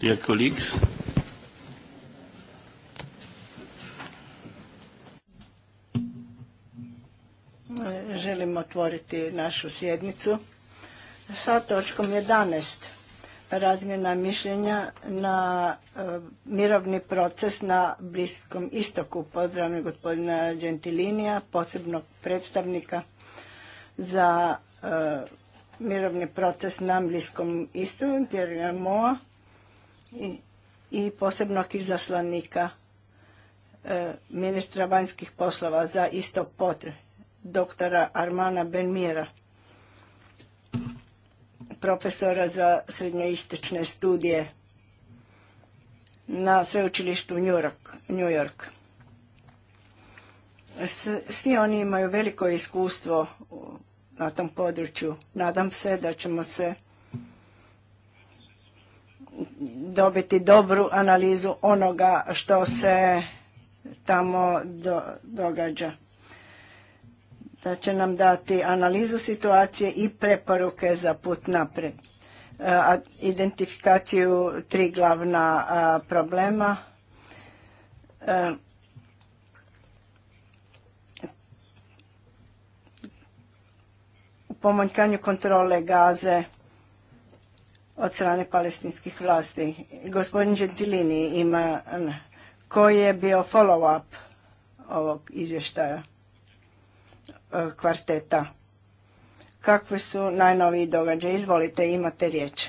Dear Želim otvoriti našu sjednicu sa točkom 11. Razmjena mišljenja na e, mirovni proces na Bliskom istoku. Pozdravljam gospodina Gentilinija, posebnog predstavnika za e, mirovni proces na Bliskom istoku, Pierre Moa i, posebnog izaslanika e, ministra vanjskih poslova za isto potre, doktora Armana Benmira, profesora za srednjoistočne studije na sveučilištu New York. Svi oni imaju veliko iskustvo na tom području. Nadam se da ćemo se dobiti dobru analizu onoga što se tamo događa. Da će nam dati analizu situacije i preporuke za put naprijed. E, identifikaciju tri glavna problema. E, u pomanjkanju kontrole gaze od strane palestinskih vlasti. Gospodin Gentilini ima koji je bio follow-up ovog izvještaja e, kvarteta. Kakvi su najnoviji događaje? Izvolite, imate riječ.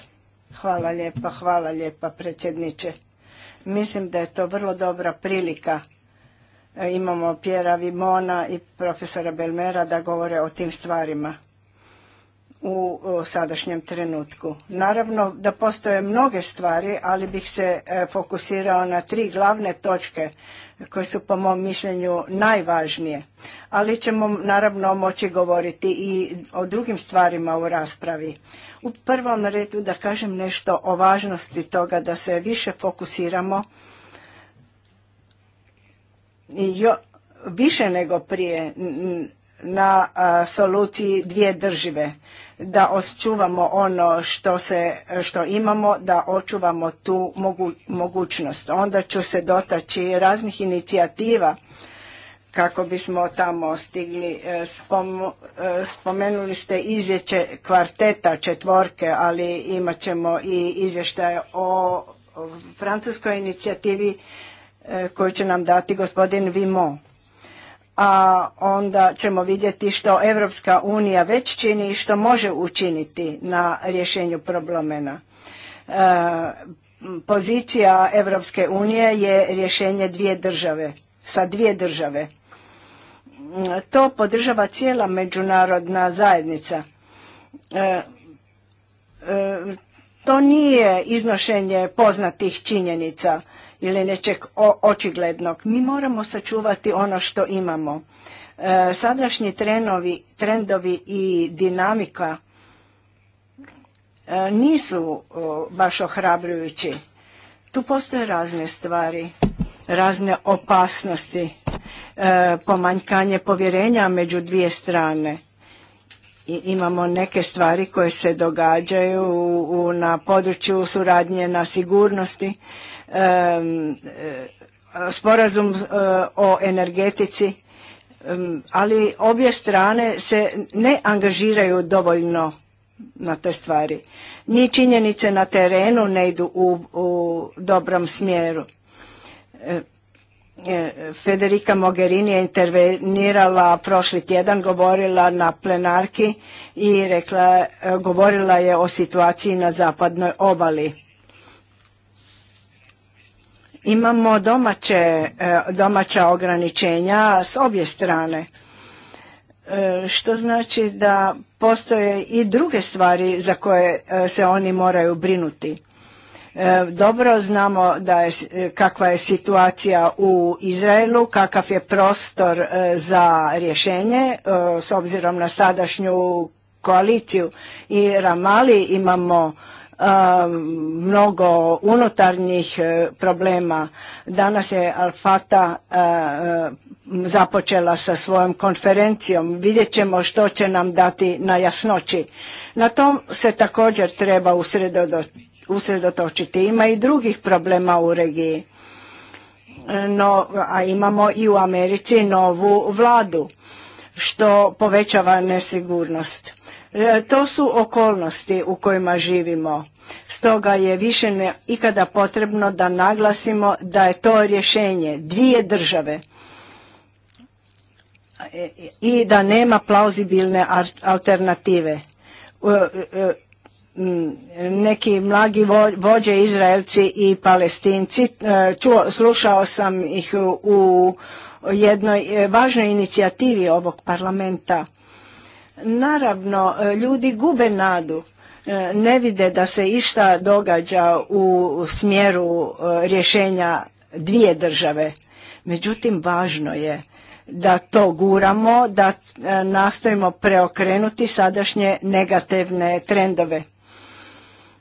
Hvala lijepa, hvala lijepa predsjedniče. Mislim da je to vrlo dobra prilika. E, imamo Pjera Vimona i profesora Belmera da govore o tim stvarima u sadašnjem trenutku. Naravno da postoje mnoge stvari, ali bih se e, fokusirao na tri glavne točke koje su po mom mišljenju najvažnije. Ali ćemo naravno moći govoriti i o drugim stvarima u raspravi. U prvom redu da kažem nešto o važnosti toga da se više fokusiramo i jo, više nego prije na soluciji dvije držive, da očuvamo ono što, se, što imamo, da očuvamo tu mogućnost. Onda ću se dotaći raznih inicijativa kako bismo tamo stigli. E, e, spomenuli ste izvješće kvarteta četvorke, ali imat ćemo i izvještaj o francuskoj inicijativi e, koju će nam dati gospodin vimo a onda ćemo vidjeti što Evropska unija već čini i što može učiniti na rješenju problemena. E, pozicija Evropske unije je rješenje dvije države, sa dvije države. To podržava cijela međunarodna zajednica. E, e, to nije iznošenje poznatih činjenica ili nečeg očiglednog. Mi moramo sačuvati ono što imamo. E, sadašnji trenovi, trendovi i dinamika e, nisu baš ohrabrujući. Tu postoje razne stvari, razne opasnosti, e, pomanjkanje povjerenja među dvije strane. I imamo neke stvari koje se događaju u, na području suradnje na sigurnosti E, sporazum e, o energetici, ali obje strane se ne angažiraju dovoljno na te stvari. Ni činjenice na terenu ne idu u, dobrom smjeru. E, Federica Mogherini je intervenirala prošli tjedan, govorila na plenarki i rekla, govorila je o situaciji na zapadnoj obali Imamo domaće, e, domaća ograničenja s obje strane, e, što znači da postoje i druge stvari za koje e, se oni moraju brinuti. Dobro znamo da je, kakva je situacija u Izraelu, kakav je prostor za rješenje s obzirom na sadašnju koaliciju i Ramali imamo mnogo unutarnjih e, problema. Danas je Alfata e, e, započela sa svojom konferencijom. Vidjet ćemo što će nam dati na jasnoći. Na tom se također treba usredotočiti. Ima i drugih problema u regiji. No, a imamo i u Americi novu vladu što povećava nesigurnost E, to su okolnosti u kojima živimo. Stoga je više ne ikada potrebno da naglasimo da je to rješenje dvije države e, i da nema plauzibilne alternative. E, neki mlagi vođe Izraelci i Palestinci, čuo, slušao sam ih u jednoj važnoj inicijativi ovog parlamenta Naravno, e, ljudi gube nadu, e, ne vide da se išta događa u smjeru e, rješenja dvije države. Međutim, važno je da to guramo, da nastojimo preokrenuti sadašnje negativne trendove.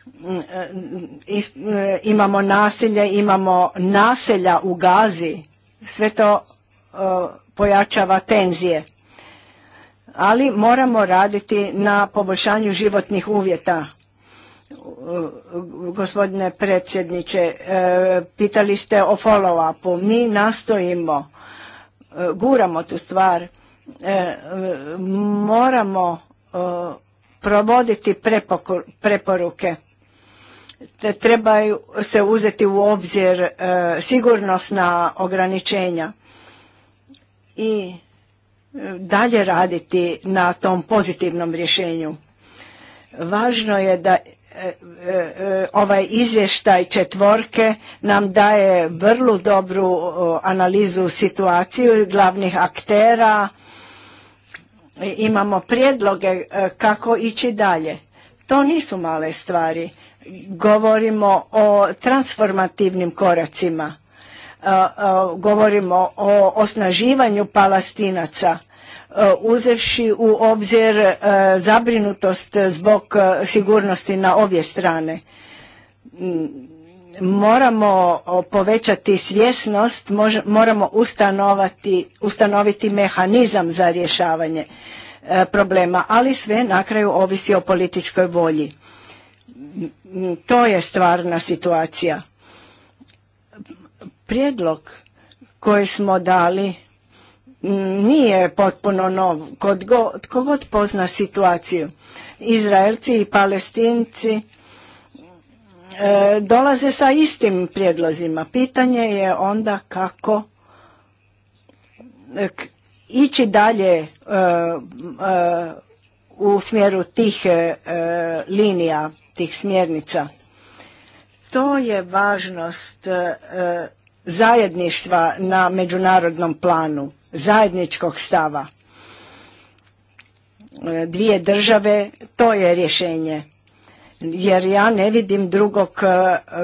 Mm, imamo nasilje, imamo naselja u Gazi, sve to pojačava tenzije ali moramo raditi na poboljšanju životnih uvjeta. Gospodine predsjedniče, e, pitali ste o follow-upu. Mi nastojimo, e, guramo tu stvar, e, moramo provoditi preporuke. Trebaju se uzeti u obzir sigurnosna ograničenja i dalje raditi na tom pozitivnom rješenju. Važno je da e, e, e, ovaj izvještaj četvorke nam daje vrlo dobru analizu situaciju glavnih aktera. Imamo prijedloge kako ići dalje. To nisu male stvari. Govorimo o transformativnim koracima govorimo o osnaživanju palastinaca, uzevši u obzir zabrinutost zbog sigurnosti na obje strane moramo povećati svjesnost moramo ustanoviti mehanizam za rješavanje problema ali sve na kraju ovisi o političkoj volji to je stvarna situacija Prijedlog koji smo dali nije potpuno nov. Kod tko god pozna situaciju, Izraelci i Palestinci e, dolaze sa istim prijedlozima. Pitanje je onda kako e, ići dalje e, u smjeru tih linija, tih smjernica. To je važnost zajedništva na međunarodnom planu, zajedničkog stava. E, dvije države, to je rješenje. Jer ja ne vidim drugog e,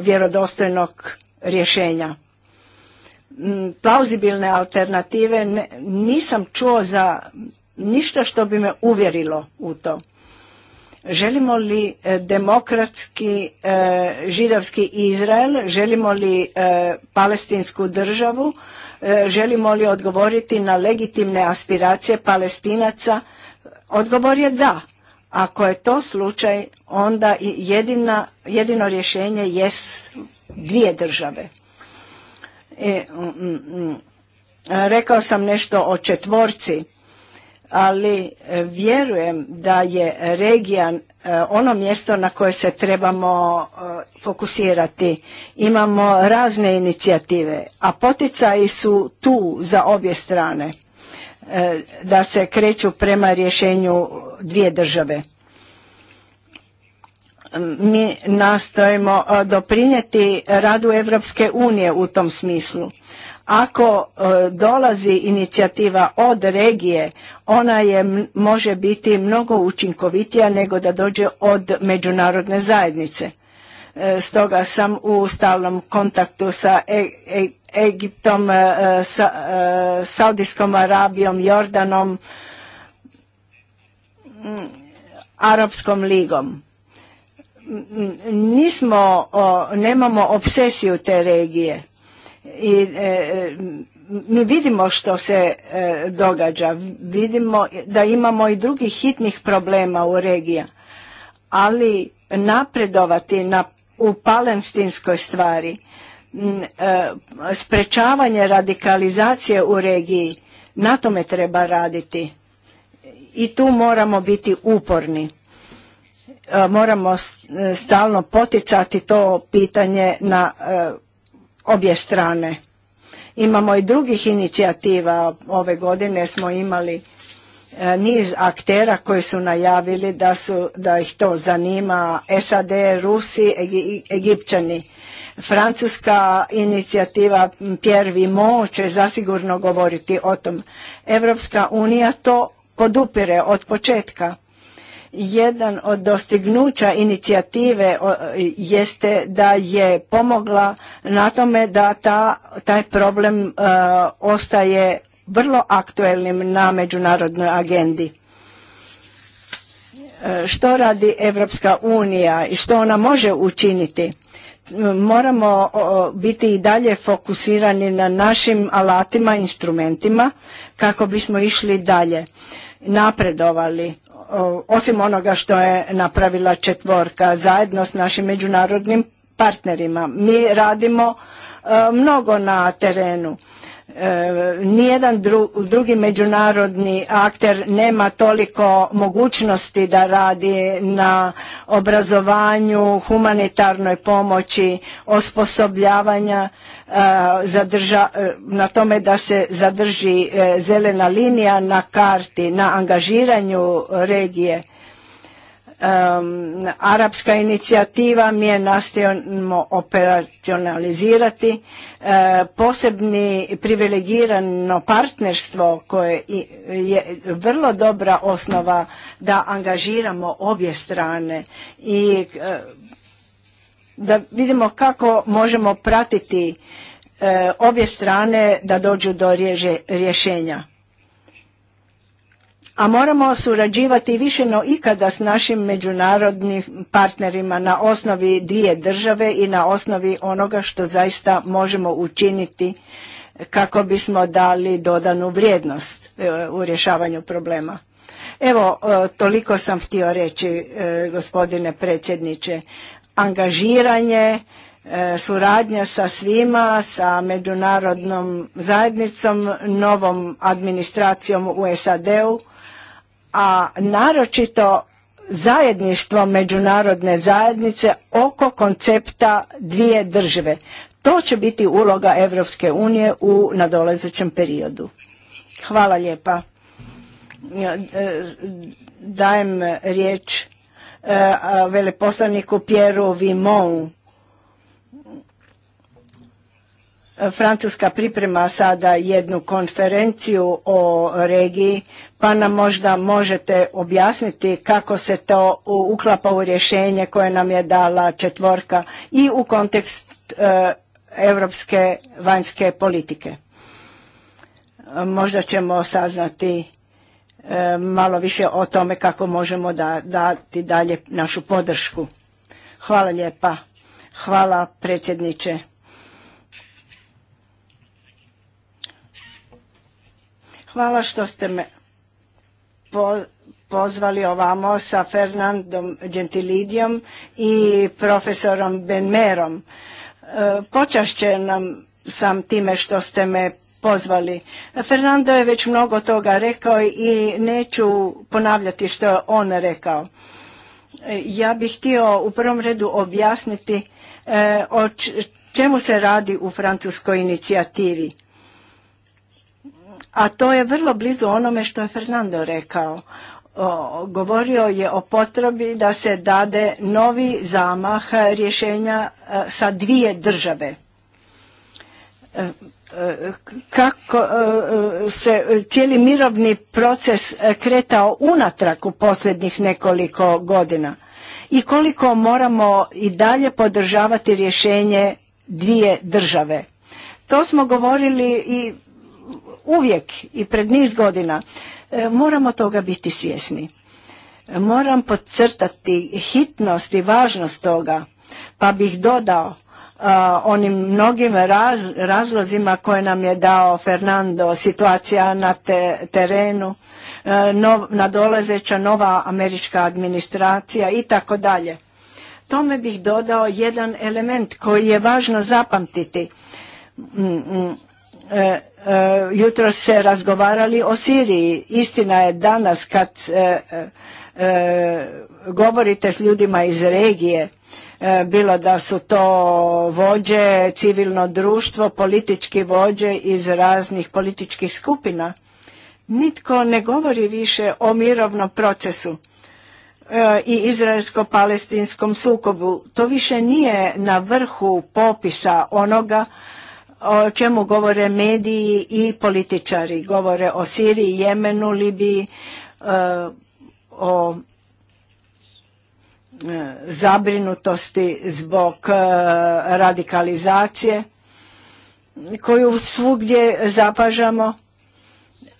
vjerodostojnog rješenja. Plauzibilne alternative nisam čuo za ništa što bi me uvjerilo u to. Želimo li e, demokratski e, židovski Izrael, želimo li e, palestinsku državu, želimo li odgovoriti na legitimne aspiracije palestinaca? Odgovor je da. Ako je to slučaj, onda jedina, jedino rješenje jest dvije države. E, mm, mm, mm. rekao sam nešto o četvorci ali e, vjerujem da je regija e, ono mjesto na koje se trebamo e, fokusirati. Imamo razne inicijative, a poticaji su tu za obje strane da se kreću prema rješenju dvije države. Mi nastojimo doprinijeti radu Evropske unije u tom smislu ako e, dolazi inicijativa od regije, ona je može biti mnogo učinkovitija nego da dođe od međunarodne zajednice. E, stoga sam u stalnom kontaktu sa e, Egiptom, sa Saudijskom Arabijom, Jordanom, mm, Arapskom ligom. Nismo, nemamo obsesiju te regije i e, e, mi vidimo što se e, događa, vidimo da imamo i drugih hitnih problema u regiji, ali napredovati na, u palestinskoj stvari, sprečavanje radikalizacije u regiji, na tome treba raditi i tu moramo biti uporni. Moramo stalno poticati to pitanje na obje strane. Imamo i drugih inicijativa. Ove godine smo imali e, niz aktera koji su najavili da, da ih to zanima SAD, Rusi, Egipćani. Francuska inicijativa Pierre Vimo će zasigurno govoriti o tom. Evropska unija to podupire od početka. Jedan od dostignuća inicijative jeste da je pomogla na tome da ta, taj problem e, ostaje vrlo aktuelnim na međunarodnoj agendi. E, što radi Evropska unija i što ona može učiniti? moramo biti i dalje fokusirani na našim alatima, instrumentima kako bismo išli dalje, napredovali osim onoga što je napravila četvorka zajedno s našim međunarodnim partnerima. Mi radimo e, mnogo na terenu nijedan drugi međunarodni akter nema toliko mogućnosti da radi na obrazovanju, humanitarnoj pomoći, osposobljavanja e, zadrža, e, na tome da se zadrži e, zelena linija na karti, na angažiranju regije arapska inicijativa mi je nastojimo operacionalizirati e, posebni privilegirano partnerstvo koje je vrlo dobra osnova da angažiramo obje strane i e, da vidimo kako možemo pratiti e, obje strane da dođu do rješenja a moramo surađivati više no ikada s našim međunarodnim partnerima na osnovi dvije države i na osnovi onoga što zaista možemo učiniti kako bismo dali dodanu vrijednost e, u rješavanju problema. Evo, e, toliko sam htio reći, e, gospodine predsjedniče. Angažiranje, suradnja sa svima, sa međunarodnom zajednicom, novom administracijom u SAD-u, a naročito zajedništvo međunarodne zajednice oko koncepta dvije države. To će biti uloga Europske unije u nadolazećem periodu. Hvala lijepa. E, dajem riječ e, veleposlaniku Pieru Vimonu Francuska priprema sada jednu konferenciju o regiji, pa nam možda možete objasniti kako se to uklapa u rješenje koje nam je dala četvorka i u kontekst e, evropske europske vanjske politike. Možda ćemo saznati e, malo više o tome kako možemo dati dalje našu podršku. Hvala lijepa. Hvala predsjedniče. Hvala što ste me pozvali ovamo sa Fernandom Gentilidijom i profesorom Benmerom. E, počašće nam sam time što ste me pozvali. Fernando je već mnogo toga rekao i neću ponavljati što je on rekao. E, ja bih htio u prvom redu objasniti e, o čemu se radi u francuskoj inicijativi. A to je vrlo blizu onome što je Fernando rekao. govorio je o potrebi da se dade novi zamah rješenja e, sa dvije države. E, e, kako se cijeli mirovni proces kretao unatrag u posljednjih nekoliko godina i koliko moramo i dalje podržavati rješenje dvije države. To smo govorili i uvijek i pred niz godina. E, moramo toga biti svjesni. Moram podcrtati hitnost i važnost toga, pa bih dodao e, onim mnogim razlozima koje nam je dao Fernando, situacija na terenu, e, nadolazeća nova američka administracija i tako dalje. Tome bih dodao jedan element koji je važno zapamtiti. Mm, mm, E, e, jutro se razgovarali o Siriji. Istina je danas kad e, govorite s ljudima iz regije, bilo da su to vođe, civilno društvo, politički vođe iz raznih političkih skupina. Nitko ne govori više o mirovnom procesu i izraelsko-palestinskom sukobu. To više nije na vrhu popisa onoga o čemu govore mediji i političari. Govore o Siriji, Jemenu, Libiji, e, o e, zabrinutosti zbog e, radikalizacije koju svugdje zapažamo,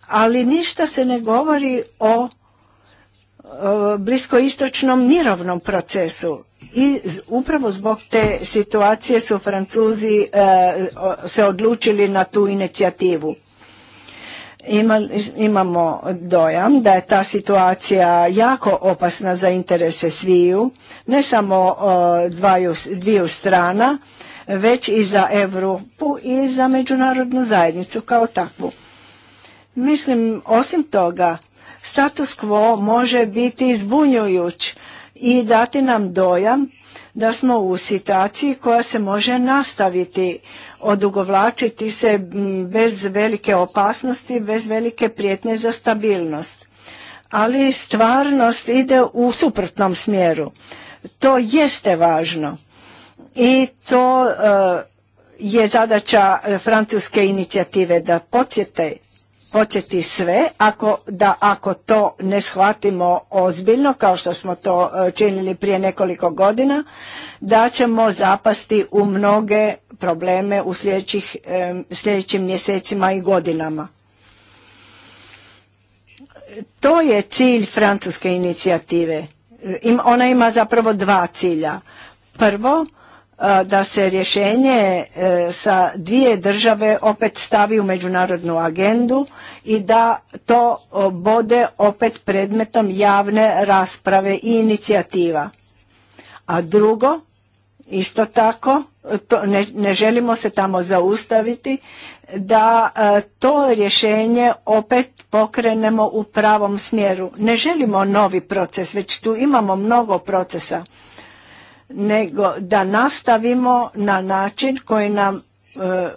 ali ništa se ne govori o bliskoistočnom mirovnom procesu i upravo zbog te situacije su Francuzi e, se odlučili na tu inicijativu. Imamo dojam da je ta situacija jako opasna za interese sviju, ne samo dviju strana, već i za Europu i za međunarodnu zajednicu kao takvu. Mislim, osim toga, status quo može biti zbunjujući i dati nam dojam da smo u situaciji koja se može nastaviti, odugovlačiti se bez velike opasnosti, bez velike prijetnje za stabilnost. Ali stvarnost ide u suprotnom smjeru. To jeste važno i to e, je zadaća e, francuske inicijative da podsjete početi sve ako, da ako to ne shvatimo ozbiljno kao što smo to e, činili prije nekoliko godina da ćemo zapasti u mnoge probleme u e, sljedećim mjesecima i godinama. To je cilj francuske inicijative. Ona ima zapravo dva cilja. Prvo, E, da se rješenje e, sa dvije države opet stavi u međunarodnu agendu i da to bode opet predmetom javne rasprave i inicijativa. A drugo, isto tako, ne želimo se tamo zaustaviti, da e, to rješenje opet pokrenemo u pravom smjeru. Ne želimo novi proces, već tu imamo mnogo procesa nego da nastavimo na način koji nam e,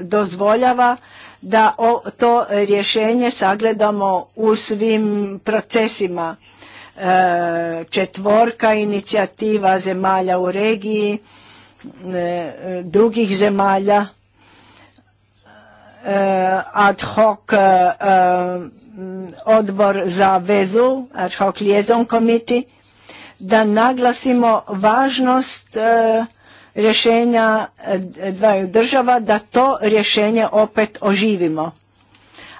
dozvoljava da to rješenje sagledamo u svim procesima e, četvorka inicijativa zemalja u regiji e, drugih zemalja ad hoc odbor za vezu ad hoc liaison committee da naglasimo važnost e, rješenja e, dvaju država, da to rješenje opet oživimo.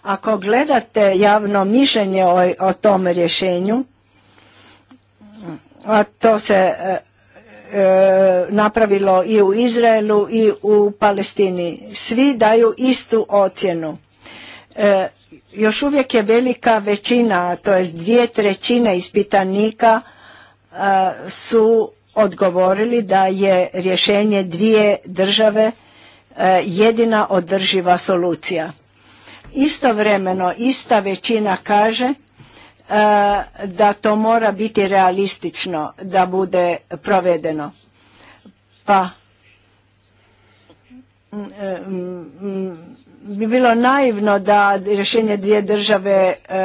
Ako gledate javno mišljenje o, tom rješenju, a to se e, napravilo i u Izraelu i u Palestini. Svi daju istu ocjenu. još uvijek je velika većina, to jest dvije trećine ispitanika su odgovorili da je rješenje dvije države e, jedina održiva solucija. Istovremeno ista većina kaže e, da to mora biti realistično da bude provedeno. Pa mm, mm, bi bilo naivno da rješenje dvije države e,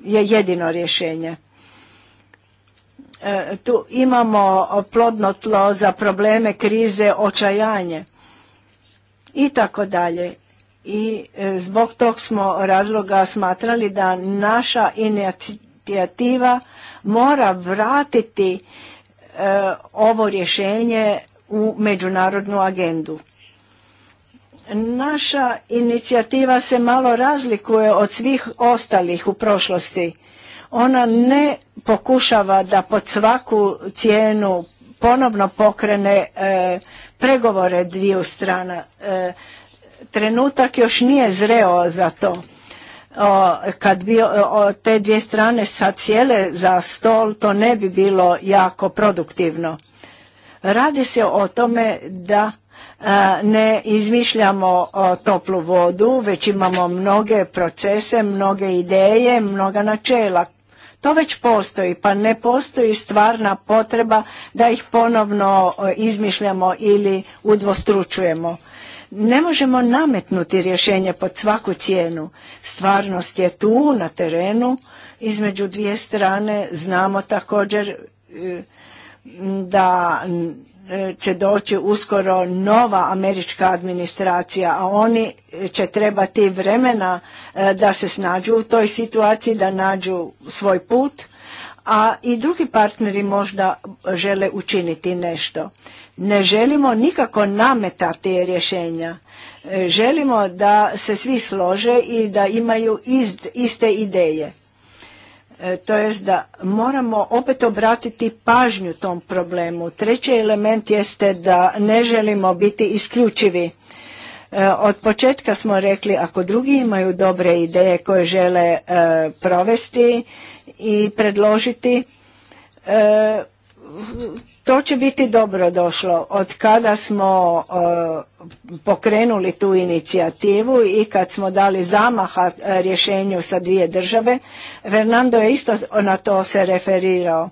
je jedino rješenje. E, tu imamo plodno tlo za probleme krize, očajanje i tako dalje. I e, zbog tog smo razloga smatrali da naša inicijativa mora vratiti e, ovo rješenje u međunarodnu agendu. Naša inicijativa se malo razlikuje od svih ostalih u prošlosti ona ne pokušava da pod svaku cijenu ponovno pokrene e, pregovore dviju strana. E, trenutak još nije zreo za to. kad bi te dvije strane sad sjele za stol, to ne bi bilo jako produktivno. Radi se o tome da e, ne izmišljamo o, toplu vodu, već imamo mnoge procese, mnoge ideje, mnoga načela to već postoji, pa ne postoji stvarna potreba da ih ponovno e, izmišljamo ili udvostručujemo. Ne možemo nametnuti rješenje pod svaku cijenu. Stvarnost je tu, na terenu, između dvije strane znamo također e, da će doći uskoro nova američka administracija, a oni će trebati vremena e, da se snađu u toj situaciji, da nađu svoj put, a i drugi partneri možda žele učiniti nešto. Ne želimo nikako nametati rješenja. E, želimo da se svi slože i da imaju iste ideje. E, to jest da moramo opet obratiti pažnju tom problemu. Treći element jeste da ne želimo biti isključivi. E, od početka smo rekli ako drugi imaju dobre ideje koje žele e, provesti i predložiti, to će biti dobro došlo. Od kada smo e, pokrenuli tu inicijativu i kad smo dali zamaha e, rješenju sa dvije države, Fernando je isto na to se referirao.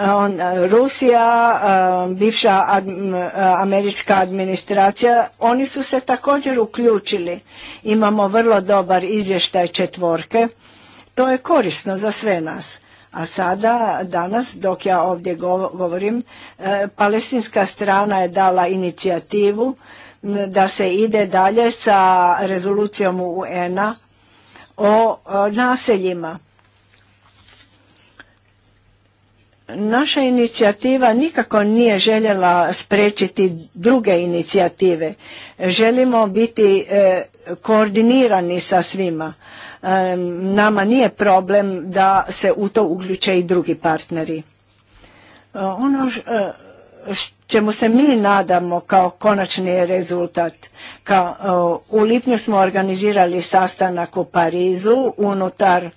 On, e, Rusija, bivša američka administracija, oni su se također uključili. Imamo vrlo dobar izvještaj četvorke. To je korisno za sve nas a sada, danas, dok ja ovdje govorim, e, palestinska strana je dala inicijativu da se ide dalje sa rezolucijom UN-a o naseljima. Naša inicijativa nikako nije željela sprečiti druge inicijative. Želimo biti e, koordinirani sa svima. Nama nije problem da se u to uključe i drugi partneri. E, ono e, čemu se mi nadamo kao konačni rezultat. Kao, e, u lipnju smo organizirali sastanak u Parizu unutar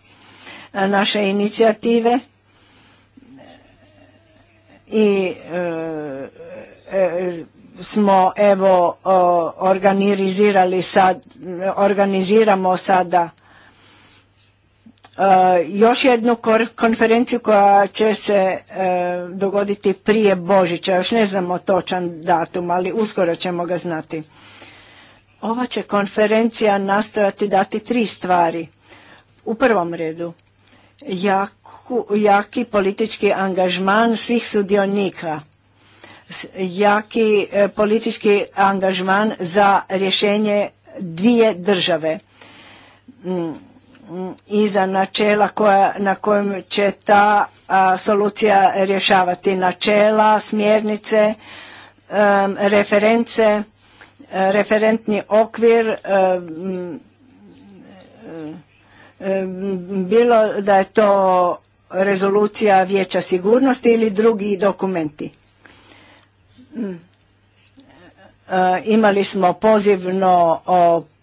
naše inicijative i smo evo organizirali sad, organiziramo sada e, još jednu konferenciju koja će se e, dogoditi prije Božića. Još ne znamo točan datum, ali uskoro ćemo ga znati. Ova će konferencija nastojati dati tri stvari. U prvom redu, jaki politički angažman svih sudionika – jaki e, politički angažman za rješenje dvije države mm, mm, i za načela koja, na kojem će ta solucija rješavati načela, smjernice, reference, e, referentni okvir, e, mm, bilo da je to rezolucija vijeća sigurnosti ili drugi dokumenti. E, imali smo pozivno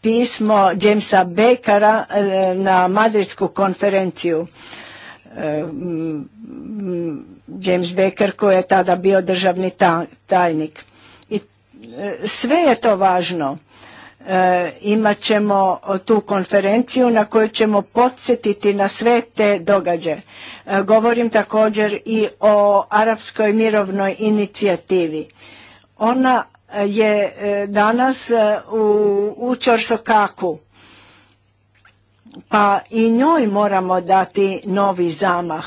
pismo Jamesa Bakera e, na madridsku konferenciju. E, James Baker koji je tada bio državni tajnik. I sve je to važno. E, imat ćemo tu konferenciju na kojoj ćemo podsjetiti na sve te događaje. E, govorim također i o arapskoj mirovnoj inicijativi. Ona e, je danas u, u Čorsokaku, pa i njoj moramo dati novi zamah.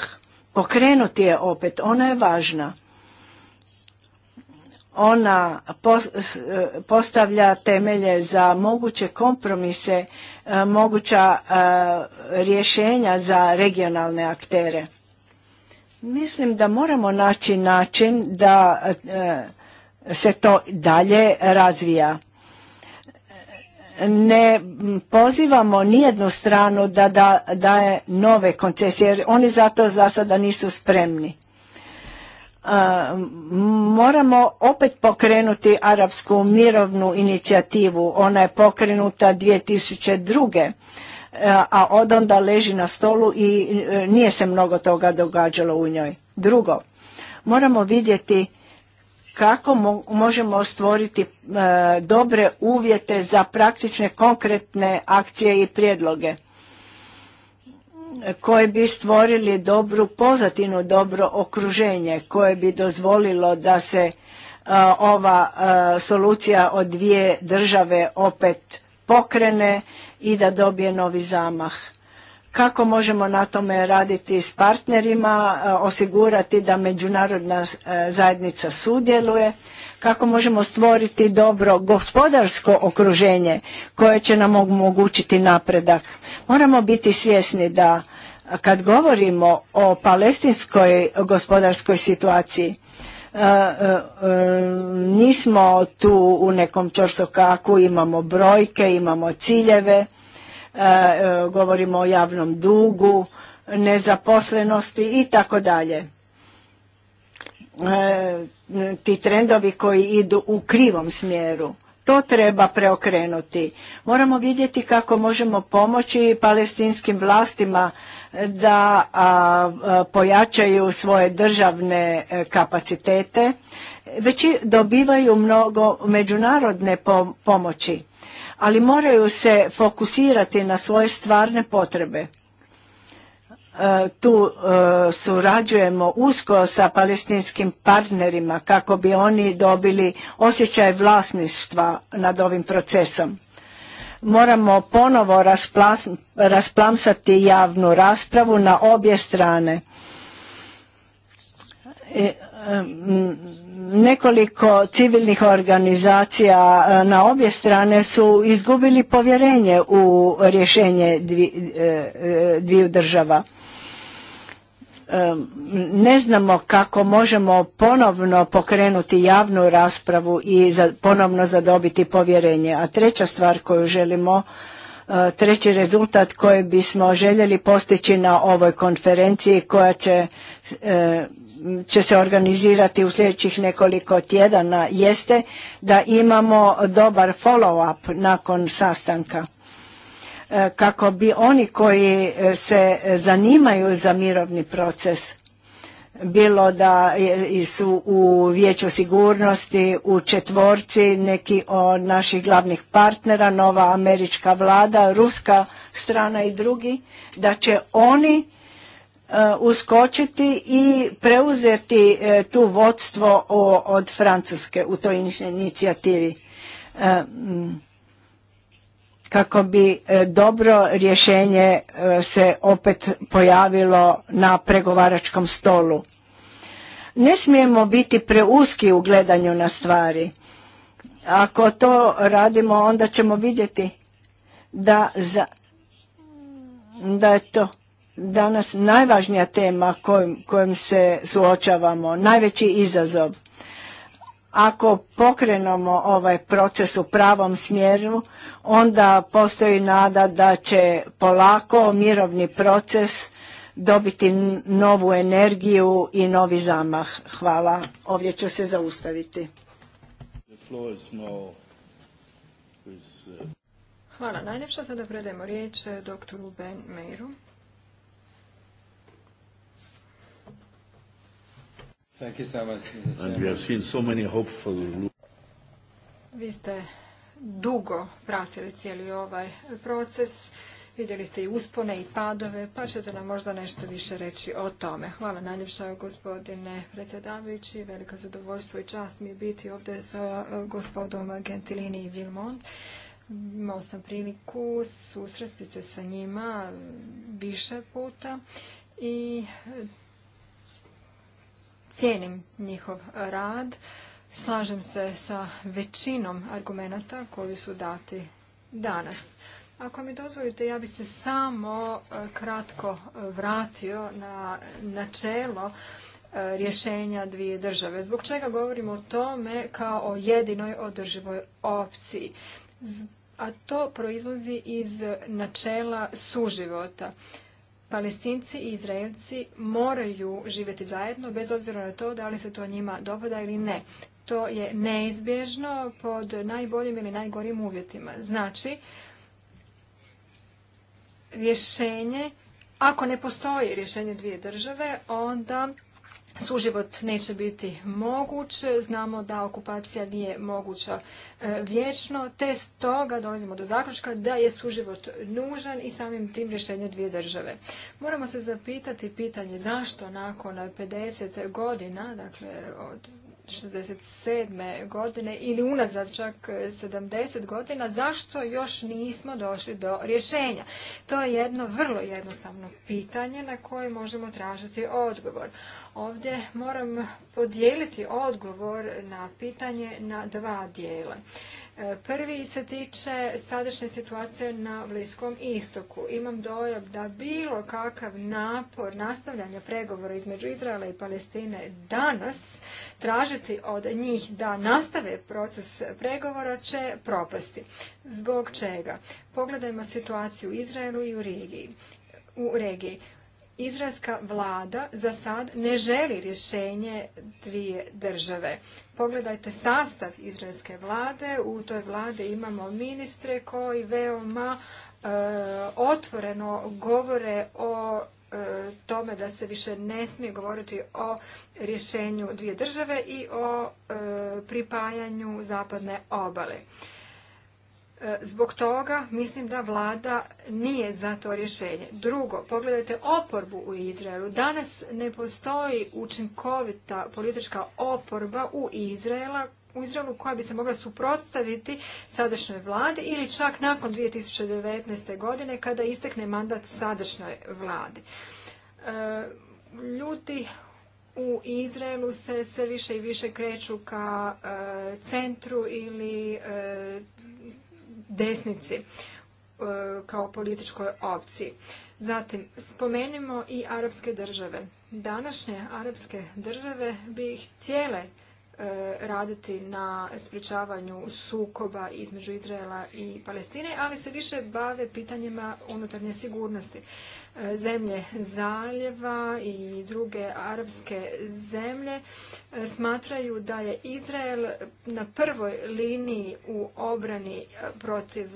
Pokrenuti je opet, ona je važna ona e, postavlja temelje za moguće kompromise, e, moguća e, rješenja za regionalne aktere. Mislim da moramo naći način da se to dalje razvija. Ne pozivamo nijednu stranu da daje nove koncesije, jer oni zato za sada nisu spremni moramo opet pokrenuti arapsku mirovnu inicijativu. Ona je pokrenuta 2002. E, a od onda leži na stolu i e, nije se mnogo toga događalo u njoj. Drugo, moramo vidjeti kako možemo stvoriti e, dobre uvjete za praktične konkretne akcije i prijedloge koje bi stvorili dobru pozatinu, dobro okruženje koje bi dozvolilo da se e, ova e, solucija od dvije države opet pokrene i da dobije novi zamah. Kako možemo na tome raditi s partnerima, e, osigurati da međunarodna zajednica sudjeluje, kako možemo stvoriti dobro gospodarsko okruženje koje će nam omogućiti napredak. Moramo biti svjesni da kad govorimo o palestinskoj gospodarskoj situaciji, e, e, e, nismo tu u nekom čorsokaku, imamo brojke, imamo ciljeve, govorimo o javnom dugu, nezaposlenosti i tako dalje ti trendovi koji idu u krivom smjeru. To treba preokrenuti. Moramo vidjeti kako možemo pomoći palestinskim vlastima da pojačaju svoje državne e, kapacitete. Već dobivaju mnogo međunarodne pomoći, ali moraju se fokusirati na svoje stvarne potrebe tu e, surađujemo usko sa palestinskim partnerima kako bi oni dobili osjećaj vlasništva nad ovim procesom. Moramo ponovo rasplamsati javnu raspravu na obje strane. E, nekoliko civilnih organizacija e, na obje strane su izgubili povjerenje u rješenje dviju država ne znamo kako možemo ponovno pokrenuti javnu raspravu i ponovno zadobiti povjerenje. A treća stvar koju želimo, e, treći rezultat koji bismo željeli postići na ovoj konferenciji koja će, e, će se organizirati u sljedećih nekoliko tjedana jeste da imamo dobar follow-up nakon sastanka E, kako bi oni koji e, se zanimaju za mirovni proces bilo da su u vijeću sigurnosti u četvorci neki od naših glavnih partnera nova američka vlada ruska strana i drugi da će oni e, uskočiti i preuzeti tu vodstvo od francuske u toj inicijativi kako bi e, dobro rješenje e, se opet pojavilo na pregovaračkom stolu. Ne smijemo biti preuski u gledanju na stvari. Ako to radimo, onda ćemo vidjeti da, za, da je to danas najvažnija tema kojom se suočavamo, najveći izazov. Ako pokrenemo ovaj proces u pravom smjeru, onda postoji nada da će polako mirovni proces dobiti novu energiju i novi zamah. Hvala. Ovdje ću se zaustaviti. Uh, Hvala. Najljepša sada predajemo riječ doktoru Ben Meiru. Thank you so much. And we have seen so many hopeful... Vi ste dugo pratili cijeli ovaj proces. Vidjeli ste i uspone i padove, pa ćete nam možda nešto više reći o tome. Hvala najljepša gospodine predsjedavajući. Veliko zadovoljstvo i čast mi je biti ovdje sa e, gospodom Gentilini i Vilmont. Imao sam priliku susresti se sa njima više puta i Cijenim njihov rad, slažem se sa većinom argumenata koji su dati danas. Ako mi dozvolite, ja bih se samo e, kratko vratio na načelo e, rješenja dvije države. Zbog čega govorimo o tome kao o jedinoj održivoj opciji? A to proizlazi iz načela suživota. Palestinci i Izraelci moraju živjeti zajedno, bez obzira na to da li se to njima dopada ili ne. To je neizbježno pod najboljim ili najgorim uvjetima. Znači, rješenje, ako ne postoji rješenje dvije države, onda suživot neće biti moguć, znamo da okupacija nije moguća e, vječno, te stoga dolazimo do zaključka da je suživot nužan i samim tim rješenje dvije države. Moramo se zapitati pitanje zašto nakon 50 godina, dakle od 67. godine ili unazad čak 70 godina, zašto još nismo došli do rješenja? To je jedno vrlo jednostavno pitanje na koje možemo tražiti odgovor. Ovdje moram podijeliti odgovor na pitanje na dva dijela. Prvi se tiče sadašnje situacije na Bliskom istoku. Imam dojam da bilo kakav napor nastavljanja pregovora između Izraela i Palestine danas tražiti od njih da nastave proces pregovora će propasti. Zbog čega? Pogledajmo situaciju u Izraelu i u regiji. U regiji. Izraelska vlada za sad ne želi rješenje dvije države. Pogledajte sastav izraelske vlade. U toj vlade imamo ministre koji veoma e, otvoreno govore o e, tome da se više ne smije govoriti o rješenju dvije države i o e, pripajanju zapadne obale. E, zbog toga mislim da vlada nije za to rješenje. Drugo, pogledajte oporbu u Izraelu. Danas ne postoji učinkovita politička oporba u Izraela u Izraelu koja bi se mogla suprotstaviti sadašnjoj vladi ili čak nakon 2019. godine kada istekne mandat sadašnjoj vladi. E, ljudi u Izraelu se sve više i više kreću ka e, centru ili desnici e, kao političkoj opciji. Zatim, spomenimo i arapske države. Današnje arapske države bi cijele E, raditi na sprječavanju sukoba između Izraela i Palestine, ali se više bave pitanjima unutarnje sigurnosti. E, zemlje Zaljeva i druge arapske zemlje e, smatraju da je Izrael na prvoj liniji u obrani protiv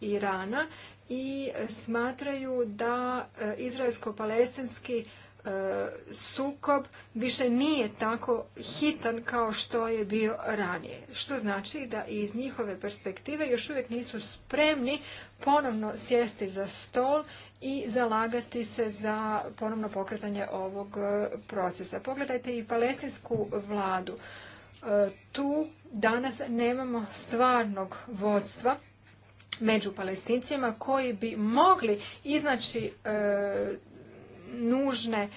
Irana i smatraju da izraelsko-palestinski E, sukob više nije tako hitan kao što je bio ranije. Što znači da iz njihove perspektive još uvijek nisu spremni ponovno sjesti za stol i zalagati se za ponovno pokretanje ovog e, procesa. Pogledajte i palestinsku vladu. E, tu danas nemamo stvarnog vodstva među palestincima koji bi mogli iznaći nužne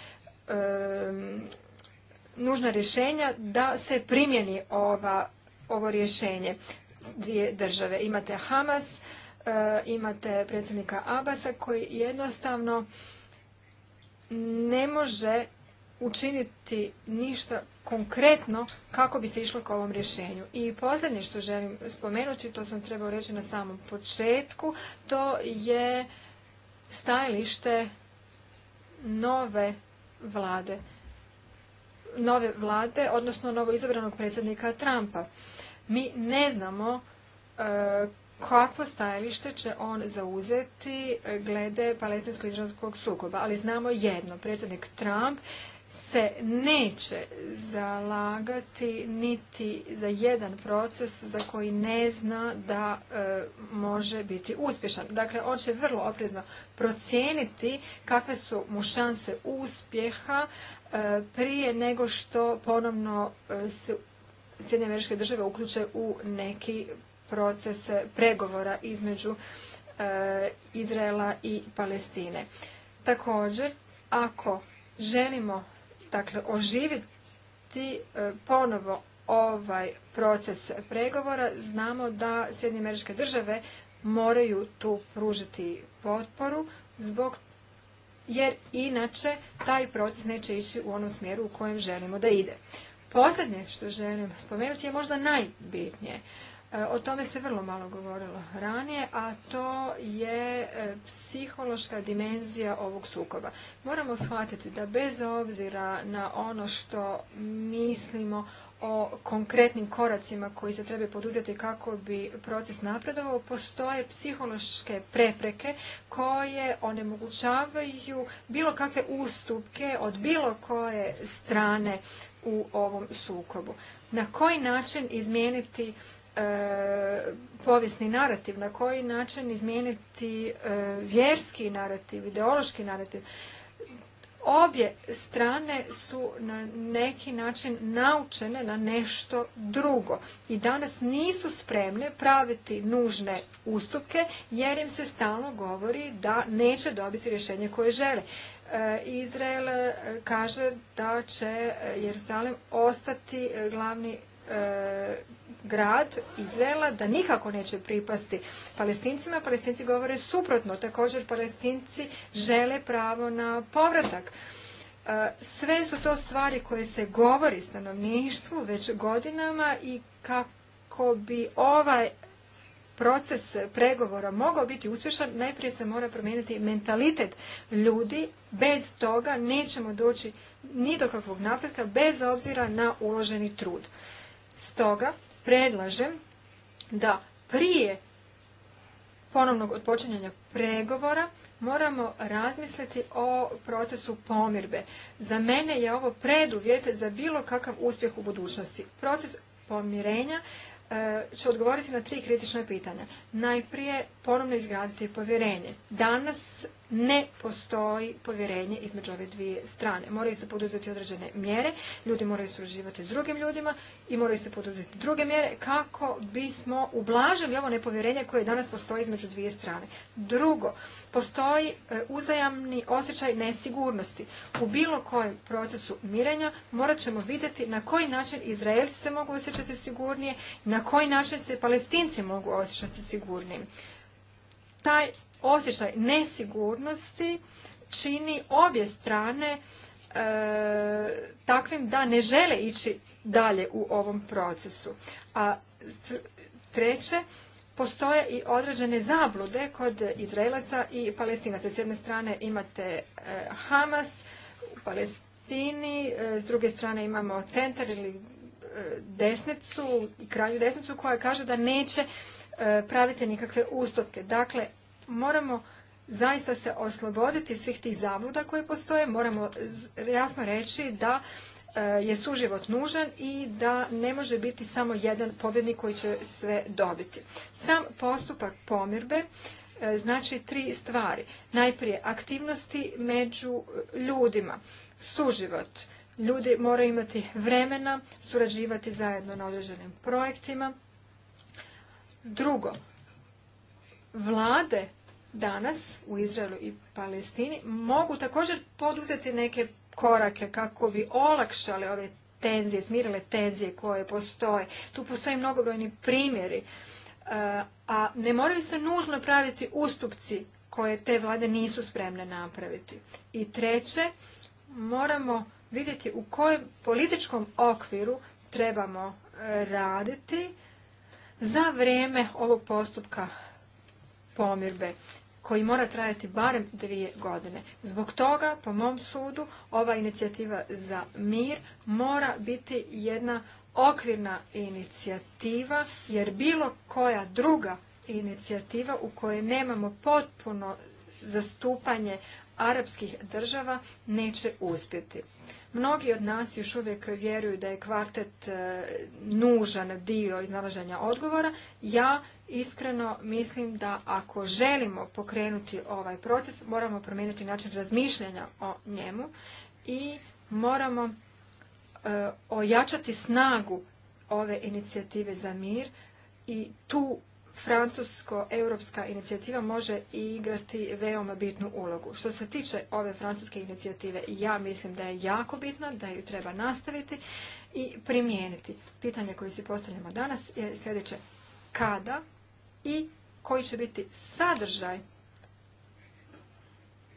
nužna rješenja da se primjeni ova, ovo rješenje dvije države. Imate Hamas, eh, imate predsjednika Abasa koji jednostavno ne može učiniti ništa konkretno kako bi se išlo k ovom rješenju. I posljednje što želim spomenuti, to sam trebao reći na samom početku, to je stajalište nove vlade nove vlade, odnosno novo izabranog predsjednika Trumpa. Mi ne znamo e, kakvo stajalište će on zauzeti glede palestinsko-izraelskog sukoba, ali znamo jedno, predsjednik Trump se neće zalagati niti za jedan proces za koji ne zna da e, može biti uspješan. Dakle, on će vrlo oprezno procijeniti kakve su mu šanse uspjeha e, prije nego što ponovno e, se Sjedinje američke države uključe u neki proces pregovora između e, Izraela i Palestine. Također, ako želimo dakle oživiti e, ponovo ovaj proces pregovora. Znamo da Sjedinje američke države moraju tu pružiti potporu zbog jer inače taj proces neće ići u onom smjeru u kojem želimo da ide. Posljednje što želim spomenuti je možda najbitnije. E, o tome se vrlo malo govorilo ranije, a to je e, psihološka dimenzija ovog sukoba. Moramo shvatiti da bez obzira na ono što mislimo o konkretnim koracima koji se treba poduzeti kako bi proces napredovao, postoje psihološke prepreke koje onemogućavaju bilo kakve ustupke od bilo koje strane u ovom sukobu. Na koji način izmijeniti E, povijesni narativ, na koji način izmijeniti e, vjerski narativ, ideološki narativ. Obje strane su na neki način naučene na nešto drugo i danas nisu spremne praviti nužne ustupke jer im se stalno govori da neće dobiti rješenje koje žele. E, Izrael kaže da će Jerusalim ostati glavni E, grad Izraela da nikako neće pripasti palestincima. Palestinci govore suprotno. Također palestinci žele pravo na povratak. E, sve su to stvari koje se govori stanovništvu već godinama i kako bi ovaj proces pregovora mogao biti uspješan, najprije se mora promijeniti mentalitet ljudi. Bez toga nećemo doći ni do kakvog napretka, bez obzira na uloženi trud. Stoga predlažem da prije ponovnog odpočinjanja pregovora moramo razmisliti o procesu pomirbe. Za mene je ovo preduvjet za bilo kakav uspjeh u budućnosti. Proces pomirenja e, će odgovoriti na tri kritična pitanja. Najprije ponovno izgraditi povjerenje. Danas ne postoji povjerenje između ove dvije strane. Moraju se poduzeti određene mjere, ljudi moraju surađivati s drugim ljudima i moraju se poduzeti druge mjere kako bismo ublažili ovo nepovjerenje koje danas postoji između dvije strane. Drugo, postoji e, uzajamni osjećaj nesigurnosti. U bilo kojem procesu mirenja morat ćemo vidjeti na koji način Izraelci se mogu osjećati sigurnije, na koji način se Palestinci mogu osjećati sigurnije. Taj osjećaj nesigurnosti čini obje strane e, takvim da ne žele ići dalje u ovom procesu. A treće, postoje i određene zablude kod Izraelaca i Palestinaca. S jedne strane imate e, Hamas u Palestini, e, s druge strane imamo centar ili e, desnicu i kralju desnicu koja kaže da neće praviti nikakve ustupke. Dakle, moramo zaista se osloboditi svih tih zabuda koje postoje, moramo jasno reći da e, je suživot nužan i da ne može biti samo jedan pobjednik koji će sve dobiti. Sam postupak pomirbe e, znači tri stvari. Najprije aktivnosti među ljudima, suživot. Ljudi moraju imati vremena, surađivati zajedno na određenim projektima. Drugo, vlade danas u Izraelu i Palestini mogu također poduzeti neke korake kako bi olakšale ove tenzije, smirile tenzije koje postoje. Tu postoje mnogobrojni primjeri, e, a ne moraju se nužno praviti ustupci koje te vlade nisu spremne napraviti. I treće, moramo vidjeti u kojem političkom okviru trebamo e, raditi za vrijeme ovog postupka pomirbe koji mora trajati barem dvije godine. Zbog toga, po mom sudu, ova inicijativa za mir mora biti jedna okvirna inicijativa, jer bilo koja druga inicijativa u kojoj nemamo potpuno zastupanje arapskih država neće uspjeti. Mnogi od nas još uvijek vjeruju da je kvartet e, nužan dio iznalaženja odgovora. Ja Iskreno mislim da ako želimo pokrenuti ovaj proces, moramo promijeniti način razmišljanja o njemu i moramo e, ojačati snagu ove inicijative za mir i tu francusko-europska inicijativa može igrati veoma bitnu ulogu. Što se tiče ove francuske inicijative, ja mislim da je jako bitna, da ju treba nastaviti i primijeniti. Pitanje koje si postavljamo danas je sljedeće. Kada i koji će biti sadržaj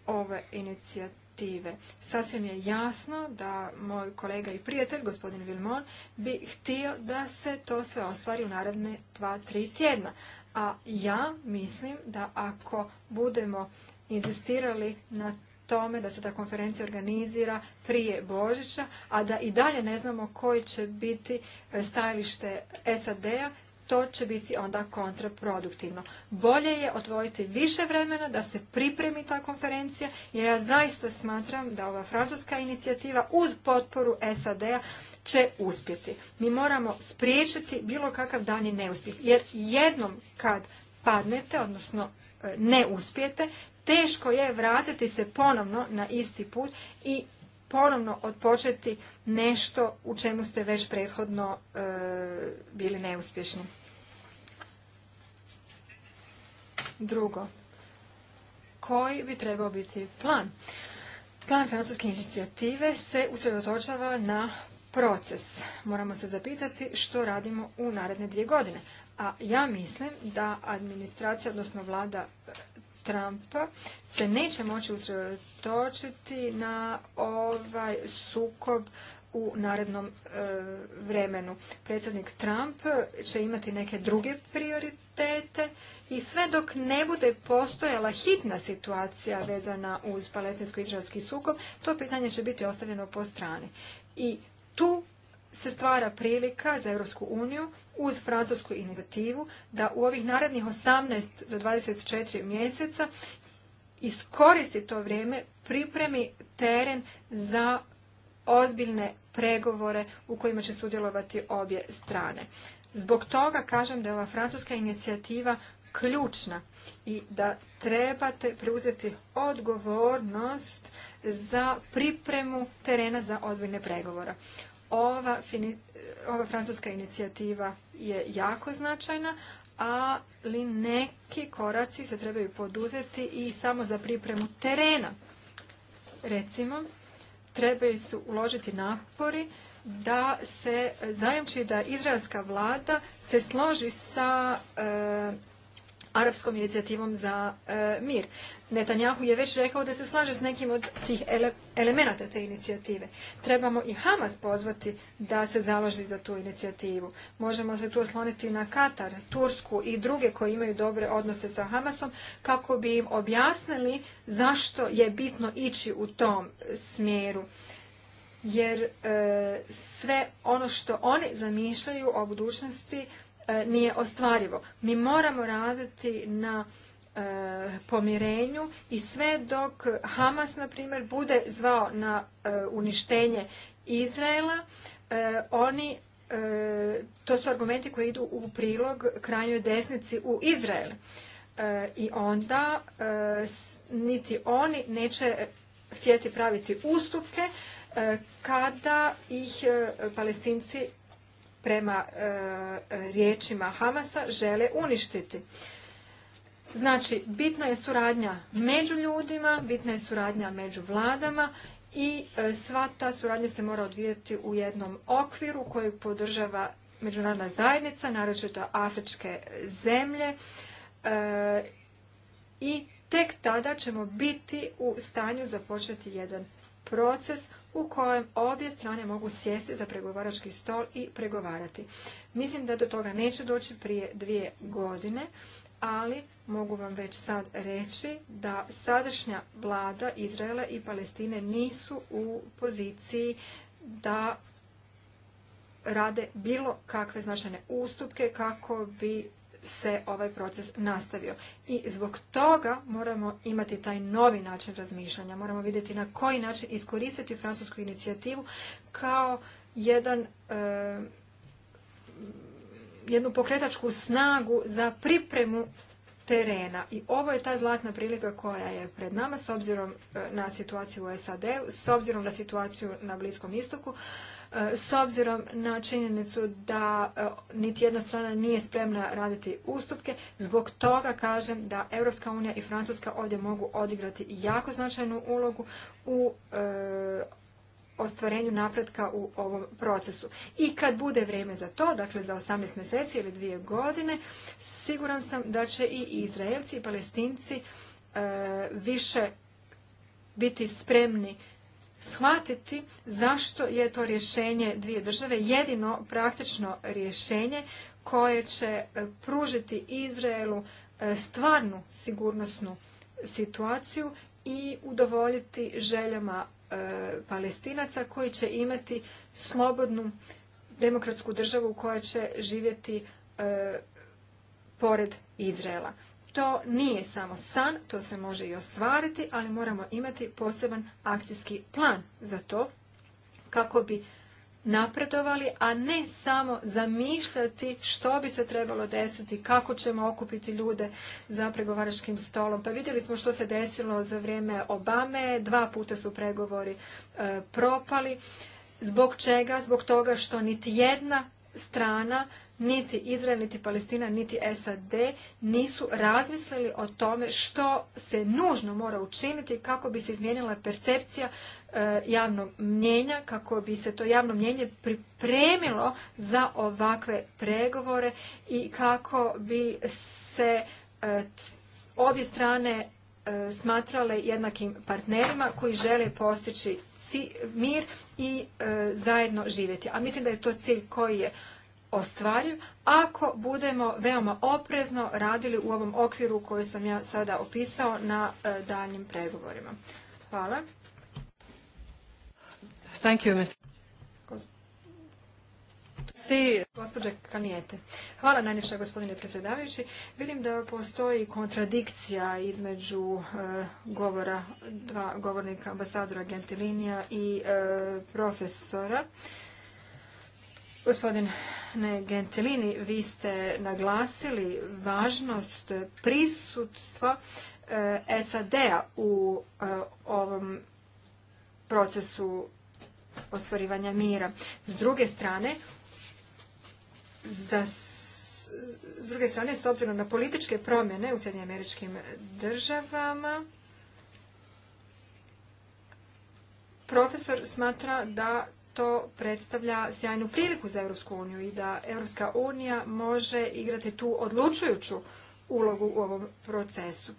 ove inicijative. Sasvim je jasno da moj kolega i prijatelj, gospodin Vilmon, bi htio da se to sve ostvari u naredne dva, tri tjedna. A ja mislim da ako budemo insistirali na tome da se ta konferencija organizira prije Božića, a da i dalje ne znamo koji će biti stajalište SAD-a, to će biti onda kontraproduktivno. Bolje je otvojiti više vremena da se pripremi ta konferencija, jer ja zaista smatram da ova francuska inicijativa uz potporu SAD-a će uspjeti. Mi moramo spriječiti bilo kakav dani neuspjeh, jer jednom kad padnete, odnosno e, ne uspijete, teško je vratiti se ponovno na isti put i ponovno odpočeti nešto u čemu ste već prethodno e, bili neuspješni. Drugo, koji bi trebao biti plan? Plan francuske inicijative se usredotočava na proces. Moramo se zapitati što radimo u naredne dvije godine. A ja mislim da administracija, odnosno vlada eh, Trumpa se neće moći usredotočiti na ovaj sukob u narednom e, vremenu. Predsjednik Trump će imati neke druge prioritete i sve dok ne bude postojala hitna situacija vezana uz palestinsko-izraelski sukob, to pitanje će biti ostavljeno po strani. I tu se stvara prilika za Europsku uniju uz francusku inicijativu da u ovih narednih 18 do 24 mjeseca iskoristi to vrijeme, pripremi teren za ozbiljne pregovore u kojima će sudjelovati obje strane. Zbog toga kažem da je ova francuska inicijativa ključna i da trebate preuzeti odgovornost za pripremu terena za ozbiljne pregovore. Ova, ova francuska inicijativa je jako značajna, ali neki koraci se trebaju poduzeti i samo za pripremu terena. Recimo, trebaju se uložiti napori da se zajamči da izraelska vlada se složi sa e, arapskom inicijativom za e, mir. Netanjahu je već rekao da se slaže s nekim od tih ele elemenata te inicijative. Trebamo i Hamas pozvati da se založi za tu inicijativu. Možemo se tu osloniti na Katar, Tursku i druge koji imaju dobre odnose sa Hamasom kako bi im objasnili zašto je bitno ići u tom smjeru. Jer e, sve ono što oni zamišljaju o budućnosti e, nije ostvarivo. Mi moramo raditi na E, pomirenju i sve dok Hamas, na primjer, bude zvao na e, uništenje Izraela, e, oni, to su argumenti koji idu u prilog krajnjoj desnici u Izrael. I onda niti oni neće htjeti praviti ustupke kada ih palestinci prema riječima Hamasa žele uništiti. Znači, bitna je suradnja među ljudima, bitna je suradnja među vladama i e, sva ta suradnja se mora odvijati u jednom okviru kojeg podržava međunarodna zajednica, naročito afričke zemlje e, i tek tada ćemo biti u stanju započeti jedan proces u kojem obje strane mogu sjesti za pregovarački stol i pregovarati. Mislim da do toga neće doći prije dvije godine ali mogu vam već sad reći da sadašnja vlada Izraela i Palestine nisu u poziciji da rade bilo kakve značajne ustupke kako bi se ovaj proces nastavio. I zbog toga moramo imati taj novi način razmišljanja. Moramo vidjeti na koji način iskoristiti francusku inicijativu kao jedan e, jednu pokretačku snagu za pripremu terena. I ovo je ta zlatna prilika koja je pred nama s obzirom e, na situaciju u SAD, s obzirom na situaciju na Bliskom istoku, e, s obzirom na činjenicu da e, niti jedna strana nije spremna raditi ustupke. Zbog toga kažem da Europska unija i Francuska ovdje mogu odigrati jako značajnu ulogu u ostvarenju napretka u ovom procesu. I kad bude vrijeme za to, dakle za 18 mjeseci ili dvije godine, siguran sam da će i Izraelci i Palestinci e, više biti spremni shvatiti zašto je to rješenje dvije države jedino praktično rješenje koje će e, pružiti Izraelu e, stvarnu sigurnosnu situaciju i udovoljiti željama palestinaca koji će imati slobodnu demokratsku državu koja će živjeti e, pored Izraela. To nije samo san, to se može i ostvariti, ali moramo imati poseban akcijski plan za to kako bi napredovali, a ne samo zamišljati što bi se trebalo desiti, kako ćemo okupiti ljude za pregovaračkim stolom. Pa vidjeli smo što se desilo za vrijeme Obame, dva puta su pregovori e, propali. Zbog čega? Zbog toga što niti jedna strana niti Izrael, niti Palestina, niti SAD nisu razmislili o tome što se nužno mora učiniti kako bi se izmijenila percepcija eh, javnog mnjenja, kako bi se to javno mnjenje pripremilo za ovakve pregovore i kako bi se eh, obje strane eh, smatrale jednakim partnerima koji žele postići mir i zajedno živjeti. A mislim da je to cilj koji je ostvariv ako budemo veoma oprezno radili u ovom okviru koji sam ja sada opisao na e, daljnjim pregovorima. Hvala. Thank you, Kanijete. Hvala najništa gospodine predsjedavajući. Vidim da postoji kontradikcija između e, govora dva govornika ambasadora Gentilinija i e, profesora. Gospodine Gentilini, vi ste naglasili važnost prisutstva eh, SAD-a u eh, ovom procesu ostvarivanja mira. S druge strane, s druge strane, s obzirom na političke promjene u sad američkim državama, profesor smatra da to predstavlja sjajnu priliku za Europsku uniju i da Europska unija može igrati tu odlučujuću ulogu u ovom procesu.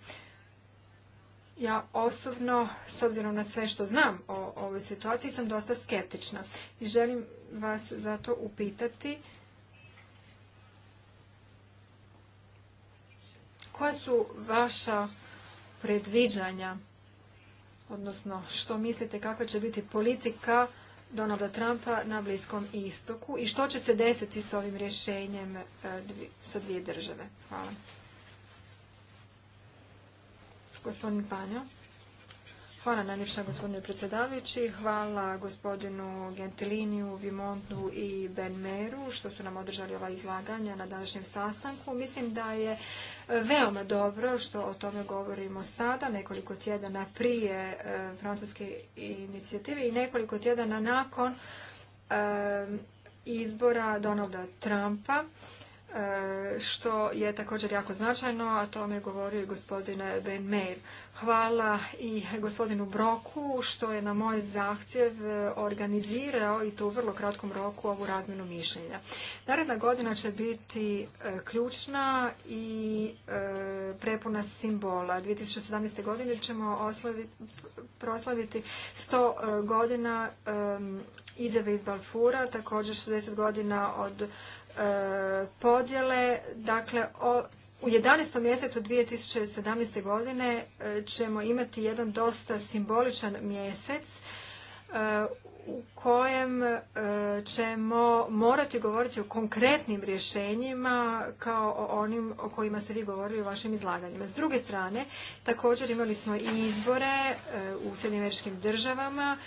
Ja osobno, s obzirom na sve što znam o ovoj situaciji, sam dosta skeptična i želim vas zato upitati koja su vaša predviđanja, odnosno što mislite kakva će biti politika Donalda Trumpa na Bliskom istoku i što će se desiti s ovim rješenjem e, sa dvije države? Hvala. Gospodin panja. Hvala najljepša gospodine predsjedavajući, hvala gospodinu Gentiliniju, Vimontu i Benmeru što su nam održali ova izlaganja na današnjem sastanku. Mislim da je veoma dobro što o tome govorimo sada, nekoliko tjedana prije e, francuske inicijative i nekoliko tjedana nakon e, izbora Donalda Trumpa. E, što je također jako značajno, a to mi je govorio i gospodin Ben Meir. Hvala i gospodinu Broku što je na moj zahtjev e, organizirao i to u vrlo kratkom roku ovu razmjenu mišljenja. Naredna godina će biti e, ključna i prepuna simbola. 2017. godine ćemo proslaviti 100 godina izjave iz Balfura, također 60 godina od E, podjele. Dakle, u 11. mjesecu 2017. godine e, ćemo imati jedan dosta simboličan mjesec e, u kojem ćemo morati govoriti o konkretnim rješenjima kao o onim o kojima ste vi govorili u vašim izlaganjima. S druge strane, također imali smo i izbore u Sjedinim državama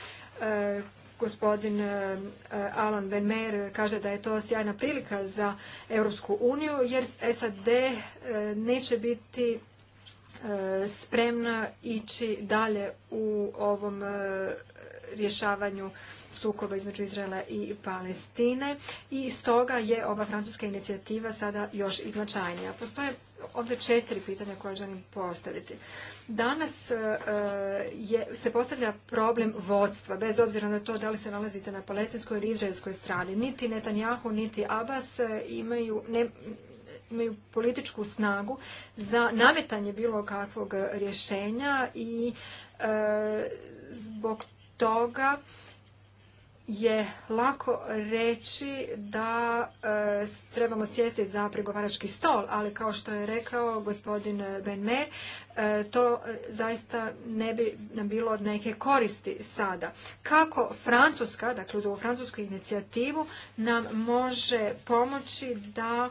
Gospodin eh, eh, Alan Van Meer kaže da je to sjajna prilika za Europsku uniju jer SAD eh, neće biti spremna ići dalje u ovom rješavanju sukoba između Izraela i Palestine i stoga je ova francuska inicijativa sada još iznačajnija. Postoje ovdje četiri pitanja koje želim postaviti. Danas e, e, se postavlja problem vodstva, bez obzira na to da li se nalazite na palestinskoj ili izraelskoj strani. Niti Netanjahu, niti Abbas e, imaju, političku snagu za nametanje bilo kakvog rješenja i zbog toga je lako reći da e, trebamo sjesti za pregovarački stol, ali kao što je rekao gospodin Ben e, to e, zaista ne bi nam bilo od neke koristi sada. Kako Francuska, dakle uz ovu francusku inicijativu, nam može pomoći da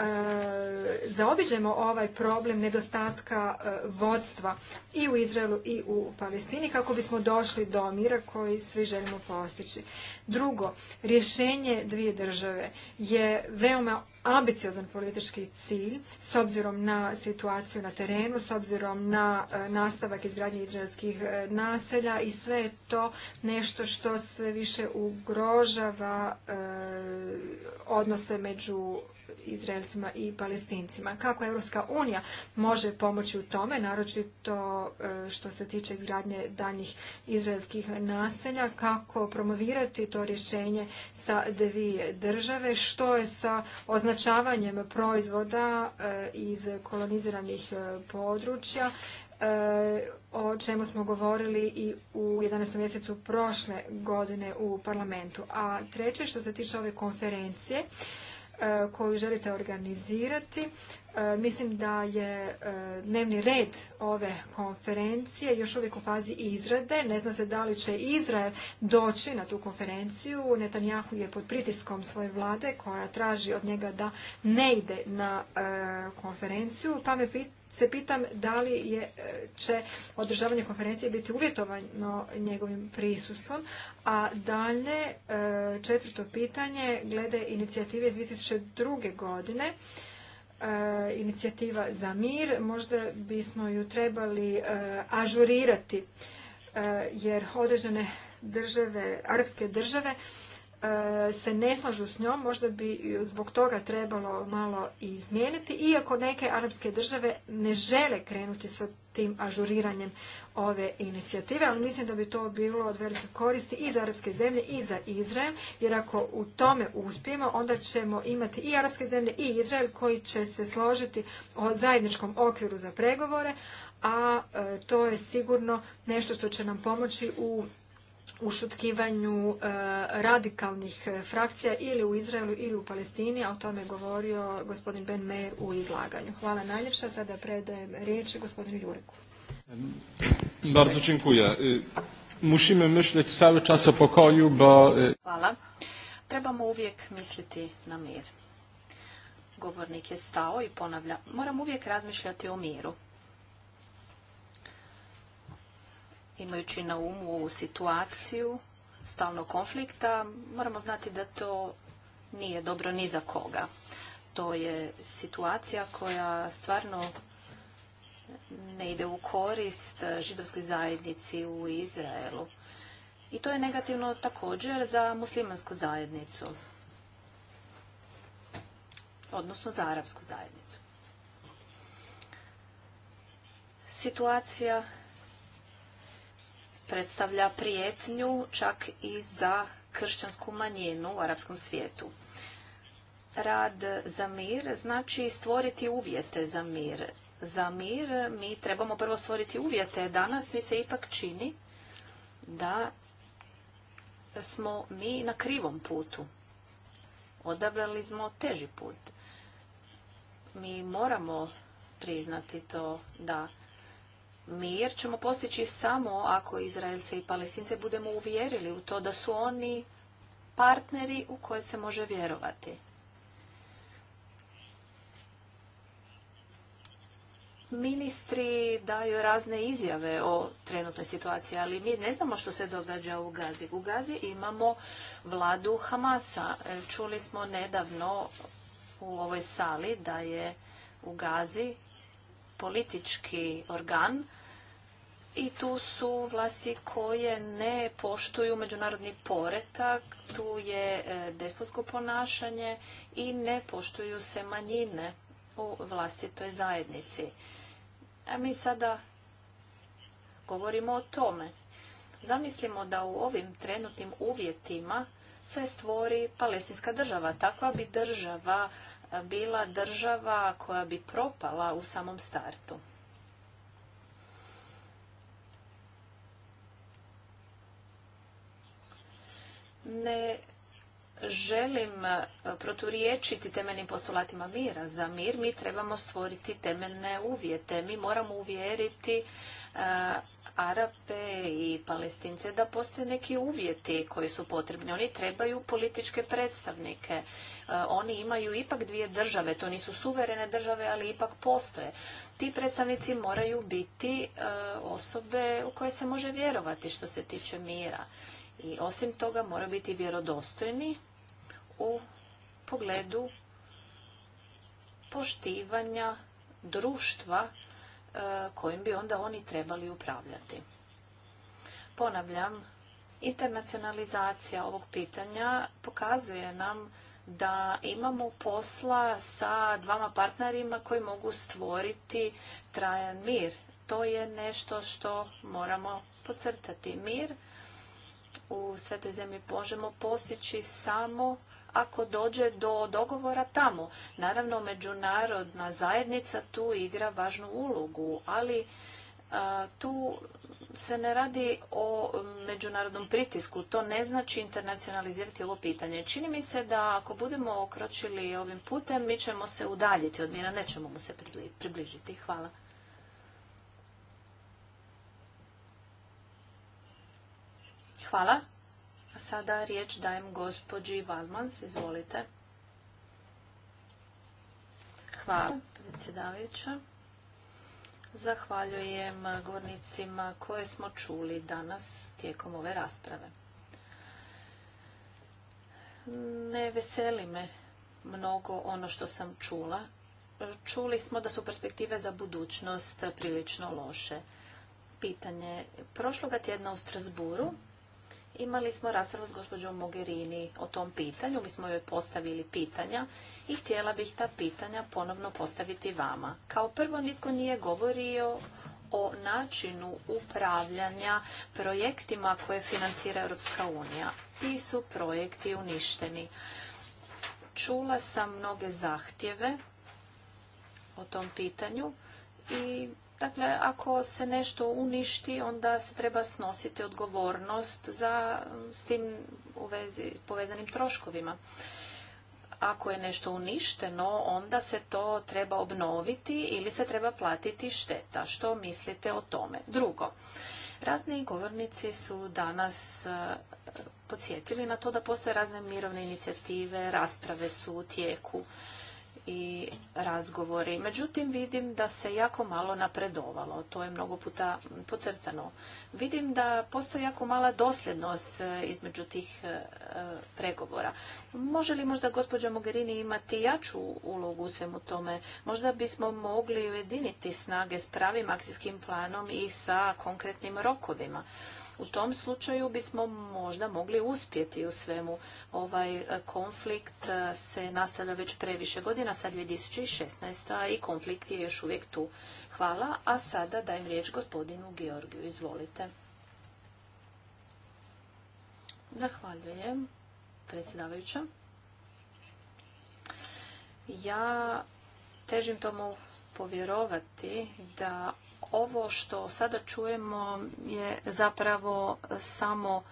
E, zaobiđemo ovaj problem nedostatka e, vodstva i u Izraelu i u Palestini kako bismo došli do mira koji svi želimo postići. Drugo, rješenje dvije države je veoma ambiciozan politički cilj s obzirom na situaciju na terenu, s obzirom na e, nastavak izgradnje izraelskih naselja i sve je to nešto što sve više ugrožava odnose među Izraelcima i Palestincima. Kako Europska unija može pomoći u tome, naročito e, što se tiče izgradnje daljnjih izraelskih naselja, kako promovirati to rješenje sa dvije države, što je sa označavanjem proizvoda e, iz koloniziranih e, područja, o čemu smo govorili i u 11. mjesecu prošle godine u parlamentu. A treće, što se tiče ove konferencije, koju želite organizirati E, mislim da je e, dnevni red ove konferencije još uvijek u fazi izrade. Ne zna se da li će Izrael doći na tu konferenciju. Netanjahu je pod pritiskom svoje vlade koja traži od njega da ne ide na e, konferenciju. Pa me se pitam da li je, će održavanje konferencije biti uvjetovano njegovim prisustvom. A dalje četvrto pitanje glede inicijative iz 2002. godine E, inicijativa za mir, možda bismo ju trebali e, ažurirati e, jer određene države, arapske države se ne slažu s njom, možda bi zbog toga trebalo malo izmijeniti, iako neke arapske države ne žele krenuti sa tim ažuriranjem ove inicijative, ali mislim da bi to bilo od velike koristi i za arapske zemlje i za Izrael, jer ako u tome uspijemo, onda ćemo imati i arapske zemlje i Izrael koji će se složiti o zajedničkom okviru za pregovore, a e, to je sigurno nešto što će nam pomoći u ušutkivanju e, radikalnih e, frakcija ili u Izraelu ili u Palestini, a o tome je govorio gospodin Ben Meir u izlaganju. Hvala najljepša. Sada predajem riječ gospodinu Jureku. Bardzo dziękuję. Musimy myśleć pokoju, bo... Hvala. Trebamo uvijek misliti na mir. Govornik je stao i ponavlja. Moram uvijek razmišljati o miru. Imajući na umu ovu situaciju stalnog konflikta, moramo znati da to nije dobro ni za koga. To je situacija koja stvarno ne ide u korist e, židovskoj zajednici u Izraelu. I to je negativno također za muslimansku zajednicu, odnosno za arapsku zajednicu. Situacija predstavlja prijetnju čak i za kršćansku manjinu u arapskom svijetu. Rad za mir znači stvoriti uvjete za mir za mir, mi trebamo prvo stvoriti uvjete. Danas mi se ipak čini da smo mi na krivom putu. Odabrali smo teži put. Mi moramo priznati to da mir ćemo postići samo ako Izraelce i Palestince budemo uvjerili u to da su oni partneri u koje se može vjerovati. Ministri daju razne izjave o trenutnoj situaciji, ali mi ne znamo što se događa u Gazi. U Gazi imamo vladu Hamasa. E, čuli smo nedavno u ovoj sali da je u Gazi politički organ i tu su vlasti koje ne poštuju međunarodni poretak, tu je e, despotsko ponašanje i ne poštuju se manjine u vlastitoj zajednici. A mi sada govorimo o tome. Zamislimo da u ovim trenutnim uvjetima se stvori palestinska država. Takva bi država e, bila država koja bi propala u samom startu. Ne želim e, proturiječiti temeljnim postulatima mira. Za mir mi trebamo stvoriti temeljne uvjete. Mi moramo uvjeriti e, Arape i Palestince da postoje neki uvjeti koji su potrebni. Oni trebaju političke predstavnike. E, oni imaju ipak dvije države. To nisu suverene države, ali ipak postoje. Ti predstavnici moraju biti osobe u koje se može vjerovati što se tiče mira. I osim toga moraju biti vjerodostojni u pogledu poštivanja društva e, kojim bi onda oni trebali upravljati. Ponavljam, internacionalizacija ovog pitanja pokazuje nam da imamo posla sa dvama partnerima koji mogu stvoriti trajan mir. To je nešto što moramo pocrtati. Mir u svetoj zemlji možemo postići samo ako dođe do dogovora tamo. Naravno, međunarodna zajednica tu igra važnu ulogu, ali tu se ne radi o međunarodnom pritisku. To ne znači internacionalizirati ovo pitanje. Čini mi se da ako budemo okročili ovim putem, mi ćemo se udaljiti od mira, nećemo mu se približiti. Hvala. Hvala. Sada riječ dajem gospođi Valmans, izvolite. Hvala predsjedavajuća. Zahvaljujem govornicima koje smo čuli danas tijekom ove rasprave. Ne veseli me mnogo ono što sam čula. Čuli smo da su perspektive za budućnost prilično loše. Pitanje. Prošloga tjedna u Strasburu imali smo raspravu s gospođom Mogherini o tom pitanju. Mi smo joj postavili pitanja i htjela bih ta pitanja ponovno postaviti vama. Kao prvo, nitko nije govorio o načinu upravljanja projektima koje financira Europska unija. Ti su projekti uništeni. Čula sam mnoge zahtjeve o tom pitanju i Dakle, ako se nešto uništi, onda se treba snositi odgovornost za s tim u vezi povezanim troškovima. Ako je nešto uništeno, onda se to treba obnoviti ili se treba platiti šteta. Što mislite o tome? Drugo, razni govornici su danas e, podsjetili na to da postoje razne mirovne inicijative, rasprave su u tijeku i razgovori. Međutim, vidim da se jako malo napredovalo. To je mnogo puta pocrtano. Vidim da postoji jako mala dosljednost e, između tih e, pregovora. Može li možda gospođa Mogherini imati jaču ulogu u svemu tome? Možda bismo mogli ujediniti snage s pravim akcijskim planom i sa konkretnim rokovima. U tom slučaju bismo možda mogli uspjeti u svemu. Ovaj e, konflikt e, se nastavlja već previše godina, sad 2016. i konflikt je još uvijek tu. Hvala, a sada dajem riječ gospodinu Georgiju. Izvolite. Zahvaljujem, predsjedavajuća. Ja težim tomu povjerovati da ovo što sada čujemo je zapravo samo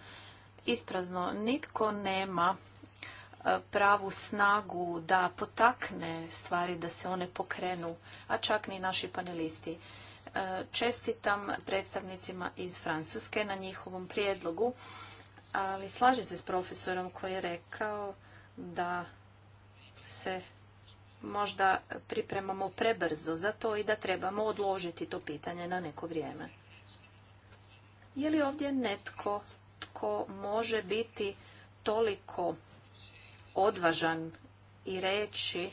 isprazno. Nitko nema e, pravu snagu da potakne stvari, da se one pokrenu, a čak ni naši panelisti. E, čestitam predstavnicima iz Francuske na njihovom prijedlogu, ali slažem se s profesorom koji je rekao da se možda pripremamo prebrzo za to i da trebamo odložiti to pitanje na neko vrijeme. Je li ovdje netko tko može biti toliko odvažan i reći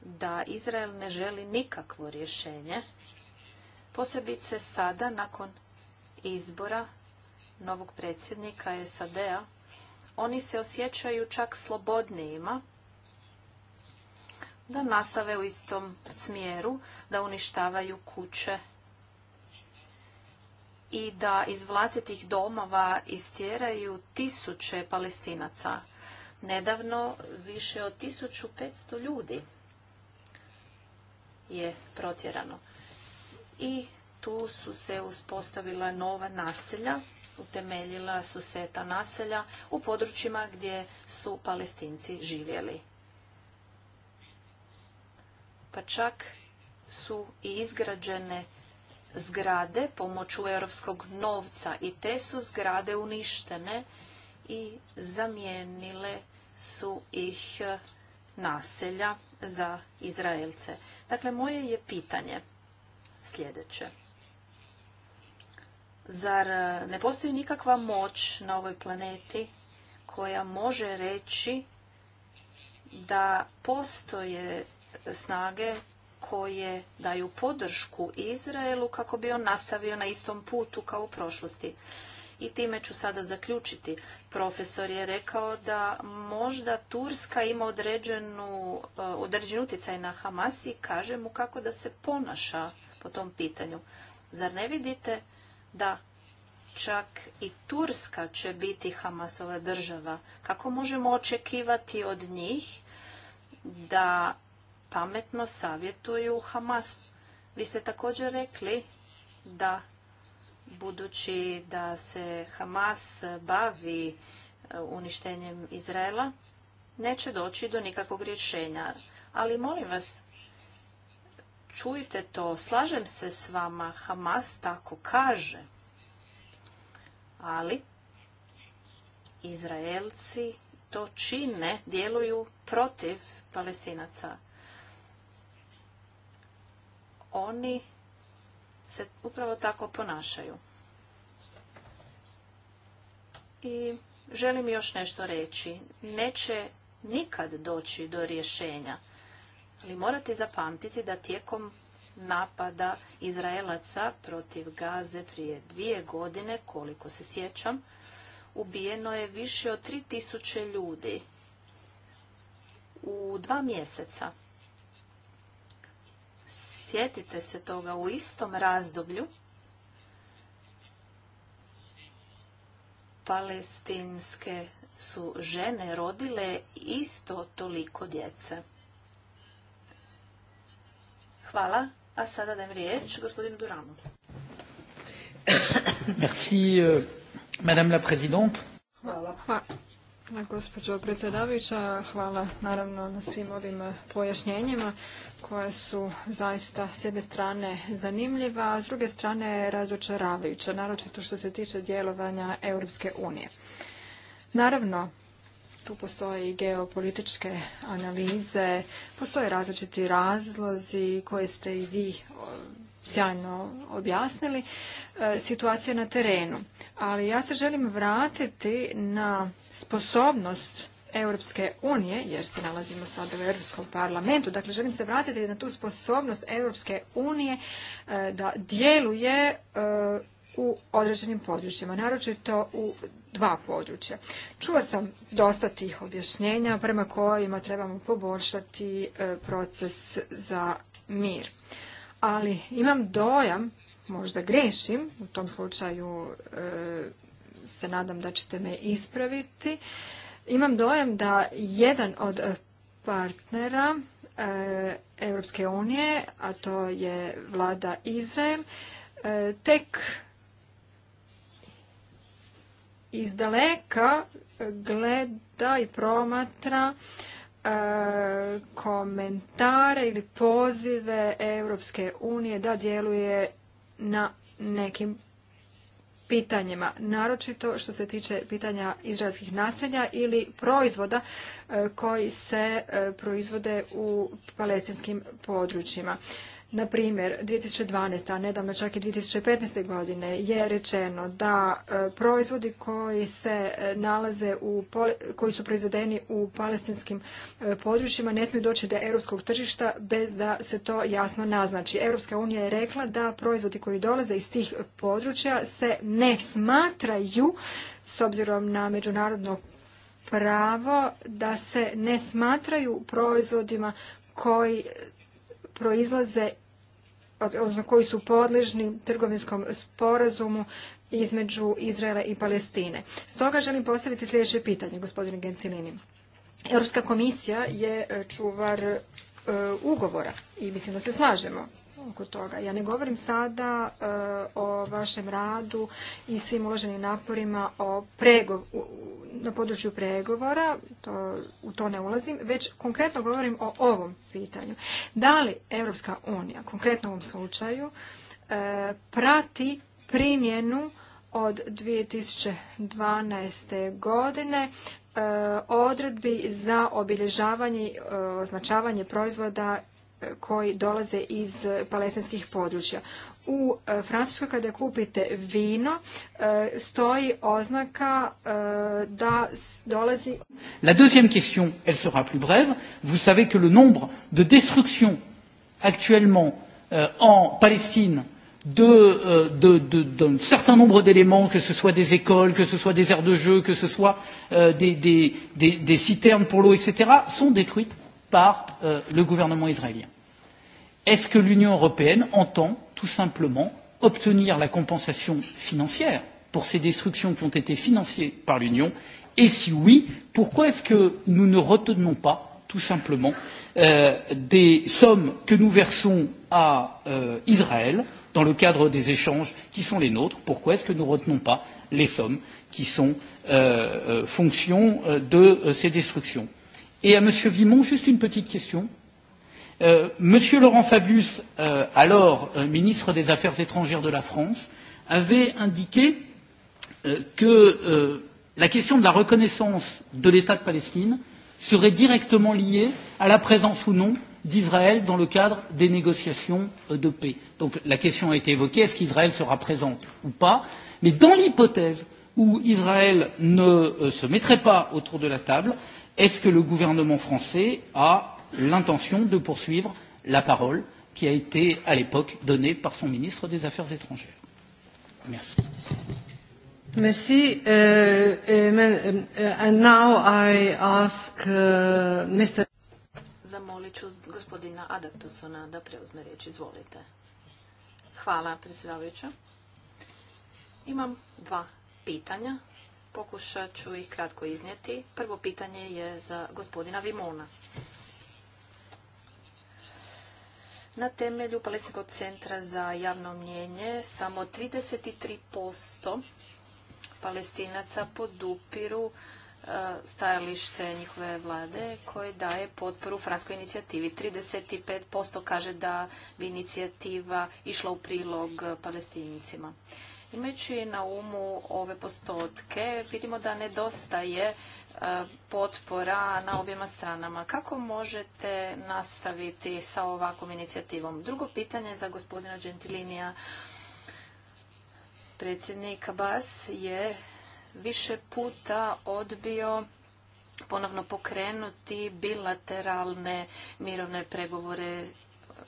da Izrael ne želi nikakvo rješenje, posebice sada nakon izbora novog predsjednika SAD-a, oni se osjećaju čak slobodnijima da nastave u istom smjeru, da uništavaju kuće i da iz vlastitih domova istjeraju tisuće palestinaca. Nedavno više od 1500 ljudi je protjerano. I tu su se uspostavila nova naselja, utemeljila su se ta naselja u područjima gdje su palestinci živjeli pa čak su i izgrađene zgrade pomoću europskog novca i te su zgrade uništene i zamijenile su ih e, naselja za Izraelce. Dakle, moje je pitanje sljedeće. Zar e, ne postoji nikakva moć na ovoj planeti koja može reći da postoje snage koje daju podršku Izraelu kako bi on nastavio na istom putu kao u prošlosti. I time ću sada zaključiti. Profesor je rekao da možda Turska ima određenu, eh, određen utjecaj na Hamas i kaže mu kako da se ponaša po tom pitanju. Zar ne vidite da čak i Turska će biti Hamasova država? Kako možemo očekivati od njih da pametno savjetuju Hamas. Vi ste također rekli da budući da se Hamas bavi e, uništenjem Izraela, neće doći do nikakvog rješenja. Ali molim vas, čujte to, slažem se s vama, Hamas tako kaže. Ali Izraelci to čine, djeluju protiv palestinaca oni se upravo tako ponašaju. I želim još nešto reći. Neće nikad doći do rješenja, ali morate zapamtiti da tijekom napada Izraelaca protiv Gaze prije dvije godine, koliko se sjećam, ubijeno je više od 3000 ljudi u dva mjeseca sjetite se toga u istom razdoblju palestinske su žene rodile isto toliko djece. Hvala. A sada dajem riječ gospodinu Durano. Merci, euh, madame la présidente. Hvala. Gospođo predsjedavajuća, hvala naravno na svim ovim pojašnjenjima koja su zaista s jedne strane zanimljiva, a s druge strane razočaravajuća, naročito što se tiče djelovanja Europske unije. Naravno, tu postoje i geopolitičke analize, postoje različiti razlozi koje ste i vi sjajno objasnili, e, situacija na terenu. Ali ja se želim vratiti na sposobnost Europske unije, jer se nalazimo sada u Europskom parlamentu, dakle želim se vratiti na tu sposobnost Europske unije e, da djeluje e, u određenim područjima, naročito u dva područja. Čuo sam dosta tih objašnjenja prema kojima trebamo poboljšati proces za mir ali imam dojam, možda grešim, u tom slučaju e, se nadam da ćete me ispraviti, imam dojam da jedan od partnera e, Europske unije, a to je vlada Izrael, e, tek izdaleka gleda i promatra E, komentare ili pozive Europske unije da djeluje na nekim pitanjima, naročito što se tiče pitanja izraelskih naselja ili proizvoda e, koji se e, proizvode u palestinskim područjima na primjer 2012. a nedavno čak i 2015. godine je rečeno da e, proizvodi koji se e, nalaze u koji su proizvedeni u palestinskim e, područjima ne smiju doći do europskog tržišta bez da se to jasno naznači. Europska unija je rekla da proizvodi koji dolaze iz tih područja se ne smatraju s obzirom na međunarodno pravo da se ne smatraju proizvodima koji proizlaze odnosno koji su podležni trgovinskom sporazumu između Izraela i Palestine. Stoga želim postaviti sljedeće pitanje, gospodine Gentilini. Europska komisija je e, čuvar e, ugovora i mislim da se slažemo oko toga. Ja ne govorim sada e, o vašem radu i svim uloženim naporima o na području pregovora, u to ne ulazim, već konkretno govorim o ovom pitanju. Da li Evropska unija, konkretno u ovom slučaju, e, prati primjenu od 2012. godine e, odredbi za obilježavanje označavanje proizvoda koji dolaze iz palestinskih područja. U e, Francuskoj kada kupite vino e, stoji oznaka e, da dolazi... La deuxième question, elle sera plus brève. Vous savez que le nombre de destructions actuellement euh, en Palestine de euh, de, de, de, certain nombre d'éléments, que ce soit des écoles, que ce soit des aires de jeu, que ce soit euh, des, des, des, des citernes pour l'eau, etc., sont détruites par euh, le gouvernement israélien. Est-ce que l'Union européenne entend tout simplement obtenir la compensation financière pour ces destructions qui ont été financées par l'Union et si oui, pourquoi est-ce que nous ne retenons pas tout simplement euh, des sommes que nous versons à euh, Israël dans le cadre des échanges qui sont les nôtres pourquoi est-ce que nous ne retenons pas les sommes qui sont euh, euh fonction euh, de euh, ces destructions et à m. Vimon juste une petite question euh, m. laurent fabius euh, alors euh, ministre des affaires étrangères de la france avait indiqué euh, que euh, la question de la reconnaissance de l'état de palestine serait directement liée à la présence ou non d'israël dans le cadre des négociations de paix. donc la question a été évoquée est ce qu'israël sera présente ou pas? mais dans l'hypothèse où israël ne se mettrait pas autour de la table est-ce que le gouvernement français a l'intention de poursuivre la parole qui a été à l'époque donnée par son ministre des affaires étrangères merci merci uh, and now i ask uh, mr zamolit ću gospodina Adaptusona da preuzme riječ. Izvolite. Hvala, predsjedavajuća. Imam dva pitanja Pokušat ću ih kratko iznijeti. Prvo pitanje je za gospodina Vimona. Na temelju Palestinskog centra za javno mnjenje samo 33% palestinaca podupiru e, stajalište njihove vlade koje daje potporu franskoj inicijativi. 35% kaže da bi inicijativa išla u prilog palestincima. Imajući na umu ove postotke, vidimo da nedostaje e, potpora na objema stranama. Kako možete nastaviti sa ovakvom inicijativom? Drugo pitanje za gospodina Gentilinija. Predsjednik Bas je više puta odbio ponovno pokrenuti bilateralne mirovne pregovore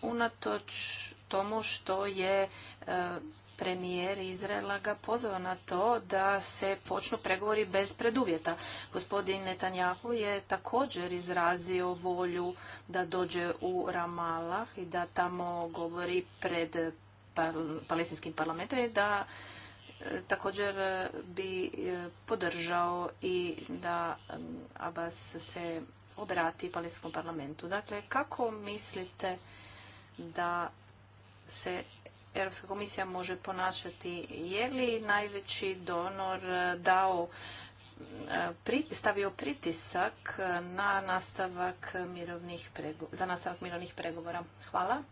unatoč tomu što je e, premijer Izraela ga pozvao na to da se počnu pregovori bez preduvjeta. Gospodin Netanjahu je također izrazio volju da dođe u Ramalah i da tamo govori pred palestinskim parlamentom i da e, također e, bi e, podržao i da Abbas se obrati palestinskom parlamentu. Dakle, kako mislite da se Europska komisija može ponašati. Je li najveći donor e, dao e, stavio pritisak na nastavak mirovnih pregovora, za nastavak mirovnih pregovora. Hvala.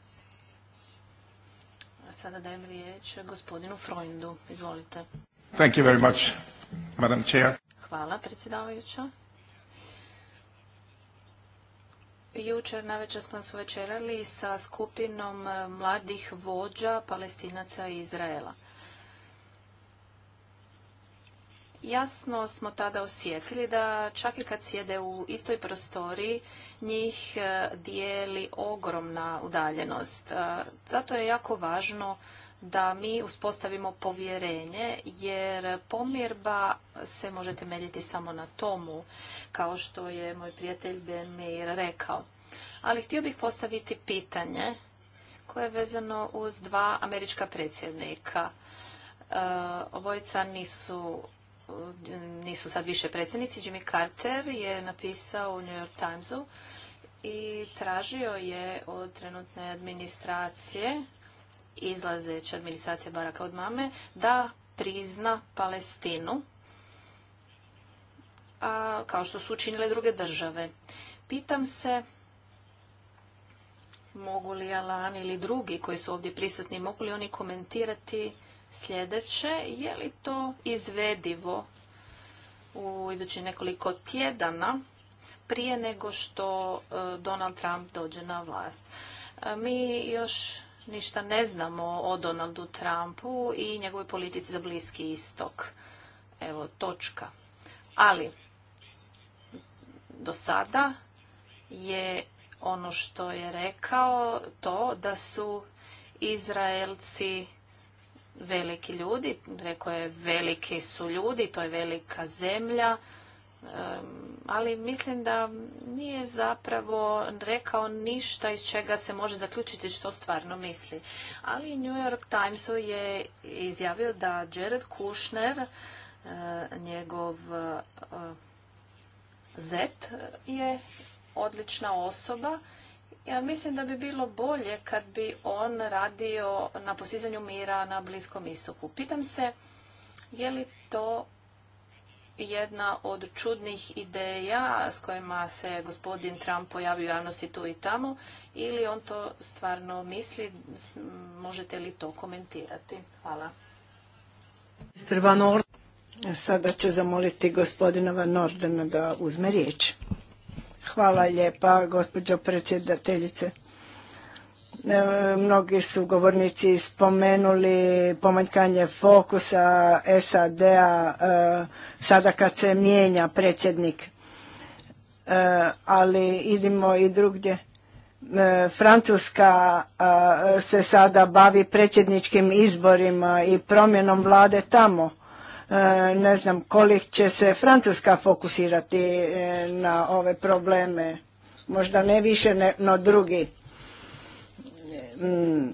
sada dajem riječ gospodinu Freundu. Izvolite. Thank you very much, Madam Chair. Hvala, predsjedavajuća. Jučer navečer smo se večerali sa skupinom e, mladih vođa palestinaca i Izraela. Jasno smo tada osjetili da čak i kad sjede u istoj prostoriji, njih e, dijeli ogromna udaljenost. E, zato je jako važno da mi uspostavimo povjerenje jer pomirba se može temeljiti samo na tomu kao što je moj prijatelj Meir rekao. Ali htio bih postaviti pitanje koje je vezano uz dva američka predsjednika. E, obojica nisu nisu sad više predsjednici. Jimmy Carter je napisao u New York Timesu i tražio je od trenutne administracije izlazeća administracija Baraka od mame da prizna Palestinu a, kao što su učinile druge države. Pitam se mogu li Alan ili drugi koji su ovdje prisutni, mogu li oni komentirati sljedeće, je li to izvedivo u idući nekoliko tjedana prije nego što e, Donald Trump dođe na vlast. E, mi još ništa ne znamo o Donaldu Trumpu i njegovoj politici za Bliski istok. Evo, točka. Ali, do sada je ono što je rekao to da su Izraelci veliki ljudi, rekao je veliki su ljudi, to je velika zemlja, ali mislim da nije zapravo rekao ništa iz čega se može zaključiti što stvarno misli. Ali New York Timesu je izjavio da Jared Kushner, e, njegov e, Z je odlična osoba ja mislim da bi bilo bolje kad bi on radio na postizanju mira na Bliskom istoku. Pitam se je li to jedna od čudnih ideja s kojima se gospodin Trump pojavio javnosti tu i tamo ili on to stvarno misli? Možete li to komentirati? Hvala. Sada ću zamoliti gospodina Van da uzme riječ. Hvala lijepa, gospođo predsjedateljice. E, mnogi su govornici spomenuli pomanjkanje fokusa SAD-a e, sada kad se mijenja predsjednik. E, ali idimo i drugdje. Francuska se sada bavi predsjedničkim izborima i promjenom vlade tamo. Ne znam kolik će se Francuska fokusirati na ove probleme. Možda ne više, no drugi. Mm,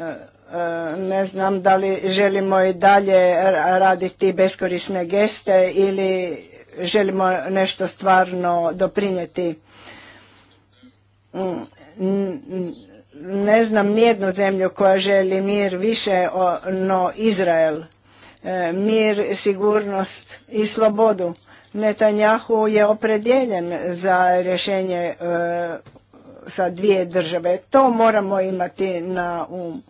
e, e, ne znam da li želimo i dalje raditi beskorisne geste ili želimo nešto stvarno doprinijeti. Mm, ne znam nijednu zemlju koja želi mir više, no Izrael. E, mir, sigurnost i slobodu. Netanjahu je opredjeljen za rješenje sa dvije države. To moramo imati na um.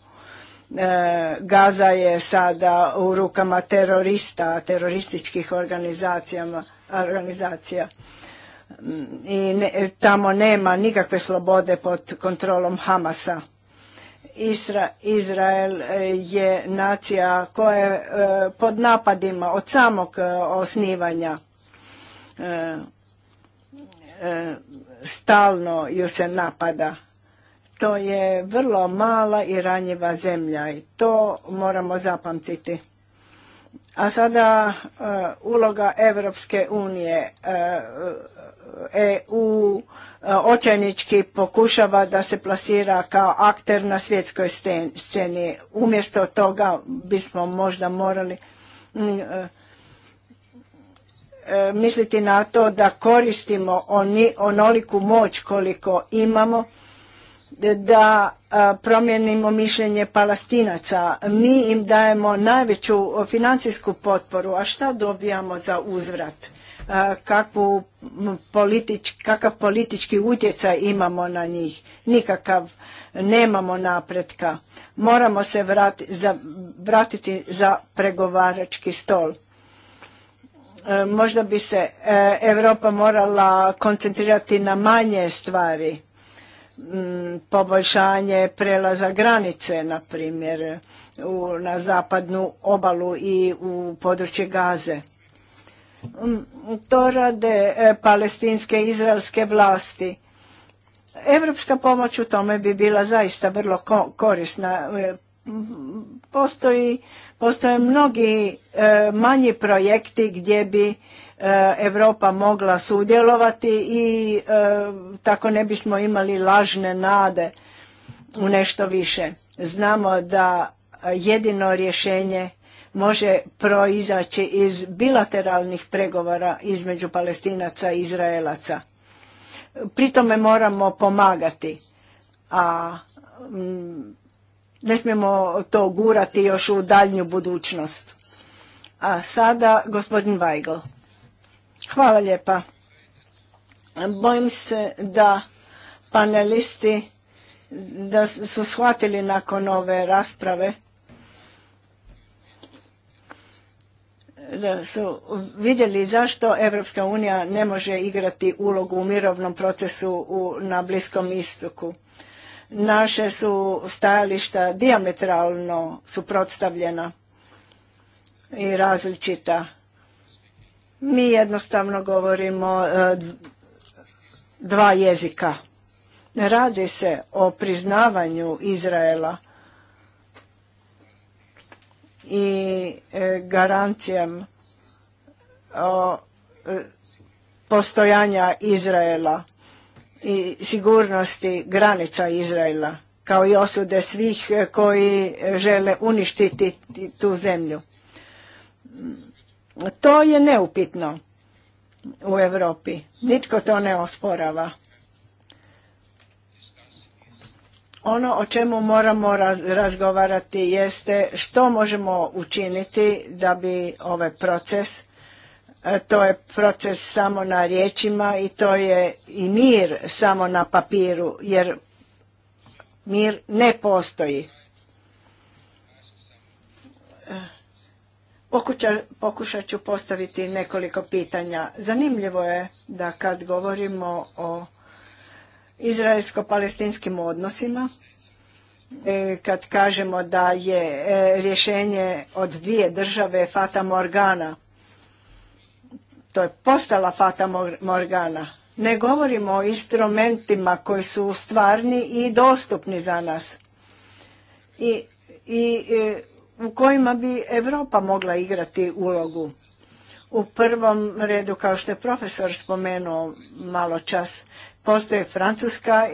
Gaza je sada u rukama terorista, terorističkih organizacija i tamo nema nikakve slobode pod kontrolom Hamasa. Isra, Izrael e, je nacija koja je pod napadima od samog e, osnivanja stalno ju se napada. To je vrlo mala i ranjiva zemlja i to moramo zapamtiti. A sada eh, uloga Evropske unije. E, EU eh, očajnički pokušava da se plasira kao akter na svjetskoj sceni. Umjesto toga bismo možda morali mm, E, misliti na to da koristimo oni, onoliku moć koliko imamo da e, promijenimo mišljenje palastinaca. Mi im dajemo najveću financijsku potporu, a šta dobijamo za uzvrat? E, kakvu politič, kakav politički utjecaj imamo na njih? Nikakav, nemamo napretka. Moramo se za, vratiti za pregovarački stol. E, možda bi se e, Europa morala koncentrirati na manje stvari, mm, poboljšanje prelaza granice, na primjer, na zapadnu obalu i u područje Gaze. Mm, to rade e, palestinske i izraelske vlasti. Evropska pomoć u tome bi bila zaista vrlo korisna. Postoji Postoje mnogi e, manji projekti gdje bi e, Europa mogla sudjelovati i e, tako ne bismo imali lažne nade u nešto više. Znamo da jedino rješenje može proizaći iz bilateralnih pregovora između Palestinaca i Izraelaca. Pri tome moramo pomagati, a ne smijemo to gurati još u daljnju budućnost. A sada gospodin Weigl. Hvala lijepa. Bojim se da panelisti da su shvatili nakon ove rasprave da su vidjeli zašto Evropska unija ne može igrati ulogu u mirovnom procesu na Bliskom istoku naše su stajališta diametralno suprotstavljena i različita. Mi jednostavno govorimo e, dva jezika. Radi se o priznavanju Izraela i e, o e, postojanja Izraela i sigurnosti granica Izraela, kao i osude svih eh, koji eh, žele uništiti tu zemlju. Mm, to je neupitno u Europi. Nitko to ne osporava. Ono o čemu moramo razgovarati jeste što možemo učiniti da bi ovaj proces E, to je proces samo na riječima i to je i mir samo na papiru jer mir ne postoji e, Pokušat ću postaviti nekoliko pitanja. Zanimljivo je da kad govorimo o izraelsko-palestinskim odnosima, e, kad kažemo da je rješenje od dvije države Fata Morgana, to je postala Fata Morgana. Ne govorimo o instrumentima koji su stvarni i dostupni za nas i, i e, u kojima bi Europa mogla igrati ulogu. U prvom redu, kao što je profesor spomenuo malo čas, postoji francuska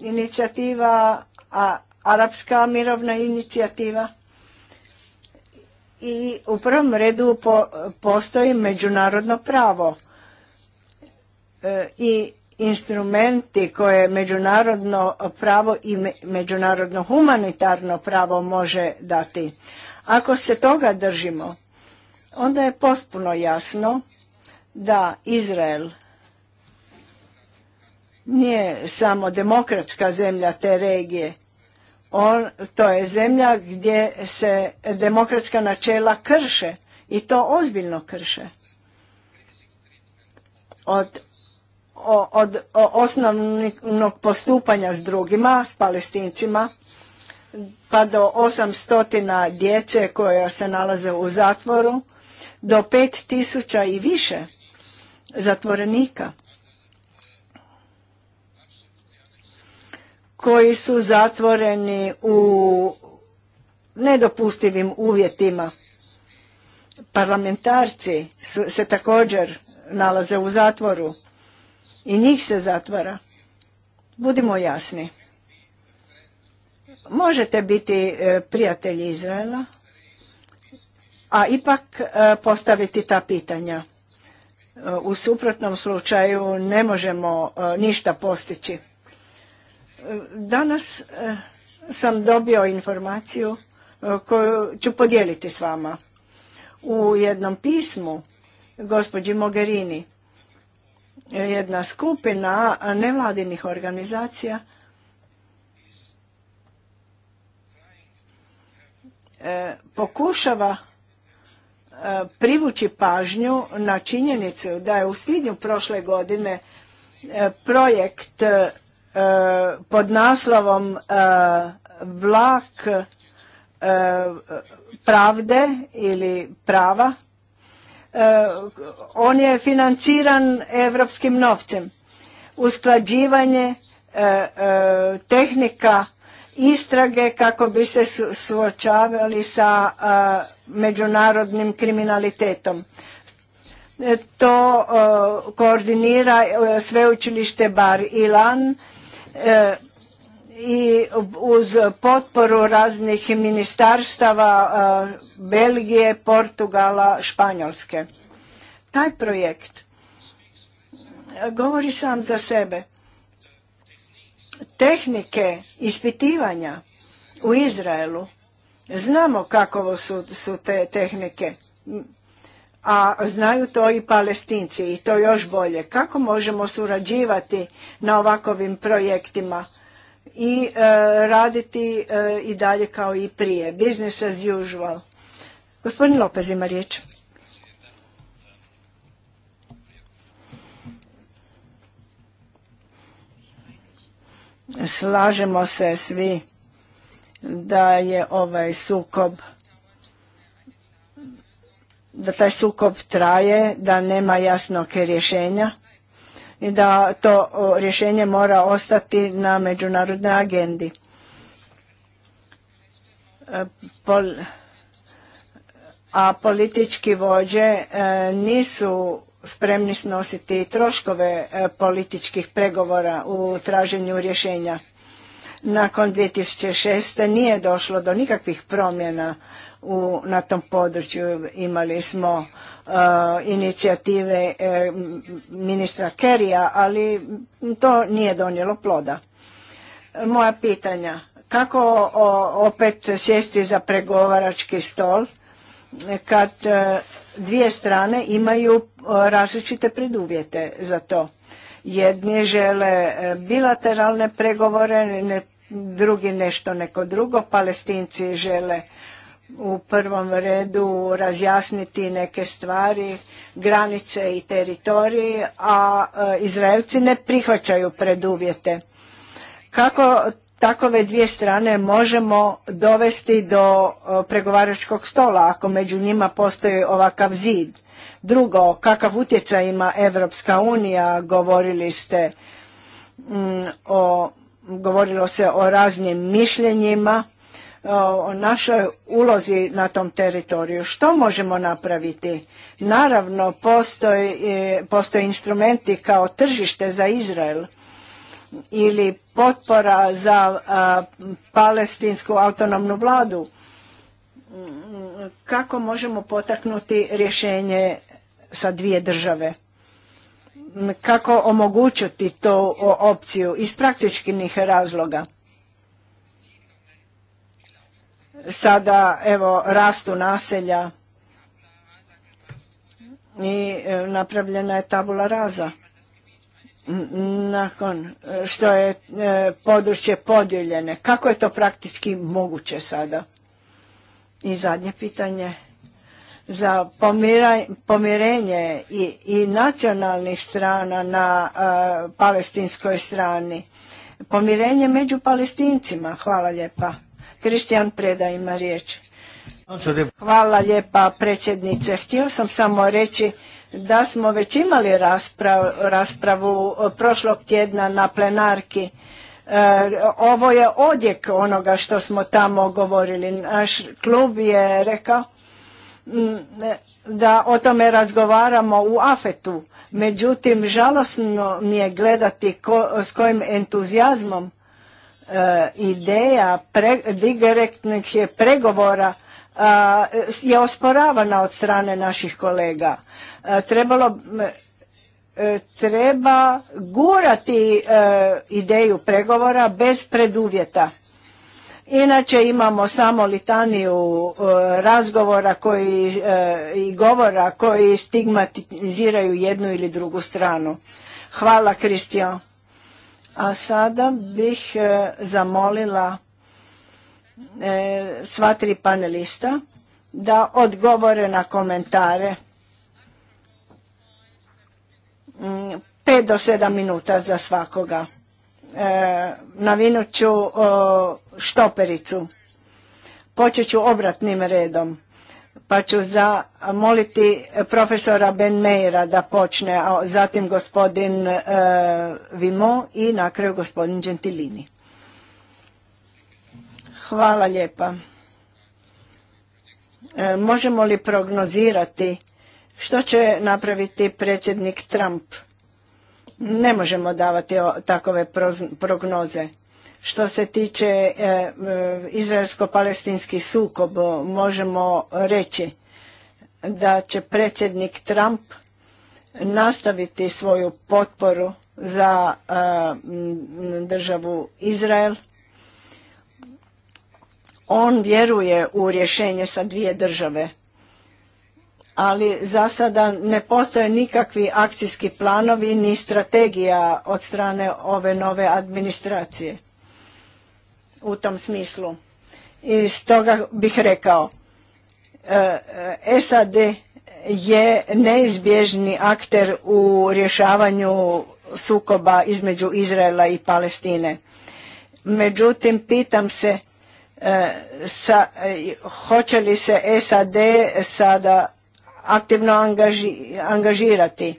inicijativa, a arapska mirovna inicijativa – i u prvom redu postoji međunarodno pravo e, i instrumenti koje međunarodno pravo i međunarodno humanitarno pravo može dati. Ako se toga držimo, onda je pospuno jasno da Izrael nije samo demokratska zemlja te regije, to je zemlja gdje se demokratska načela krše i to ozbiljno krše. Od, od osnovnog postupanja s drugima, s palestincima, pa do 800 djece koja se nalaze u zatvoru, do 5000 i više zatvorenika. koji su zatvoreni u nedopustivim uvjetima. Parlamentarci se također nalaze u zatvoru i njih se zatvara. Budimo jasni. Možete biti e, prijatelji Izraela, a ipak e, postaviti ta pitanja. E, u suprotnom slučaju ne možemo ništa postići. Danas e, sam dobio informaciju e, koju ću podijeliti s vama. U jednom pismu gospođi Mogherini e, jedna skupina nevladinih organizacija pokušava privući pažnju na činjenicu da je u svibnju prošle godine projekt E, pod naslovom e, Vlak e, pravde ili prava. On je financiran evropskim novcem. Usklađivanje tehnika istrage kako bi se suočavali sa međunarodnim kriminalitetom. To koordinira sveučilište Bar Ilan E, i uz potporu raznih ministarstava e, Belgije, Portugala, Španjolske. Taj projekt e, govori sam za sebe. Tehnike ispitivanja u Izraelu, znamo kako su, su te tehnike a znaju to i palestinci i to još bolje. Kako možemo surađivati na ovakovim projektima i e, raditi e, i dalje kao i prije. Business as usual. Gospodin Lopez ima riječ. Slažemo se svi da je ovaj sukob da taj sukob traje, da nema jasnog rješenja i da to rješenje mora ostati na međunarodnoj agendi. E, a politički vođe e, nisu spremni snositi troškove e, političkih pregovora u traženju rješenja. Nakon 2006. nije došlo do nikakvih promjena na tom području. Imali smo uh, inicijative eh, ministra Kerija, ali to nije donijelo ploda. Moja pitanja, kako opet sjesti za pregovarački stol kad eh, dvije strane imaju eh, različite preduvjete za to? Jedni žele bilateralne pregovore, drugi nešto neko drugo, palestinci žele u prvom redu razjasniti neke stvari, granice i teritoriji, a e, Izraelci ne prihvaćaju preduvjete. Kako takove dvije strane možemo dovesti do e, pregovaračkog stola ako među njima postoji ovakav zid? Drugo, kakav utjecaj ima Evropska unija, govorili ste mm, o, govorilo se o raznim mišljenjima, o našoj ulozi na tom teritoriju. Što možemo napraviti? Naravno, postoje e, instrumenti kao tržište za Izrael ili potpora za palestinsku autonomnu vladu. Kako možemo potaknuti rješenje sa dvije države? Kako omogućiti to opciju iz praktičkih razloga? sada evo rastu naselja i e, napravljena je tabula raza nakon e, što je e, područje podijeljene. Kako je to praktički moguće sada? I zadnje pitanje za pomirenje i, nacionalnih strana na palestinskoj strani. Pomirenje među palestincima. Hvala lijepa. Kristijan Preda ima riječ. Hvala lijepa predsjednice. Htio sam samo reći da smo već imali raspravu, raspravu prošlog tjedna na plenarki. E, ovo je odjek onoga što smo tamo govorili. Naš klub je rekao da o tome razgovaramo u afetu. Međutim, žalosno mi je gledati s kojim entuzijazmom E, ideja direktnih pregovora je osporavana od strane naših kolega. E, trebalo e, treba gurati ideju pregovora bez preduvjeta. Inače imamo samo litaniju razgovora koji, i govora koji stigmatiziraju jednu ili drugu stranu. Hvala Kristijan. A sada bih e, zamolila e, sva tri panelista da odgovore na komentare. 5 mm, do 7 minuta za svakoga. E, navinut ću štopericu. Počet ću obratnim redom pa ću zamoliti profesora Ben Meira da počne, a zatim gospodin e, Vimo i na kraju gospodin Gentilini. Hvala lijepa. E, možemo li prognozirati što će napraviti predsjednik Trump? Ne možemo davati o, takove prognoze. Što se tiče e, e, izraelsko-palestinskih sukob, možemo reći da će predsjednik Trump nastaviti svoju potporu za e, državu Izrael. On vjeruje u rješenje sa dvije države, ali za sada ne postoje nikakvi akcijski planovi ni strategija od strane ove nove administracije u tom smislu. I stoga bih rekao, e, e, SAD je neizbježni akter u rješavanju sukoba između Izraela i Palestine. Međutim, pitam se e, sa, hoće li se SAD sada aktivno angaži, angažirati.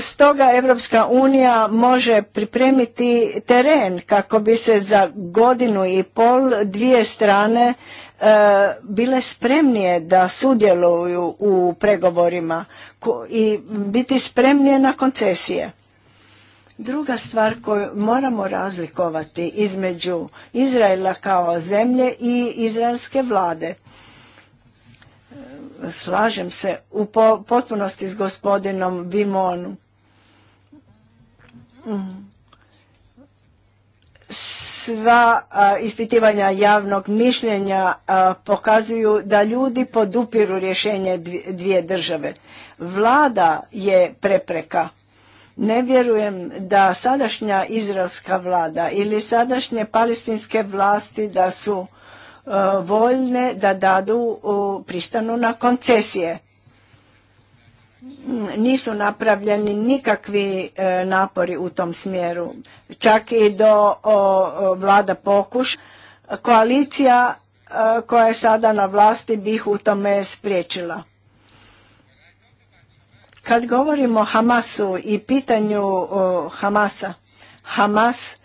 Stoga Evropska unija može pripremiti teren kako bi se za godinu i pol dvije strane e, bile spremnije da sudjeluju u pregovorima i biti spremnije na koncesije. Druga stvar koju moramo razlikovati između Izraela kao zemlje i izraelske vlade – slažem se u potpunosti s gospodinom Bimonu. Sva ispitivanja javnog mišljenja pokazuju da ljudi podupiru rješenje dvije države. Vlada je prepreka. Ne vjerujem da sadašnja izraelska vlada ili sadašnje palestinske vlasti da su E, voljne da dadu pristanu na koncesije. Nisu napravljeni nikakvi e, napori u tom smjeru. Čak i do vlada pokuš. Koalicija e, koja je sada na vlasti bih u tome spriječila. Kad govorimo o Hamasu i pitanju Hamasa, Hamas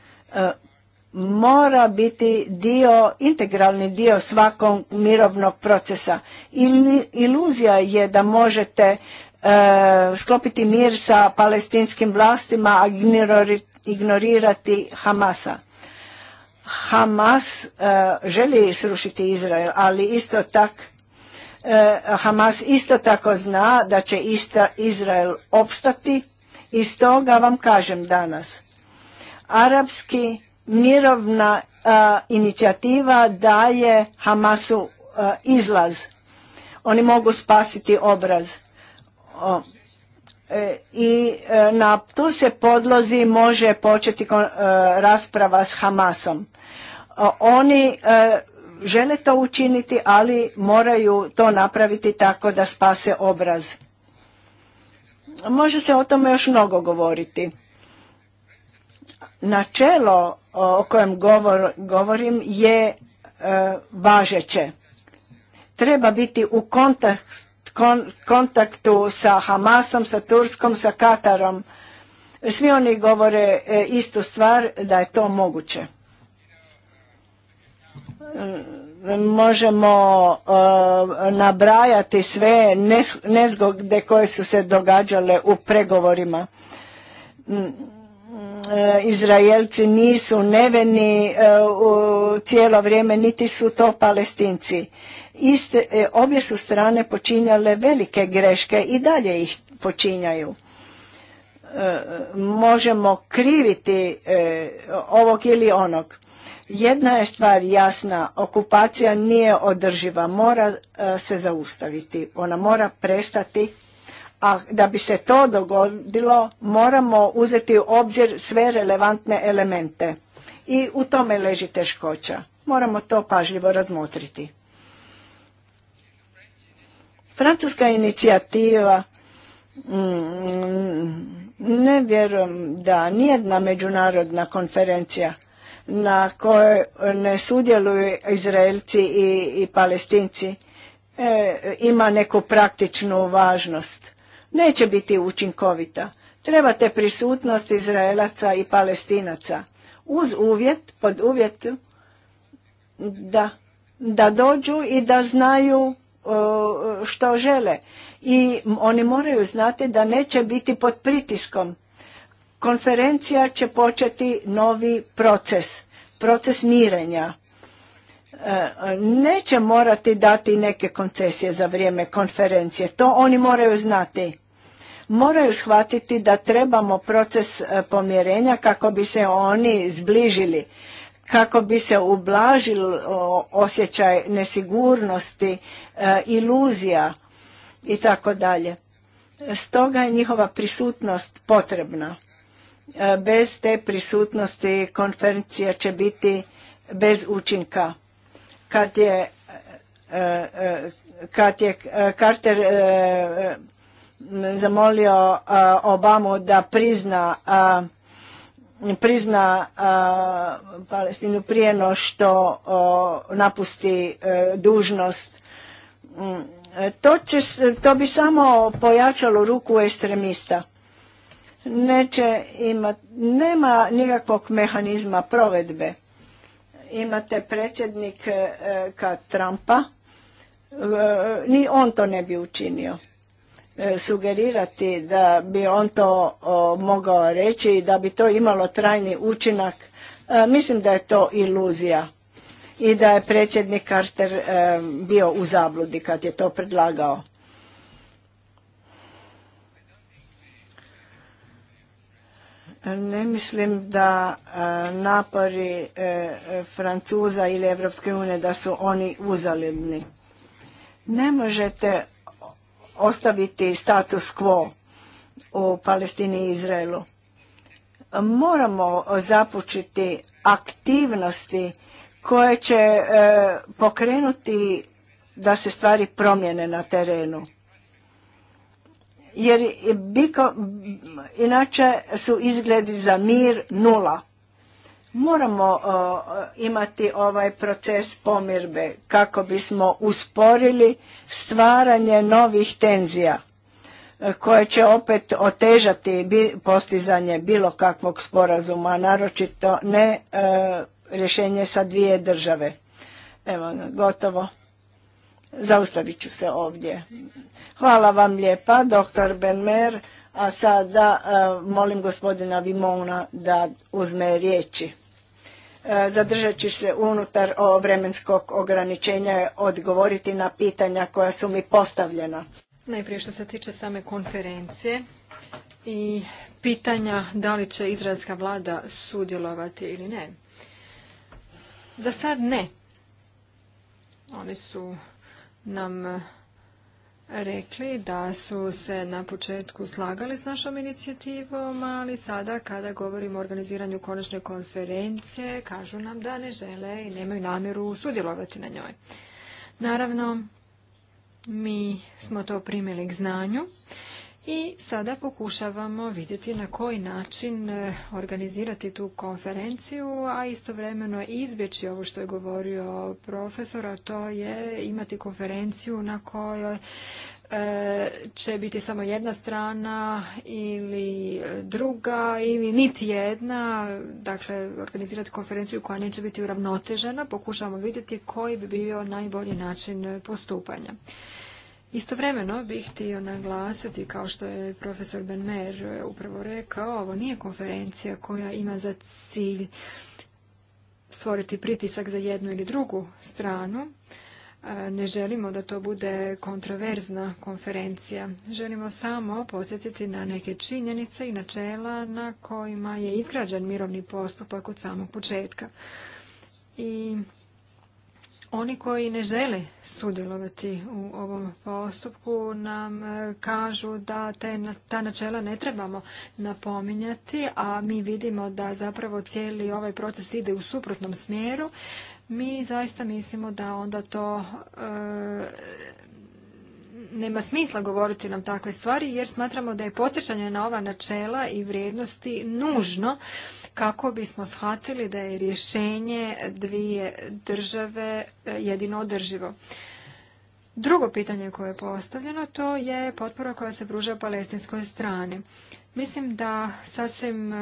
mora biti dio, integralni dio svakog mirovnog procesa. Iluzija je da možete e, sklopiti mir sa palestinskim vlastima, a ignorirati Hamasa. Hamas e, želi srušiti Izrael, ali isto tak e, Hamas isto tako zna da će ista Izrael opstati i stoga vam kažem danas. Arapski mirovna inicijativa daje Hamasu izlaz. Oni mogu spasiti obraz. E, I e, na tu se podlozi može početi e, rasprava s Hamasom. Oni žele to učiniti, ali moraju to napraviti tako da spase obraz. Može se o tome još mnogo govoriti načelo o kojem govorim je e, važeće. Treba biti u kontaktu sa Hamasom, sa Turskom, sa Katarom. Svi oni govore e, istu stvar da je to moguće. E, možemo nabrajati sve nezgode koje su se događale u pregovorima. E, Izraelci nisu neveni e, cijelo vrijeme, niti su to palestinci. Iste, e, obje su strane počinjale velike greške i dalje ih počinjaju. Možemo kriviti ovog ili onog. Jedna je stvar jasna, okupacija nije održiva, mora se zaustaviti, ona mora prestati a da bi se to dogodilo moramo uzeti u obzir sve relevantne elemente i u tome leži teškoća. Moramo to pažljivo razmotriti. Francuska inicijativa mm, ne vjerujem da nijedna međunarodna konferencija na kojoj ne sudjeluju Izraelci i, Palestinci e, ima neku praktičnu važnost neće biti učinkovita. Trebate prisutnost Izraelaca i Palestinaca uz uvjet, pod uvjet da, da dođu i da znaju što žele. I oni moraju znati da neće biti pod pritiskom. Konferencija će početi novi proces, proces mirenja. E, neće morati dati neke koncesije za vrijeme konferencije, to oni moraju znati moraju shvatiti da trebamo proces e, pomjerenja kako bi se oni zbližili, kako bi se ublažil osjećaj nesigurnosti, e, iluzija i tako dalje. Stoga je njihova prisutnost potrebna. E, bez te prisutnosti konferencija će biti bez učinka. Kad je, kad je Carter zamolio Obamu da prizna prizna Palestinu prije što napusti e, dužnost. Mm, e, to, će, to bi samo pojačalo ruku ekstremista. Neće nema nikakvog mehanizma provedbe. Imate predsjednika e, Trumpa, ni on to ne bi učinio. E, sugerirati da bi on to mogao reći i da bi to imalo trajni učinak, e, mislim da je to iluzija i da je predsjednik Carter e, bio u zabludi kad je to predlagao. Ne mislim da napori Francuza ili Evropske unije da su oni uzalibni. Ne možete ostaviti status quo u Palestini i Izraelu. Moramo započeti aktivnosti koje će e, pokrenuti da se stvari promjene na terenu. Jer inače su izgledi za mir nula. Moramo imati ovaj proces pomirbe kako bismo usporili stvaranje novih tenzija e, koje će opet otežati postizanje bilo kakvog sporazuma, naročito ne e, rješenje sa dvije države. Evo, gotovo. Zaustavit ću se ovdje. Hvala vam lijepa, doktor Benmer. A sada e, molim gospodina Vimona da uzme riječi. E, zadržat ću se unutar vremenskog ograničenja odgovoriti na pitanja koja su mi postavljena. Najprije što se tiče same konferencije i pitanja da li će izraelska vlada sudjelovati ili ne. Za sad ne. Oni su nam rekli da su se na početku slagali s našom inicijativom, ali sada kada govorimo o organiziranju konačne konferencije, kažu nam da ne žele i nemaju namjeru sudjelovati na njoj. Naravno, mi smo to primili k znanju i sada pokušavamo vidjeti na koji način e, organizirati tu konferenciju, a istovremeno izbjeći ovo što je govorio profesor, a to je imati konferenciju na kojoj e, će biti samo jedna strana ili druga ili niti jedna, dakle organizirati konferenciju koja neće biti uravnotežena, pokušavamo vidjeti koji bi bio najbolji način postupanja. Istovremeno bih htio naglasiti, kao što je profesor Benmer e, upravo rekao, ovo nije konferencija koja ima za cilj stvoriti pritisak za jednu ili drugu stranu. E, ne želimo da to bude kontroverzna konferencija. Želimo samo podsjetiti na neke činjenice i načela na kojima je izgrađen mirovni postupak od samog početka. I oni koji ne žele sudjelovati u ovom postupku nam e, kažu da te, ta načela ne trebamo napominjati, a mi vidimo da zapravo cijeli ovaj proces ide u suprotnom smjeru. Mi zaista mislimo da onda to e, nema smisla govoriti nam takve stvari jer smatramo da je podsjećanje na ova načela i vrijednosti nužno kako bismo shvatili da je rješenje dvije države e, jedino održivo. Drugo pitanje koje je postavljeno to je potpora koja se pruža palestinskoj strani. Mislim da sasvim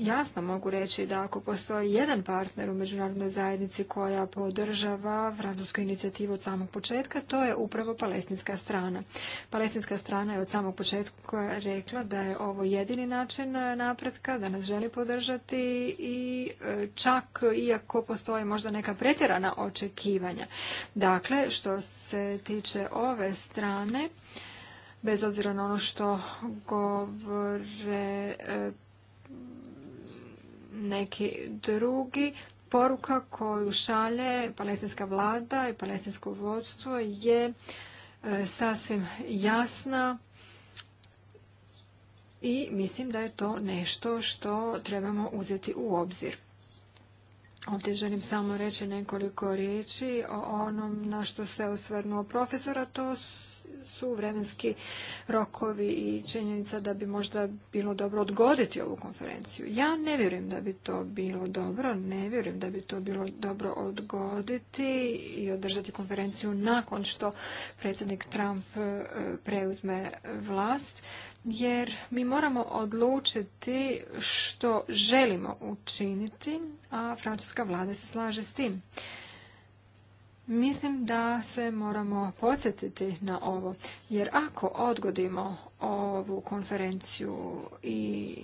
jasno mogu reći da ako postoji jedan partner u međunarodnoj zajednici koja podržava francusku inicijativu od samog početka, to je upravo palestinska strana. Palestinska strana je od samog početka rekla da je ovo jedini način napretka, da nas želi podržati i e, čak iako postoji možda neka pretjerana očekivanja. Dakle, što se tiče ove strane, bez obzira na ono što govore e, neki drugi. Poruka koju šalje palestinska vlada i palestinsko vodstvo je e, sasvim jasna i mislim da je to nešto što trebamo uzeti u obzir. Ovdje želim samo reći nekoliko riječi o onom na što se osvrnuo profesora, to su su vremenski rokovi i činjenica da bi možda bilo dobro odgoditi ovu konferenciju. Ja ne vjerujem da bi to bilo dobro, ne vjerujem da bi to bilo dobro odgoditi i održati konferenciju nakon što predsjednik Trump e, preuzme vlast jer mi moramo odlučiti što želimo učiniti, a francuska vlada se slaže s tim. Mislim da se moramo podsjetiti na ovo, jer ako odgodimo ovu konferenciju i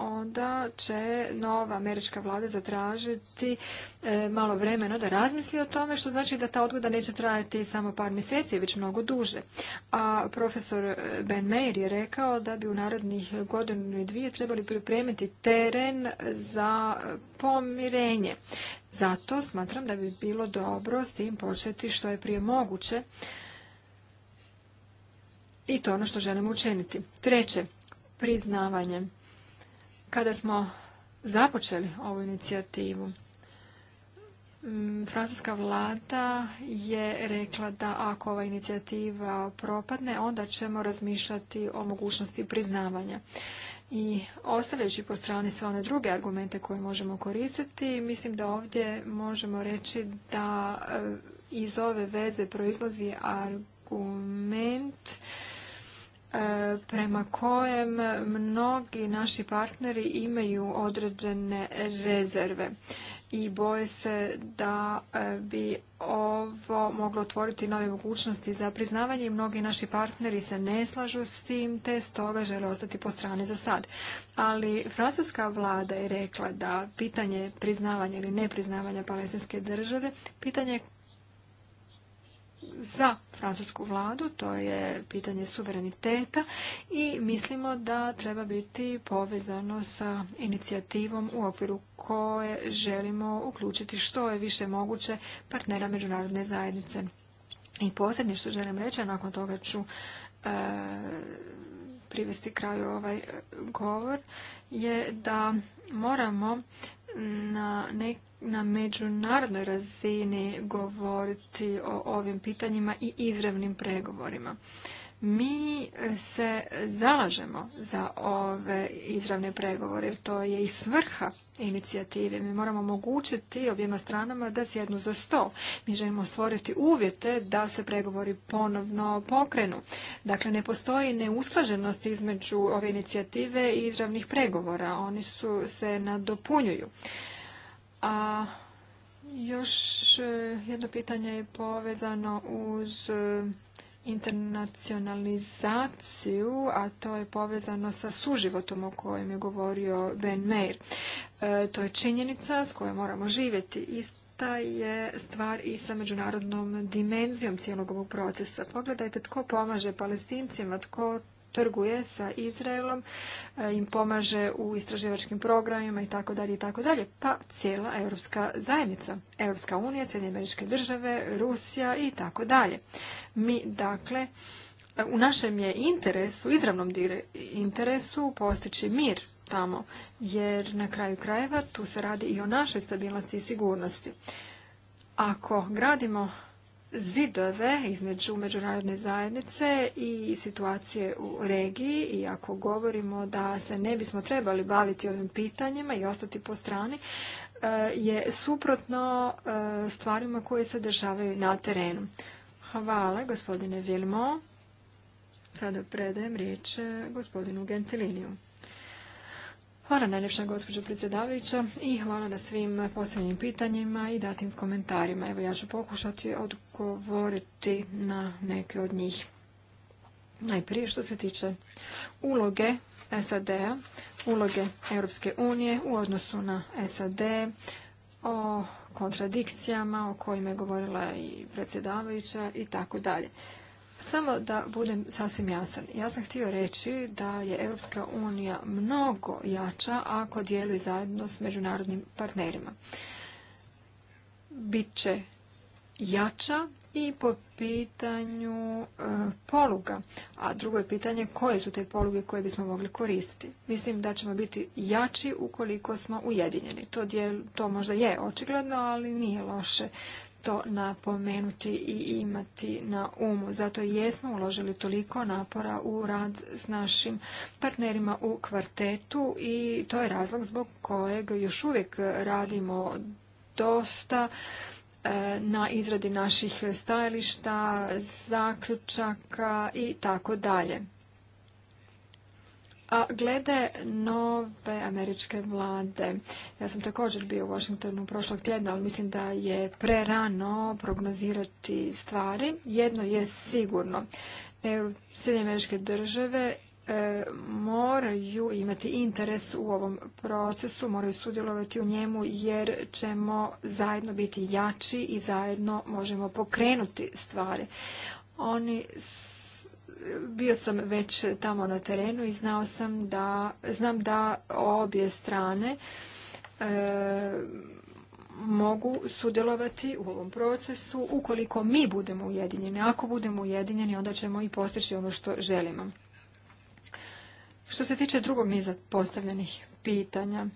onda će nova američka vlada zatražiti e, malo vremena da razmisli o tome, što znači da ta odgoda neće trajati samo par mjeseci, već mnogo duže. A profesor e, Ben Mayer je rekao da bi u narednih godinu i dvije trebali pripremiti teren za pomirenje. Zato smatram da bi bilo dobro s tim početi što je prije moguće i to ono što želimo učiniti. Treće, priznavanje kada smo započeli ovu inicijativu, mm, Francuska vlada je rekla da ako ova inicijativa propadne, onda ćemo razmišljati o mogućnosti priznavanja. I ostavljajući po strani sve one druge argumente koje možemo koristiti, mislim da ovdje možemo reći da e, iz ove veze proizlazi argument E, prema kojem mnogi naši partneri imaju određene rezerve i boje se da e, bi ovo moglo otvoriti nove mogućnosti za priznavanje i mnogi naši partneri se ne slažu s tim te stoga žele ostati po strani za sad. Ali francuska vlada je rekla da pitanje priznavanja ili nepriznavanja palestinske države pitanje za francusku vladu, to je pitanje suvereniteta i mislimo da treba biti povezano sa inicijativom u okviru koje želimo uključiti što je više moguće partnera međunarodne zajednice. I posljednje što želim reći, a nakon toga ću e, privesti kraju ovaj govor, je da moramo na neki na međunarodnoj razini govoriti o ovim pitanjima i izravnim pregovorima. Mi se zalažemo za ove izravne pregovore, jer to je i svrha inicijative. Mi moramo omogućiti objema stranama da sjednu za sto. Mi želimo stvoriti uvjete da se pregovori ponovno pokrenu. Dakle, ne postoji neusklaženost između ove inicijative i izravnih pregovora. Oni su se nadopunjuju. A još e, jedno pitanje je povezano uz e, internacionalizaciju, a to je povezano sa suživotom o kojem je govorio Ben Meir. E, to je činjenica s kojoj moramo živjeti. Ista je stvar i sa međunarodnom dimenzijom cijelog ovog procesa. Pogledajte tko pomaže palestincima, tko trguje sa Izraelom, e, im pomaže u istraživačkim programima i tako dalje i tako dalje. Pa cijela europska zajednica, Europska unija, Sjedinje američke države, Rusija i tako dalje. Mi dakle u našem je interesu, izravnom interesu postići mir tamo, jer na kraju krajeva tu se radi i o našoj stabilnosti i sigurnosti. Ako gradimo zidove između međunarodne zajednice i situacije u regiji i ako govorimo da se ne bismo trebali baviti ovim pitanjima i ostati po strani e, je suprotno e, stvarima koje se dešavaju na terenu. Hvala gospodine Vilmo. Sada predajem riječ e, gospodinu Gentiliniju. Hvala najljepša gospođo predsjedavajuća i hvala na svim posljednjim pitanjima i datim komentarima. Evo ja ću pokušati odgovoriti na neke od njih. Najprije što se tiče uloge SAD-a, uloge Europske unije u odnosu na SAD, o kontradikcijama o kojima je govorila i predsjedavajuća i tako dalje. Samo da budem sasvim jasan. Ja sam htio reći da je Europska unija mnogo jača ako djeluje zajedno s međunarodnim partnerima. Biće jača i po pitanju e, poluga. A drugo je pitanje koje su te poluge koje bismo mogli koristiti. Mislim da ćemo biti jači ukoliko smo ujedinjeni. to možda je očigledno, ali nije loše to napomenuti i imati na umu. Zato jesmo uložili toliko napora u rad s našim partnerima u kvartetu i to je razlog zbog kojeg još uvijek radimo dosta e, na izradi naših stajališta, zaključaka i tako dalje. A glede nove američke vlade, ja sam također bio u Washingtonu prošlog tjedna, ali mislim da je prerano prognozirati stvari. Jedno je sigurno, Sjedinje američke države e, moraju imati interes u ovom procesu, moraju sudjelovati u njemu jer ćemo zajedno biti jači i zajedno možemo pokrenuti stvari. Oni bio sam već tamo na terenu i znao sam da, znam da obje strane e, mogu sudjelovati u ovom procesu ukoliko mi budemo ujedinjeni. Ako budemo ujedinjeni onda ćemo i postići ono što želimo. Što se tiče drugog niza postavljenih pitanja,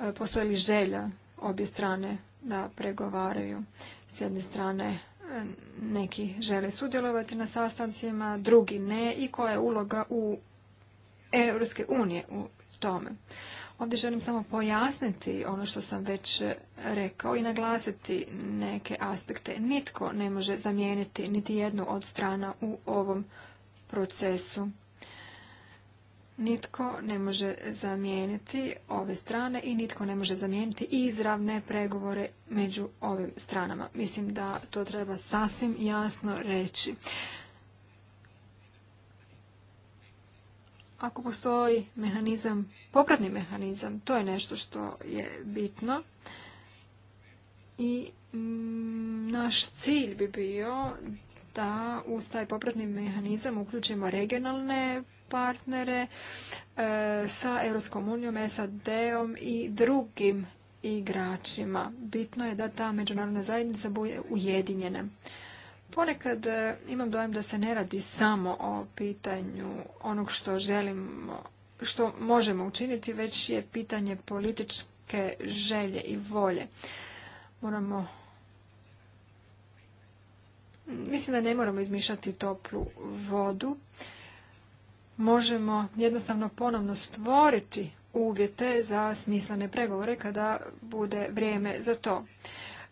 e, postoji li želja obje strane da pregovaraju s jedne strane neki žele sudjelovati na sastancima, drugi ne i koja je uloga u Europske unije u tome. Ovdje želim samo pojasniti ono što sam već rekao i naglasiti neke aspekte. Nitko ne može zamijeniti niti jednu od strana u ovom procesu. Nitko ne može zamijeniti ove strane i nitko ne može zamijeniti izravne pregovore među ovim stranama. Mislim da to treba sasvim jasno reći. Ako postoji mehanizam, popratni mehanizam, to je nešto što je bitno. I mm, naš cilj bi bio da uz taj popratni mehanizam uključimo regionalne partnere e, sa Europskom unijom, SAD-om i drugim igračima. Bitno je da ta međunarodna zajednica bude ujedinjena. Ponekad e, imam dojam da se ne radi samo o pitanju onog što želimo, što možemo učiniti, već je pitanje političke želje i volje. Moramo Mislim da ne moramo izmišljati toplu vodu možemo jednostavno ponovno stvoriti uvjete za smislene pregovore kada bude vrijeme za to.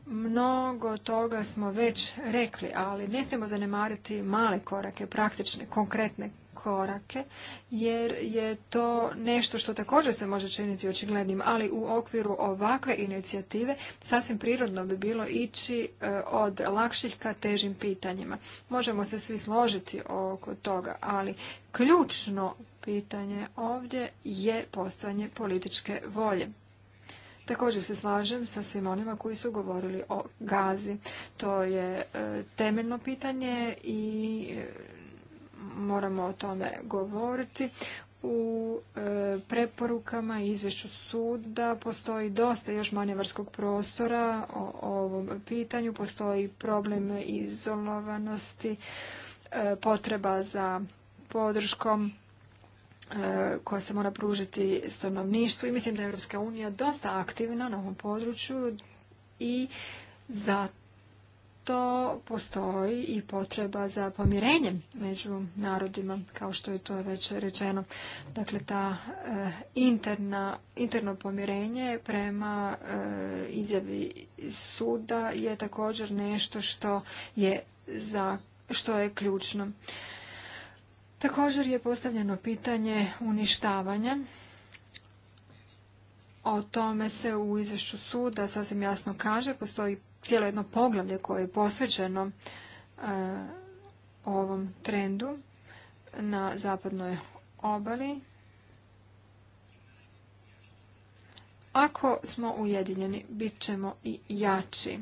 Mnogo toga smo već rekli, ali ne smijemo zanemariti male korake, praktične, konkretne korake jer je to nešto što također se može činiti očiglednim, ali u okviru ovakve inicijative sasvim prirodno bi bilo ići e, od lakših ka težim pitanjima. Možemo se svi složiti oko toga, ali ključno pitanje ovdje je postojanje političke volje. Također se slažem sa svim onima koji su govorili o gazi. To je e, temeljno pitanje i e, moramo o tome govoriti. U e, preporukama i izvješću suda postoji dosta još manevarskog prostora o ovom pitanju. Postoji problem izolovanosti, e, potreba za podrškom e, koja se mora pružiti stanovništvu i mislim da je Europska unija dosta aktivna na ovom području i zato to postoji i potreba za pomirenjem među narodima, kao što je to već rečeno. Dakle, ta eh, interna, interno pomirenje prema eh, izjavi suda je također nešto što je, za, što je ključno. Također je postavljeno pitanje uništavanja. O tome se u izvješću suda sasvim jasno kaže, postoji cijelo jedno poglavlje koje je posvećeno e, ovom trendu na zapadnoj obali. Ako smo ujedinjeni, bit ćemo i jači.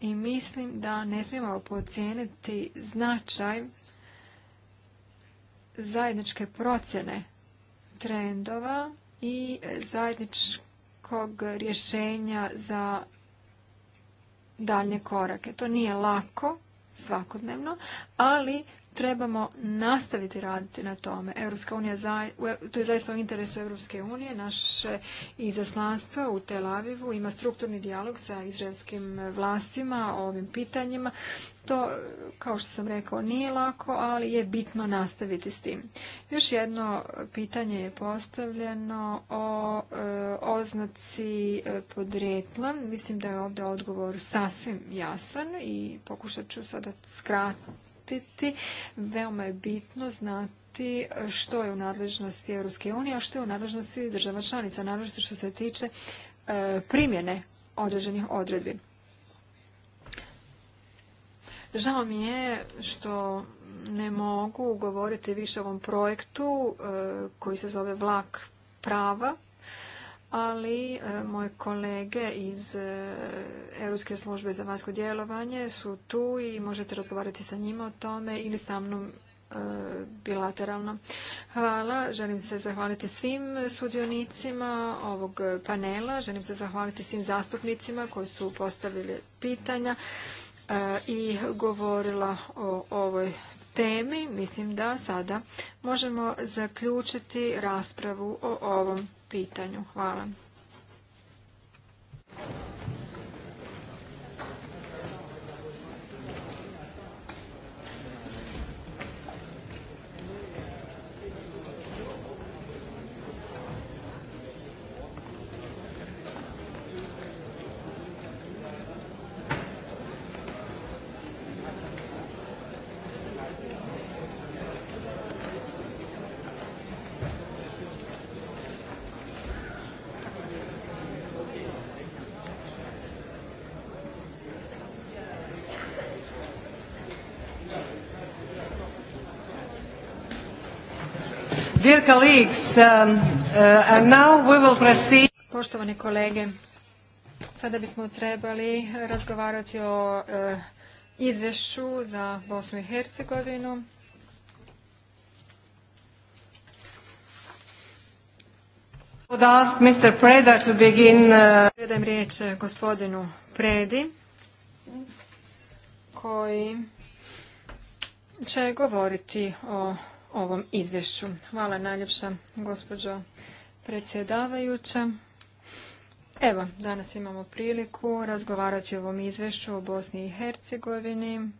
I mislim da ne smijemo pocijeniti značaj zajedničke procjene trendova i zajedničkog rješenja za Dalje korake. To nije lako svakodnevno, ali trebamo nastaviti raditi na tome. Europska unija, e, to je zaista u interesu Europske unije, naše izaslanstvo u Tel Avivu ima strukturni dijalog sa izraelskim vlastima o ovim pitanjima. To, kao što sam rekao, nije lako, ali je bitno nastaviti s tim. Još jedno pitanje je postavljeno o e, oznaci e, podrijetla. Mislim da je ovdje odgovor sasvim jasan i pokušat ću sada skratiti. Veoma je bitno znati što je u nadležnosti Europske unije, a što je u nadležnosti država članica, naročito što se tiče e, primjene određenih odredbi. Žao mi je što ne mogu govoriti više o ovom projektu e, koji se zove Vlak prava, ali e, moje kolege iz e, Europske službe za vanjsko djelovanje su tu i možete razgovarati sa njima o tome ili sa mnom bilateralno. Hvala. Želim se zahvaliti svim sudionicima ovog panela. Želim se zahvaliti svim zastupnicima koji su postavili pitanja. E, i govorila o ovoj temi. Mislim da sada možemo zaključiti raspravu o ovom pitanju. Hvala. colleagues, um, uh, and Poštovani kolege, sada bismo trebali razgovarati o uh, izvješću za Bosnu i Hercegovinu. Would Mr. Preda begin, uh, Predajem riječ gospodinu Predi koji će govoriti o ovom izvješću. Hvala najljepša gospođo predsjedavajuća. Evo, danas imamo priliku razgovarati o ovom izvješću o Bosni i Hercegovini.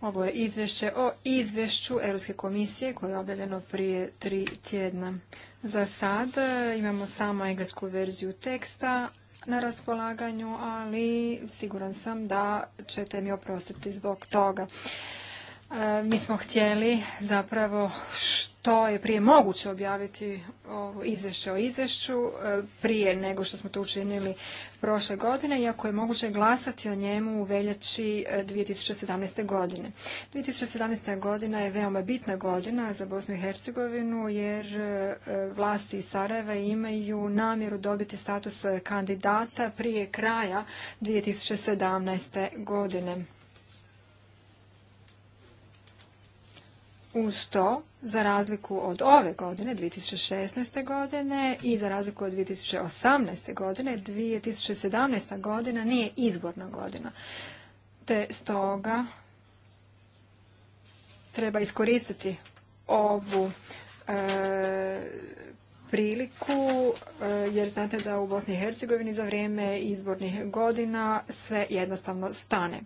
Ovo je izvješće o izvješću Europske komisije koje je objavljeno prije tri tjedna. Za sad e, imamo samo englesku verziju teksta na raspolaganju, ali siguran sam da ćete mi oprostiti zbog toga. E, mi smo htjeli zapravo što je prije moguće objaviti ovo izvješće o izvješću e, prije nego što smo to učinili prošle godine, iako je moguće glasati o njemu u veljači 2017. E, godine. 2017. godina je veoma bitna godina za Bosnu i Hercegovinu jer vlasti iz Sarajeva imaju namjeru dobiti status kandidata prije kraja 2017. godine. Uz to, za razliku od ove godine, 2016. godine i za razliku od 2018. godine, 2017. godina nije izborna godina. Te stoga treba iskoristiti ovu e, priliku, e, jer znate da u Bosni i Hercegovini za vrijeme izbornih godina sve jednostavno stane.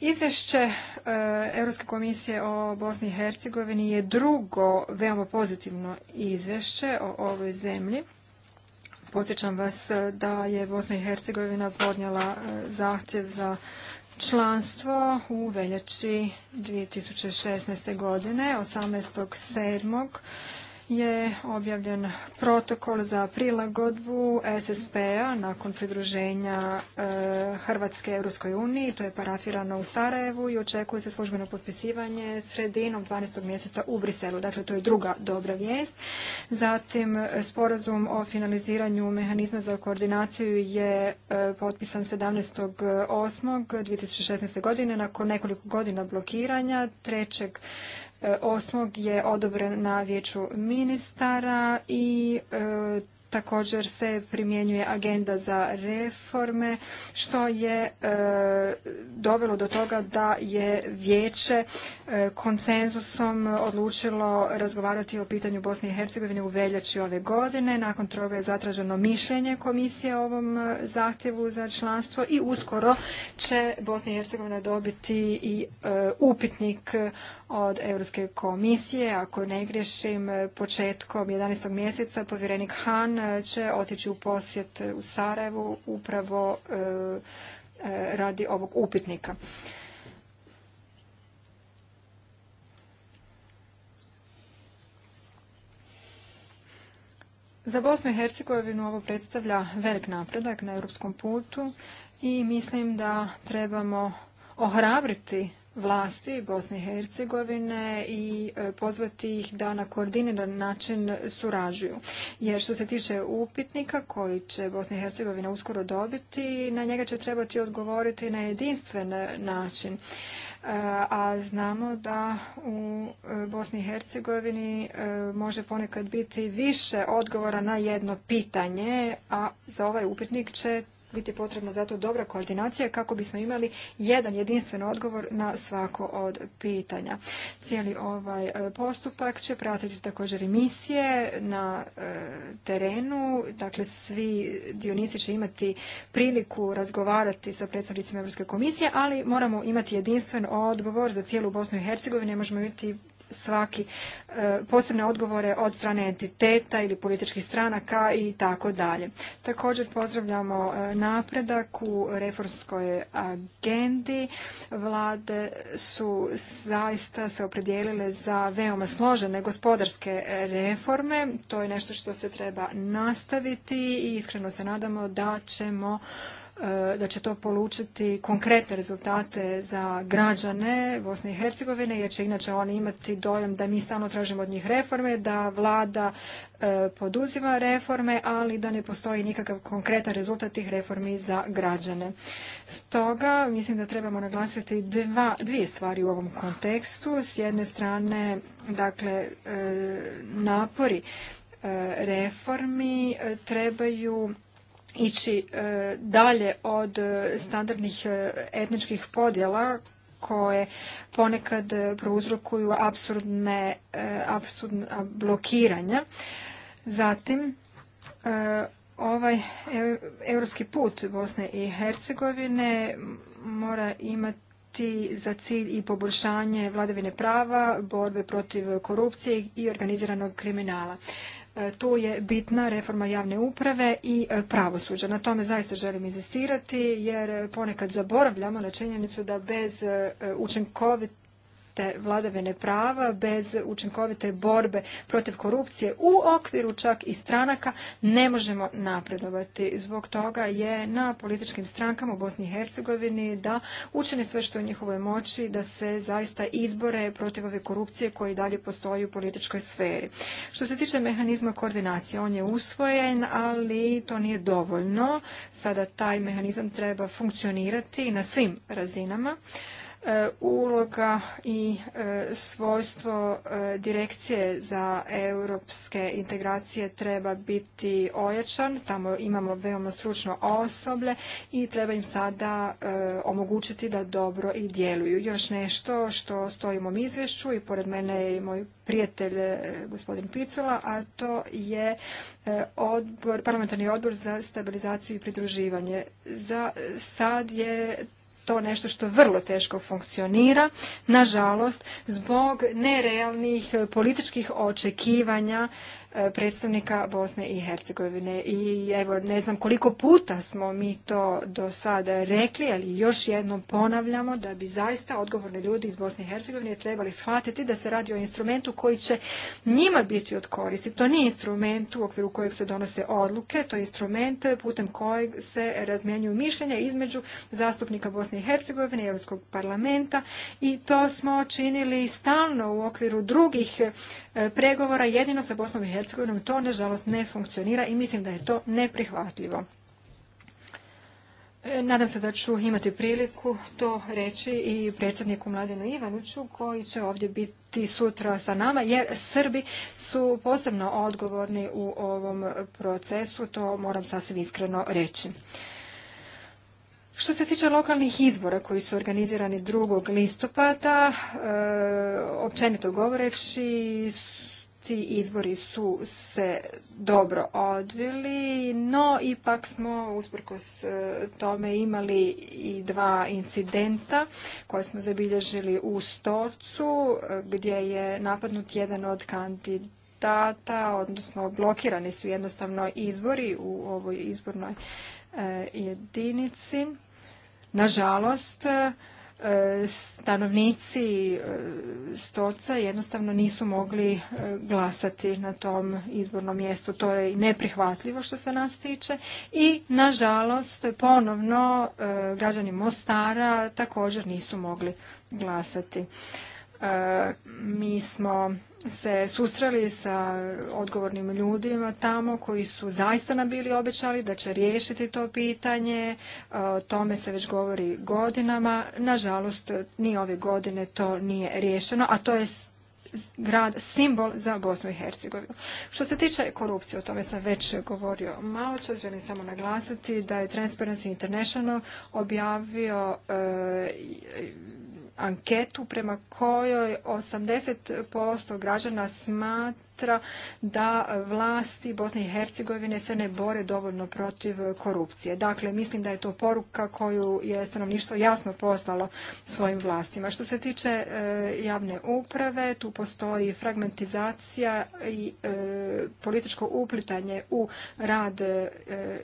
Izvješće e, Europske komisije o Bosni i Hercegovini je drugo veoma pozitivno izvješće o ovoj zemlji. Podsjećam vas da je Bosna i Hercegovina podnijela e, zahtjev za članstvo u veljači 2016. godine, 18.7 je objavljen protokol za prilagodbu SSP-a nakon pridruženja e, Hrvatske Europskoj uniji. To je parafirano u Sarajevu i očekuje se službeno potpisivanje sredinom 12. mjeseca u Briselu. Dakle, to je druga dobra vijest. Zatim, sporazum o finaliziranju mehanizma za koordinaciju je e, potpisan 17.8.2016. godine nakon nekoliko godina blokiranja. trećeg 8. je odobren na vijeću ministara i e, također se primjenjuje agenda za reforme što je e, dovelo do toga da je vijeće e, konsenzusom odlučilo razgovarati o pitanju Bosne i Hercegovine u veljači ove godine. Nakon toga je zatraženo mišljenje komisije o ovom e, zahtjevu za članstvo i uskoro će Bosna i Hercegovina dobiti i upitnik od Europske komisije. Ako ne griješim, početkom 11. mjeseca povjerenik Han će otići u posjet u Sarajevu upravo e, e, radi ovog upitnika. Za Bosnu i Hercegovinu ovo predstavlja velik napredak na europskom putu i mislim da trebamo ohrabriti vlasti Bosne i Hercegovine i e, pozvati ih da na koordiniran način surađuju. Jer što se tiče upitnika koji će Bosna i Hercegovina uskoro dobiti, na njega će trebati odgovoriti na jedinstven način e, a znamo da u e, Bosni i Hercegovini može ponekad biti više odgovora na jedno pitanje, a za ovaj upitnik će biti potrebna zato dobra koordinacija kako bismo imali jedan jedinstven odgovor na svako od pitanja. Cijeli ovaj e, postupak će pratiti također emisije na e, terenu. Dakle, svi dionici će imati priliku razgovarati sa predstavnicima Europske komisije, ali moramo imati jedinstven odgovor za cijelu Bosnu i Hercegovinu. Ne možemo imati svaki e, posebne odgovore od strane entiteta ili političkih stranaka i tako dalje. Također pozdravljamo e, napredak u reformskoj agendi. Vlade su zaista se opredijelile za veoma složene gospodarske reforme. To je nešto što se treba nastaviti i iskreno se nadamo da ćemo E, da će to polučiti konkretne rezultate za građane Bosne i Hercegovine, jer će inače oni imati dojam da mi stalno tražimo od njih reforme, da vlada e, poduzima reforme, ali da ne postoji nikakav konkretan rezultat tih reformi za građane. Stoga mislim da trebamo naglasiti dvije stvari u ovom kontekstu. S jedne strane, dakle, e, napori reformi trebaju ići e, dalje od e, standardnih e, etničkih podjela koje ponekad prouzrokuju absurdne, blokiranja. Zatim, ovaj europski put Bosne i Hercegovine mora imati za cilj i poboljšanje vladavine prava, borbe protiv korupcije i organiziranog kriminala. E, tu je bitna reforma javne uprave i e, pravosuđa. Na tome zaista želim inzistirati jer ponekad zaboravljamo na činjenicu da bez e, učinkovit te vladavine prava, bez učinkovite borbe protiv korupcije u okviru čak i stranaka ne možemo napredovati. Zbog toga je na političkim strankama u Bosni i Hercegovini da učine sve što je u njihovoj moći da se zaista izbore protiv ove korupcije koji dalje postoji u političkoj sferi. Što se tiče mehanizma koordinacije, on je usvojen, ali to nije dovoljno. Sada taj mehanizam treba funkcionirati na svim razinama. E, uloga i e, svojstvo e, direkcije za europske integracije treba biti ojačan. Tamo imamo veoma stručno osoblje i treba im sada omogućiti da dobro i djeluju. Još nešto što stoji u mom izvješću i pored mene je i moj prijatelj gospodin Picula, a to je parlamentarni odbor za stabilizaciju i pridruživanje. Za sad je to nešto što vrlo teško funkcionira, nažalost, zbog nerealnih političkih očekivanja E, predstavnika Bosne i Hercegovine. I evo, ne znam koliko puta smo mi to do sada rekli, ali još jednom ponavljamo da bi zaista odgovorni ljudi iz Bosne i Hercegovine trebali shvatiti da se radi o instrumentu koji će njima biti od koristi. To nije instrument u okviru kojeg se donose odluke, to je instrument putem kojeg se razmjenjuju mišljenja između zastupnika Bosne i Hercegovine i Europskog parlamenta i to smo činili stalno u okviru drugih e, pregovora jedino sa Bosnom i Hercegovinom. To, nažalost, ne funkcionira i mislim da je to neprihvatljivo. E, nadam se da ću imati priliku to reći i predsjedniku Mladenu ivanuću koji će ovdje biti sutra sa nama jer Srbi su posebno odgovorni u ovom procesu, to moram sasvim iskreno reći. Što se tiče lokalnih izbora koji su organizirani 2. listopada, e, općenito govoreći ti izbori su se dobro odvili, no ipak smo usprkos e, tome imali i dva incidenta koje smo zabilježili u Storcu gdje je napadnut jedan od kandidata, odnosno blokirani su jednostavno izbori u ovoj izbornoj e, jedinici. Nažalost, E, stanovnici e, Stoca jednostavno nisu mogli e, glasati na tom izbornom mjestu. To je neprihvatljivo što se nas tiče i nažalost ponovno građani Mostara također nisu mogli glasati. E, mi smo se susreli sa odgovornim ljudima tamo koji su zaista nam bili obećali da će riješiti to pitanje. E, o tome se već govori godinama. Nažalost, ni ove godine to nije riješeno, a to je grad simbol za Bosnu i Hercegovinu. Što se tiče korupcije, o tome sam već govorio malo čas, želim samo naglasiti da je Transparency International objavio e, anketu prema kojoj 80% građana smatra da vlasti Bosne i Hercegovine se ne bore dovoljno protiv korupcije. Dakle, mislim da je to poruka koju je stanovništvo jasno poslalo svojim vlastima. Što se tiče e, javne uprave, tu postoji fragmentizacija i e, političko uplitanje u rad e,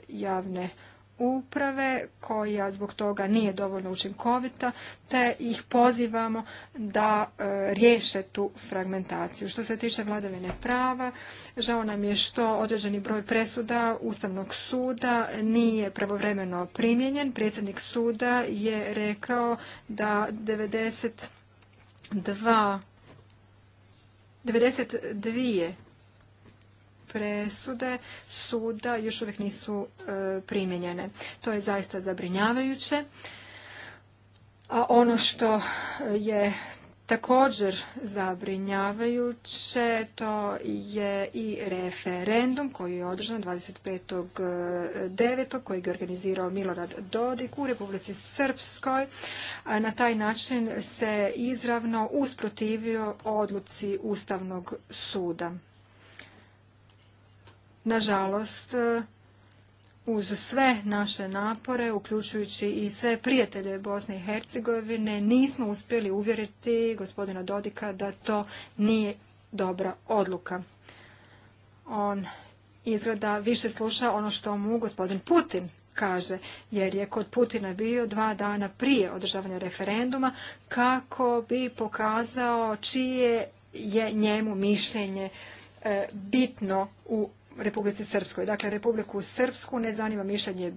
javne uprave uprave koja zbog toga nije dovoljno učinkovita te ih pozivamo da e, riješe tu fragmentaciju. Što se tiče vladavine prava, žao nam je što određeni broj presuda Ustavnog suda nije pravovremeno primijenjen. Predsjednik suda je rekao da 92 92 presude suda još uvijek nisu e, primjenjene. To je zaista zabrinjavajuće. A ono što je također zabrinjavajuće to je i referendum koji je održan 25.9. koji je organizirao Milorad Dodik u Republici Srpskoj. Na taj način se izravno usprotivio odluci Ustavnog suda. Nažalost, e, uz sve naše napore, uključujući i sve prijatelje Bosne i Hercegovine, nismo uspjeli uvjeriti gospodina Dodika da to nije dobra odluka. On izgleda više sluša ono što mu gospodin Putin kaže, jer je kod Putina bio dva dana prije održavanja referenduma kako bi pokazao čije je njemu mišljenje e, bitno u Republici Srpskoj. Dakle, Republiku Srpsku ne zanima mišljenje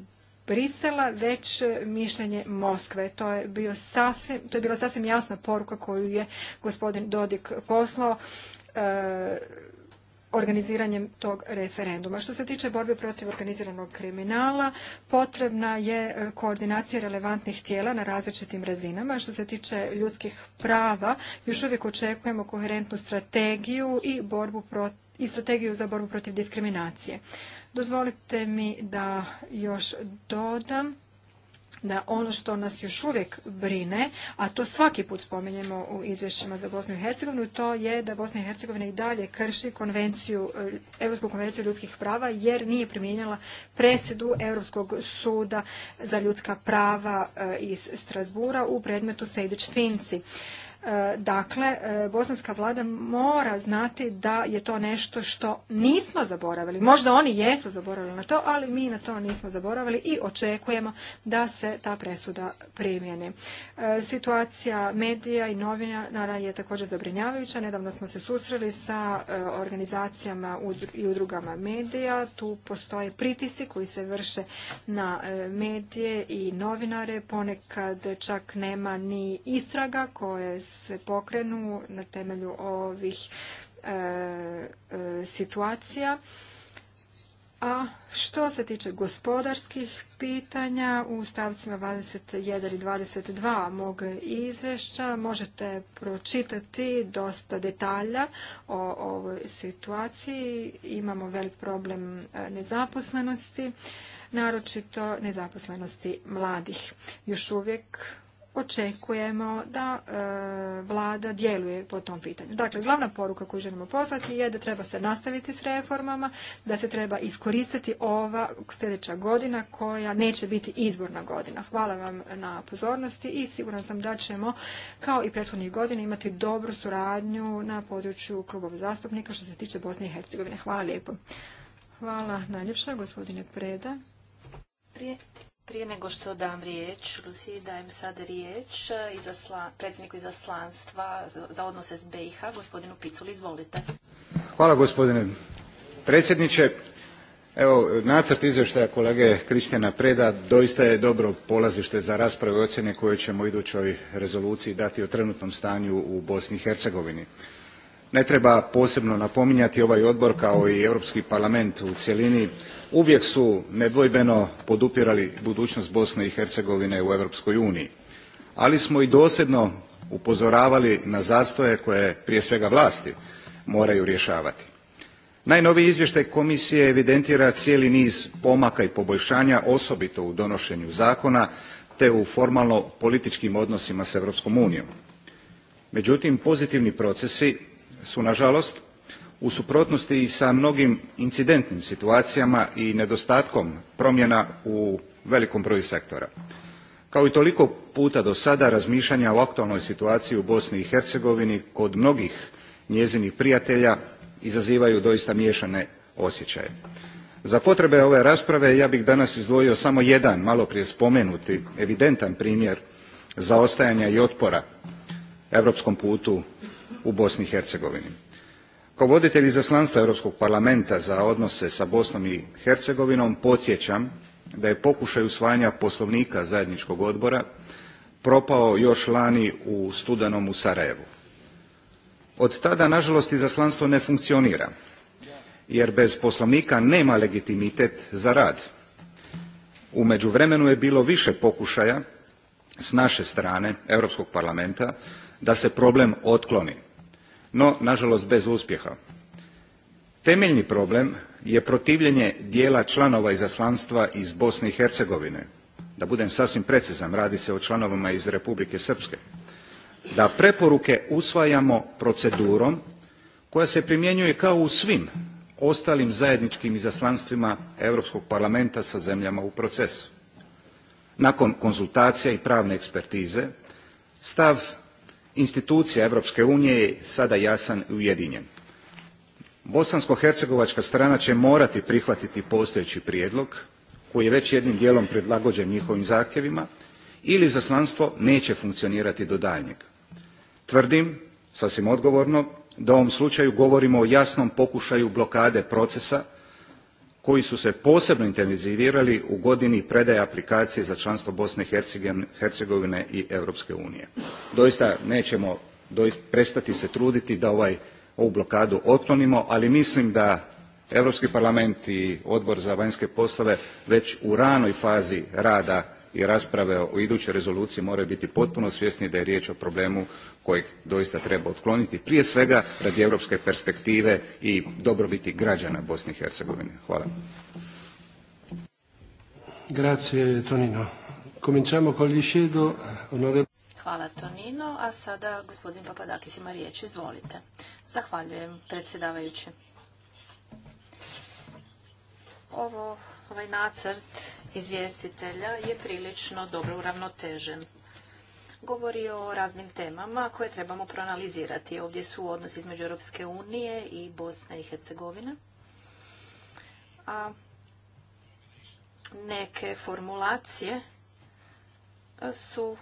Brisela, već mišljenje Moskve. To je, bio sasvim, to je bila sasvim jasna poruka koju je gospodin Dodik poslao e, organiziranjem tog referenduma. Što se tiče borbe protiv organiziranog kriminala, potrebna je e, koordinacija relevantnih tijela na različitim razinama. Što se tiče ljudskih prava, još uvijek očekujemo koherentnu strategiju i borbu protiv i strategiju za borbu protiv diskriminacije. Dozvolite mi da još dodam da ono što nas još uvijek brine, a to svaki put spominjemo u izvješćima za Bosnu i Hercegovinu, to je da Bosna i Hercegovina i dalje krši konvenciju, eh, Europsku konvenciju ljudskih prava jer nije primijenjala presedu Europskog suda za ljudska prava eh, iz Strasbura u predmetu Sejdić Finci. E, dakle, e, bosanska vlada mora znati da je to nešto što nismo zaboravili. Možda oni jesu zaboravili na to, ali mi na to nismo zaboravili i očekujemo da se ta presuda primjeni. E, situacija medija i novinara je također zabrinjavajuća. Nedavno smo se susreli sa organizacijama i udrugama medija. Tu postoje pritisi koji se vrše na medije i novinare. Ponekad čak nema ni istraga koje se pokrenu na temelju ovih e, e, situacija. A što se tiče gospodarskih pitanja, u stavcima 21 i 22 mog izvješća možete pročitati dosta detalja o ovoj situaciji. Imamo velik problem e, nezaposlenosti, naročito nezaposlenosti mladih. Još uvijek očekujemo da e, vlada djeluje po tom pitanju. Dakle, glavna poruka koju želimo poslati je da treba se nastaviti s reformama, da se treba iskoristiti ova sljedeća godina koja neće biti izborna godina. Hvala vam na pozornosti i siguran sam da ćemo kao i prethodnih godina imati dobru suradnju na području klubova zastupnika što se tiče Bosne i Hercegovine. Hvala lijepo. Hvala najljepša gospodine Preda. Prije nego što dam riječ, dajem sad riječ predsjedniku izaslanstva za odnose s BiH, gospodinu Piculi, izvolite. Hvala gospodine predsjedniče. Evo, nacrt izvještaja kolege Kristjana Preda doista je dobro polazište za rasprave ocjene koje ćemo u idućoj rezoluciji dati o trenutnom stanju u Bosni i Hercegovini. Ne treba posebno napominjati ovaj odbor kao i Europski parlament u cjelini uvijek su nedvojbeno podupirali budućnost Bosne i Hercegovine u Europskoj uniji. Ali smo i dosljedno upozoravali na zastoje koje prije svega vlasti moraju rješavati. Najnoviji izvještaj komisije evidentira cijeli niz pomaka i poboljšanja osobito u donošenju zakona te u formalno političkim odnosima s Europskom unijom. Međutim, pozitivni procesi su nažalost u suprotnosti i sa mnogim incidentnim situacijama i nedostatkom promjena u velikom broju sektora. Kao i toliko puta do sada razmišljanja o aktualnoj situaciji u Bosni i Hercegovini kod mnogih njezinih prijatelja izazivaju doista miješane osjećaje. Za potrebe ove rasprave ja bih danas izdvojio samo jedan maloprije spomenuti evidentan primjer zaostajanja i otpora europskom putu u Bosni i Hercegovini kao voditelj izaslanstva europskog parlamenta za odnose s bosnom i hercegovinom podsjećam da je pokušaj usvajanja poslovnika zajedničkog odbora propao još lani u studenom u sarajevu. od tada nažalost izaslanstvo ne funkcionira jer bez poslovnika nema legitimitet za rad. u međuvremenu je bilo više pokušaja s naše strane europskog parlamenta da se problem otkloni no nažalost bez uspjeha. Temeljni problem je protivljenje dijela članova izaslanstva iz Bosne i Hercegovine. Da budem sasvim precizan, radi se o članovima iz Republike Srpske. Da preporuke usvajamo procedurom koja se primjenjuje kao u svim ostalim zajedničkim izaslanstvima Europskog parlamenta sa zemljama u procesu. Nakon konzultacija i pravne ekspertize, stav institucija europske unije je sada jasan i ujedinjen. bosansko hercegovačka strana će morati prihvatiti postojeći prijedlog koji je već jednim dijelom prilagođen njihovim zahtjevima ili izaslanstvo neće funkcionirati do daljnjeg. tvrdim sasvim odgovorno da u ovom slučaju govorimo o jasnom pokušaju blokade procesa koji su se posebno intenzivirali u godini predaje aplikacije za članstvo Bosne i Hercegovine i Europske unije. Doista nećemo prestati se truditi da ovaj, ovu blokadu otklonimo, ali mislim da Europski parlament i Odbor za vanjske poslove već u ranoj fazi rada i rasprave o idućoj rezoluciji moraju biti potpuno svjesni da je riječ o problemu kojeg doista treba otkloniti prije svega radi europske perspektive i dobrobiti građana Bosne i Hercegovine. Hvala. Grazie, Tonino. Cominciamo con Hvala Tonino, a sada gospodin Papadakis ima riječ, izvolite. Zahvaljujem predsjedavajući. Ovo Ovaj nacrt izvjestitelja je prilično dobro uravnotežen. Govori o raznim temama koje trebamo proanalizirati. Ovdje su odnos između Europske unije i Bosne i Hercegovine. A neke formulacije su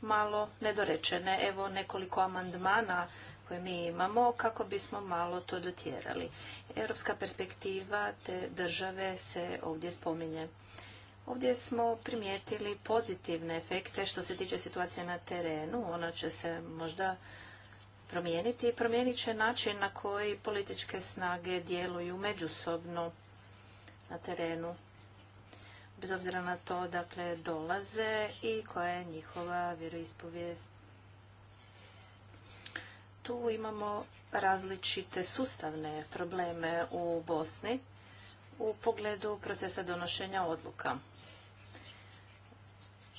malo nedorečene. Evo nekoliko amandmana koje mi imamo kako bismo malo to dotjerali. Europska perspektiva te države se ovdje spominje. Ovdje smo primijetili pozitivne efekte što se tiče situacije na terenu. Ona će se možda promijeniti i promijenit će način na koji političke snage djeluju međusobno na terenu. Bez obzira na to dakle dolaze i koja je njihova vjeroispovijest tu imamo različite sustavne probleme u Bosni u pogledu procesa donošenja odluka.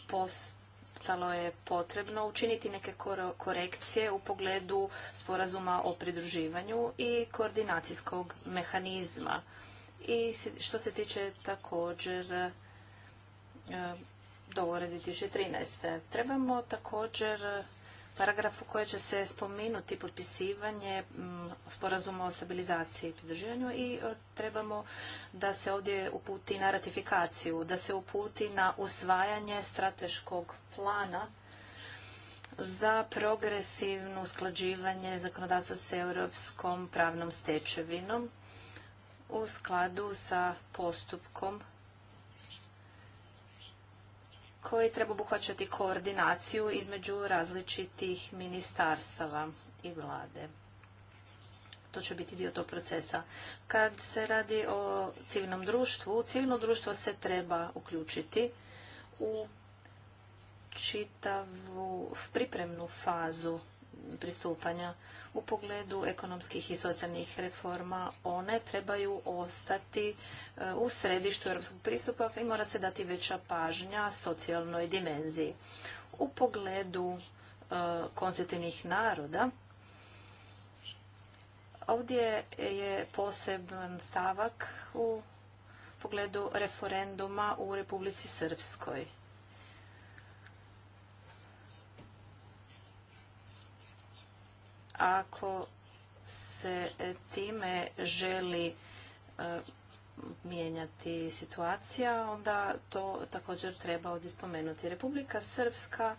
Postalo je potrebno učiniti neke korekcije u pogledu sporazuma o pridruživanju i koordinacijskog mehanizma. I što se tiče također e, dogovora 2013. Trebamo također paragraf u kojem će se spomenuti potpisivanje mm, sporazuma o stabilizaciji i pridruživanju i e, trebamo da se ovdje uputi na ratifikaciju, da se uputi na usvajanje strateškog plana za progresivno usklađivanje zakonodavstva s europskom pravnom stečevinom u skladu sa postupkom koji treba obuhvaćati koordinaciju između različitih ministarstava i vlade. To će biti dio tog procesa. Kad se radi o civilnom društvu, civilno društvo se treba uključiti u čitavu pripremnu fazu pristupanja. U pogledu ekonomskih i socijalnih reforma one trebaju ostati e, u središtu europskog pristupa i mora se dati veća pažnja socijalnoj dimenziji. U pogledu e, konstitutivnih naroda ovdje je poseban stavak u pogledu referenduma u Republici Srpskoj. ako se time želi e, mijenjati situacija, onda to također treba ovdje spomenuti. Republika Srpska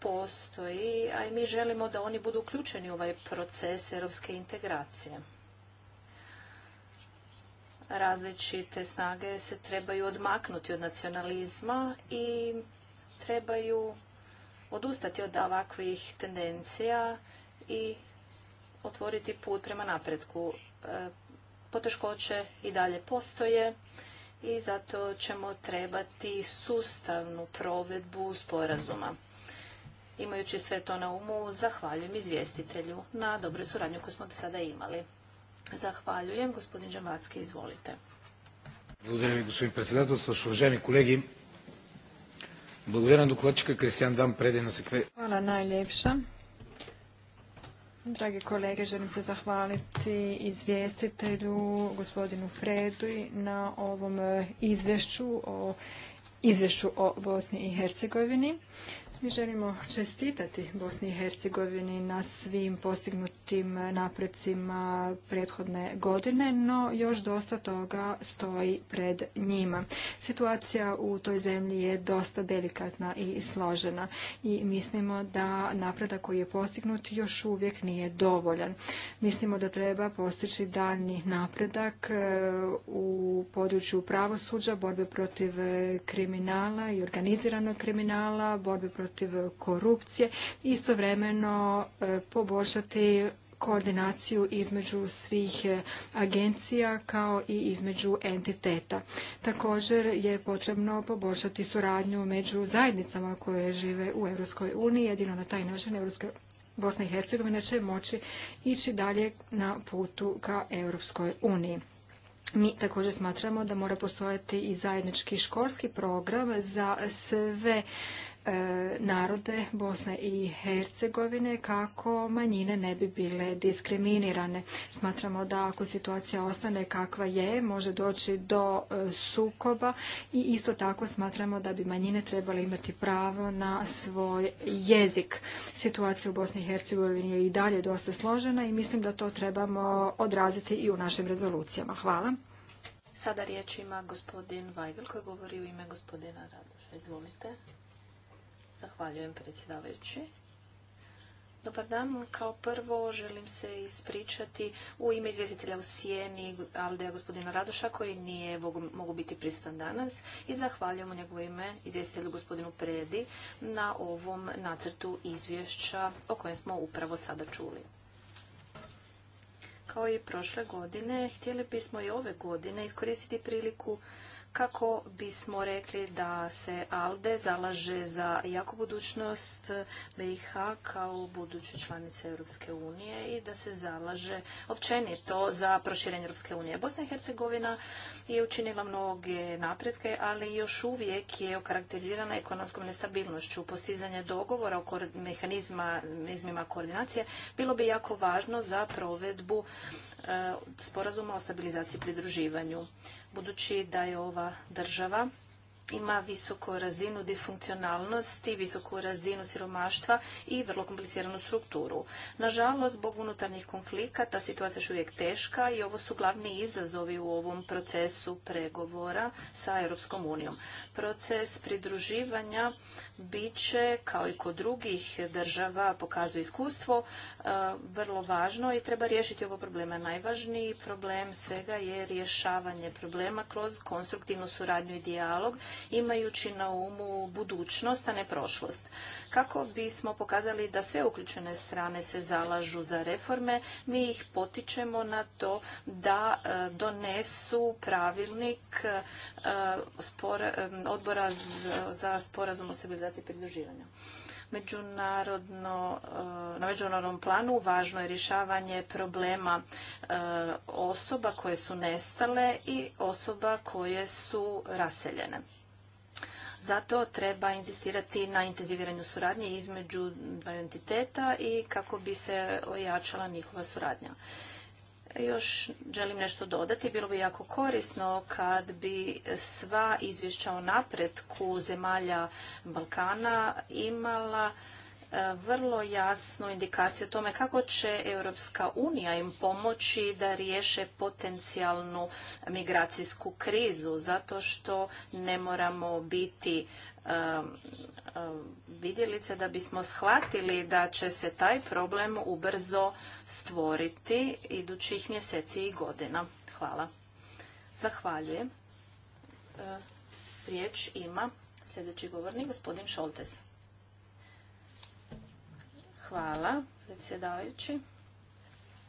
postoji, a i mi želimo da oni budu uključeni u ovaj proces europske integracije. Različite snage se trebaju odmaknuti od nacionalizma i trebaju odustati od ovakvih tendencija i otvoriti put prema napretku. E, poteškoće i dalje postoje i zato ćemo trebati sustavnu provedbu sporazuma. Imajući sve to na umu, zahvaljujem izvjestitelju na dobroj suradnju koju smo do sada imali. Zahvaljujem. Gospodin Đambacki, izvolite. Благодаря ви, господин председателство. Уважаеми колеги, благодаря на докладчика Кристиан Дам преди на Dragi kolege, želim se zahvaliti izvjestitelju gospodinu Fredu na ovom eh, izvješću o izvješću o Bosni i Hercegovini. Mi želimo čestitati Bosni i Hercegovini na svim postignutim naprecima prethodne godine, no još dosta toga stoji pred njima. Situacija u toj zemlji je dosta delikatna i složena i mislimo da napredak koji je postignut još uvijek nije dovoljan. Mislimo da treba postići daljni napredak e, u području pravosuđa, borbe protiv kriminala i organiziranog kriminala, borbe protiv protiv korupcije, istovremeno e, poboljšati koordinaciju između svih e, agencija kao i između entiteta. Također je potrebno poboljšati suradnju među zajednicama koje žive u Europskoj uniji, jedino na taj način europske Bosna i Hercegovina će moći ići dalje na putu ka Europskoj uniji. Mi također smatramo da mora postojati i zajednički školski program za sve E, narode Bosne i Hercegovine kako manjine ne bi bile diskriminirane. Smatramo da ako situacija ostane kakva je, može doći do e, sukoba i isto tako smatramo da bi manjine trebale imati pravo na svoj jezik. Situacija u Bosni i Hercegovini je i dalje dosta složena i mislim da to trebamo odraziti i u našim rezolucijama. Hvala. Sada riječ ima gospodin Weigl koji govori u ime gospodina Radoša. Izvolite. Zahvaljujem predsjedavajući. Dobar dan. Kao prvo želim se ispričati u ime izvjestitelja u Sijeni Aldeja gospodina Radoša koji nije mogu biti prisutan danas i zahvaljujem u njegovo ime izvjestitelju gospodinu Predi na ovom nacrtu izvješća o kojem smo upravo sada čuli. Kao i prošle godine, htjeli bismo i ove godine iskoristiti priliku kako bismo rekli da se ALDE zalaže za jaku budućnost BiH kao buduće članice Europske unije i da se zalaže općenito za proširenje Europske unije. Bosna i Hercegovina je učinila mnoge napretke, ali još uvijek je okarakterizirana ekonomskom nestabilnošću. Postizanje dogovora o mehanizmima koordinacije bilo bi jako važno za provedbu E, sporazuma o stabilizaciji i pridruživanju. Budući da je ova država ima visoku razinu disfunkcionalnosti, visoku razinu siromaštva i vrlo kompliciranu strukturu. Nažalost, zbog unutarnjih konflikata situacija je uvijek teška i ovo su glavni izazovi u ovom procesu pregovora sa Europskom unijom. Proces pridruživanja bit će, kao i kod drugih država, pokazuje iskustvo, e, vrlo važno i treba riješiti ovo problema. Najvažniji problem svega je rješavanje problema kroz konstruktivnu suradnju i dijalog imajući na umu budućnost, a ne prošlost. Kako bismo pokazali da sve uključene strane se zalažu za reforme, mi ih potičemo na to da e, donesu pravilnik e, e, odbora za sporazum o stabilizaciji pridruživanja. Međunarodno, na međunarodnom planu važno je rješavanje problema osoba koje su nestale i osoba koje su raseljene. Zato treba inzistirati na intenziviranju suradnje između dva entiteta i kako bi se ojačala njihova suradnja. Još želim nešto dodati. Bilo bi jako korisno kad bi sva izvješća o napretku zemalja Balkana imala E, vrlo jasnu indikaciju o tome kako će Europska unija im pomoći da riješe potencijalnu migracijsku krizu zato što ne moramo biti e, e, vidjelice da bismo shvatili da će se taj problem ubrzo stvoriti idućih mjeseci i godina. Hvala. Zahvaljujem. Riječ ima sljedeći govornik, gospodin Šoltes. Hvala, predsjedavajući.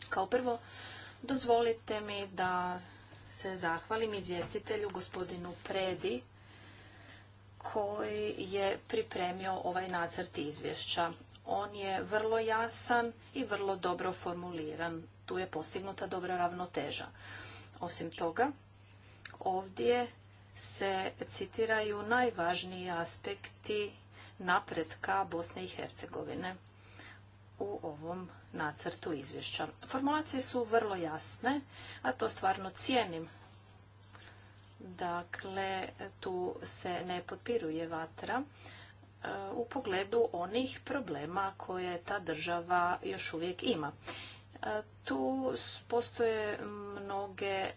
Kao prvo, dozvolite mi da se zahvalim izvjestitelju gospodinu Predi koji je pripremio ovaj nacrt izvješća. On je vrlo jasan i vrlo dobro formuliran. Tu je postignuta dobra ravnoteža. Osim toga, ovdje se citiraju najvažniji aspekti napretka Bosne i Hercegovine u ovom nacrtu izvješća. Formulacije su vrlo jasne, a to stvarno cijenim. Dakle, tu se ne potpiruje vatra e, u pogledu onih problema koje ta država još uvijek ima. E, tu postoje mnoge e,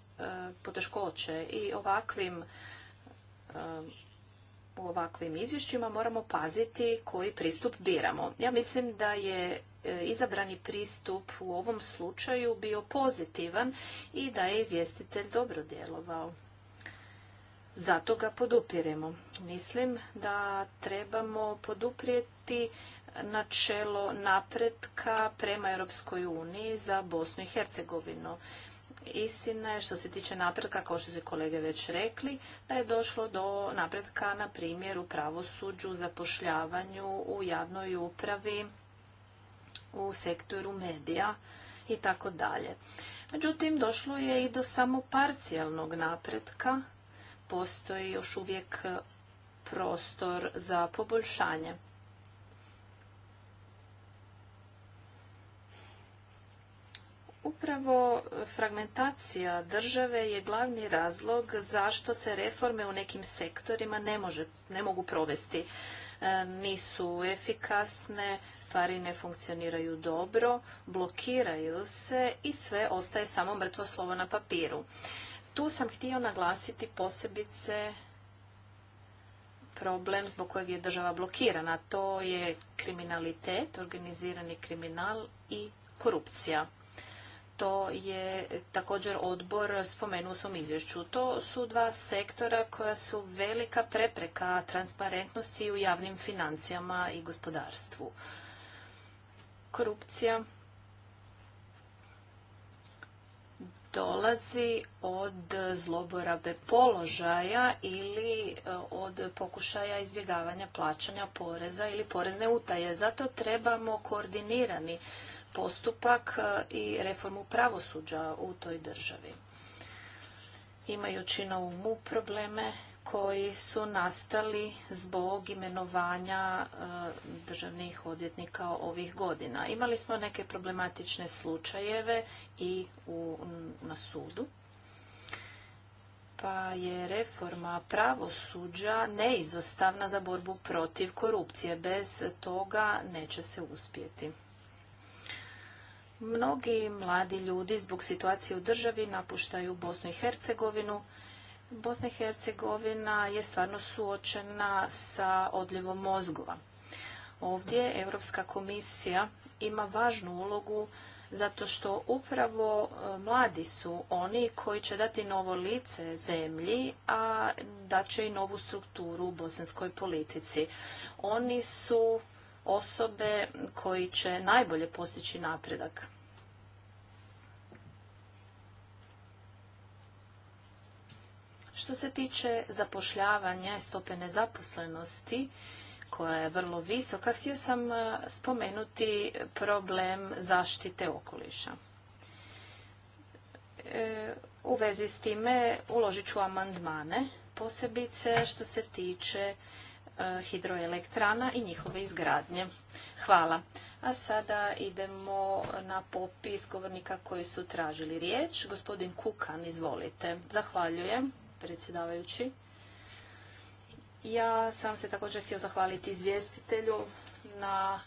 poteškoće i ovakvim u ovakvim izvješćima moramo paziti koji pristup biramo. Ja mislim da je e, izabrani pristup u ovom slučaju bio pozitivan i da je izvjestitelj dobro djelovao. Zato ga podupiremo. Mislim da trebamo poduprijeti načelo napretka prema Europskoj uniji za Bosnu i Hercegovinu. Istina je što se tiče napretka, kao što su kolege već rekli, da je došlo do napretka na primjer u pravosuđu, zapošljavanju, u javnoj upravi, u sektoru medija i tako dalje. Međutim, došlo je i do samo parcijalnog napretka. Postoji još uvijek prostor za poboljšanje. Upravo fragmentacija države je glavni razlog zašto se reforme u nekim sektorima ne, može, ne mogu provesti. E, nisu efikasne, stvari ne funkcioniraju dobro, blokiraju se i sve ostaje samo mrtvo slovo na papiru. Tu sam htio naglasiti posebice problem zbog kojeg je država blokirana. To je kriminalitet, organizirani kriminal i korupcija to je također odbor spomenuo u svom izvješću. To su dva sektora koja su velika prepreka transparentnosti u javnim financijama i gospodarstvu. Korupcija dolazi od zloborabe položaja ili e, od pokušaja izbjegavanja plaćanja poreza ili porezne utaje. Zato trebamo koordinirani postupak e, i reformu pravosuđa u toj državi. Imajući na umu probleme koji su nastali zbog imenovanja e, državnih odvjetnika ovih godina. Imali smo neke problematične slučajeve i u, na sudu. Pa je reforma pravosuđa neizostavna za borbu protiv korupcije. Bez toga neće se uspjeti. Mnogi mladi ljudi zbog situacije u državi napuštaju Bosnu i Hercegovinu. Bosna i Hercegovina je stvarno suočena sa odljevom mozgova. Ovdje Europska komisija ima važnu ulogu zato što upravo e, mladi su oni koji će dati novo lice zemlji, a daće i novu strukturu u bosanskoj politici. Oni su osobe koji će najbolje postići napredak. Što se tiče zapošljavanja i stope nezaposlenosti, koja je vrlo visoka, htio sam e, spomenuti problem zaštite okoliša. E, u vezi s time uložit ću amandmane, posebice što se tiče e, hidroelektrana i njihove izgradnje. Hvala. A sada idemo na popis govornika koji su tražili riječ. Gospodin Kukan, izvolite. Zahvaljujem predsjedavajući. Ja sam se također htio zahvaliti izvjestitelju na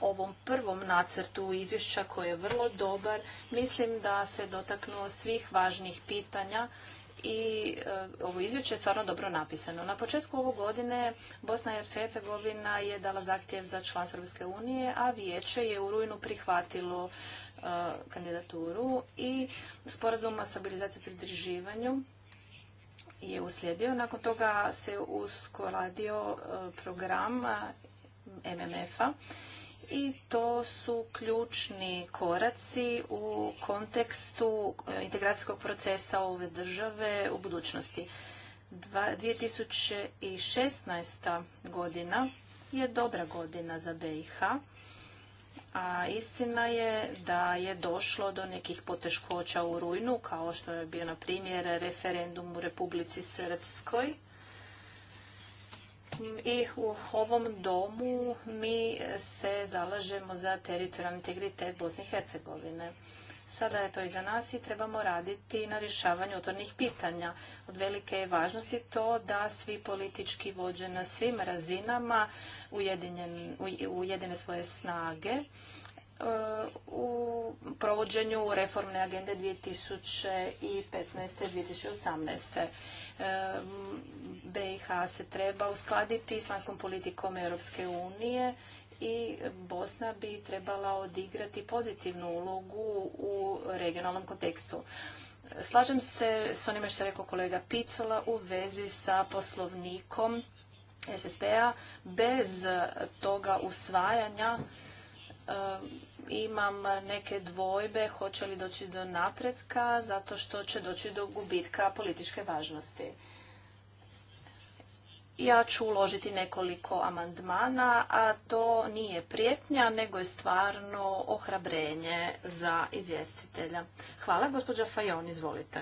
ovom prvom nacrtu izvješća koji je vrlo dobar. Mislim da se dotaknuo svih važnih pitanja i e, ovo izvješće je stvarno dobro napisano. Na početku ove godine Bosna i Hercegovina je dala zahtjev za članstvo Europske unije, a vijeće je u rujnu prihvatilo e, kandidaturu i sporazum o stabilizaciju i pridruživanju je uslijedio. Nakon toga se uskoradio e, program e, MMF-a i to su ključni koraci u kontekstu e, integracijskog procesa ove države u budućnosti. 2016. godina je dobra godina za BiH a istina je da je došlo do nekih poteškoća u rujnu, kao što je bio na primjer referendum u Republici Srpskoj. I u ovom domu mi se zalažemo za teritorijalni integritet Bosne i Hercegovine. Sada je to iza nas i trebamo raditi na rješavanju otvornih pitanja. Od velike je važnosti to da svi politički vođe na svim razinama ujedine svoje snage e, u provođenju reformne agende 2015. E, i 2018. BiH se treba uskladiti s vanjskom politikom Europske unije i Bosna bi trebala odigrati pozitivnu ulogu u regionalnom kontekstu. Slažem se s onime što je rekao kolega Picola u vezi sa poslovnikom SSP-a. Bez toga usvajanja eh, imam neke dvojbe hoće li doći do napretka zato što će doći do gubitka političke važnosti ja ću uložiti nekoliko amandmana, a to nije prijetnja, nego je stvarno ohrabrenje za izvjestitelja. Hvala, gospođa Fajon, izvolite.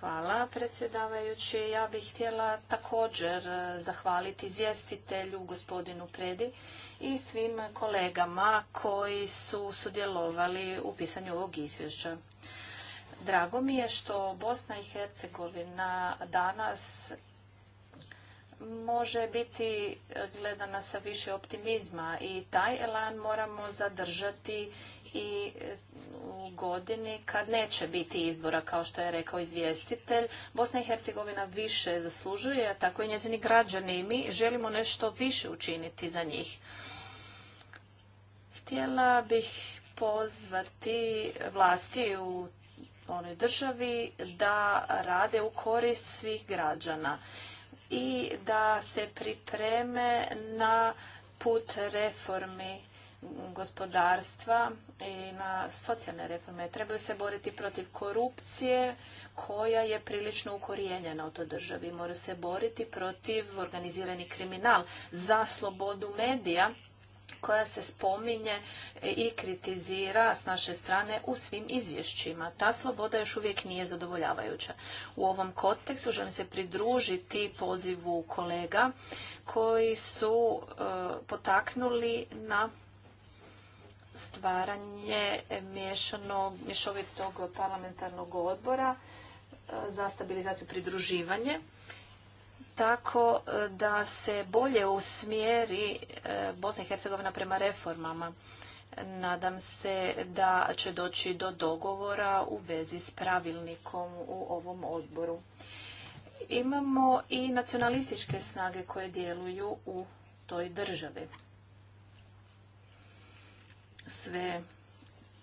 Hvala, predsjedavajući. Ja bih htjela također zahvaliti izvjestitelju, gospodinu Predi i svim kolegama koji su sudjelovali u pisanju ovog izvješća. Drago mi je što Bosna i Hercegovina danas može biti gledana sa više optimizma i taj elan moramo zadržati i u godini kad neće biti izbora, kao što je rekao izvjestitelj. Bosna i Hercegovina više zaslužuje, a tako i njezini građani i mi želimo nešto više učiniti za njih. Htjela bih pozvati vlasti u onoj državi da rade u korist svih građana i da se pripreme na put reformi gospodarstva i na socijalne reforme. Trebaju se boriti protiv korupcije koja je prilično ukorijenjena u toj državi. Moraju se boriti protiv organizirani kriminal za slobodu medija koja se spominje i kritizira s naše strane u svim izvješćima. Ta sloboda još uvijek nije zadovoljavajuća. U ovom kontekstu želim se pridružiti pozivu kolega koji su e, potaknuli na stvaranje mješovitog parlamentarnog odbora e, za stabilizaciju pridruživanje tako e, da se bolje usmjeri e, Bosna i Hercegovina prema reformama. Nadam se da će doći do dogovora u vezi s pravilnikom u ovom odboru. Imamo i nacionalističke snage koje djeluju u toj državi. Sve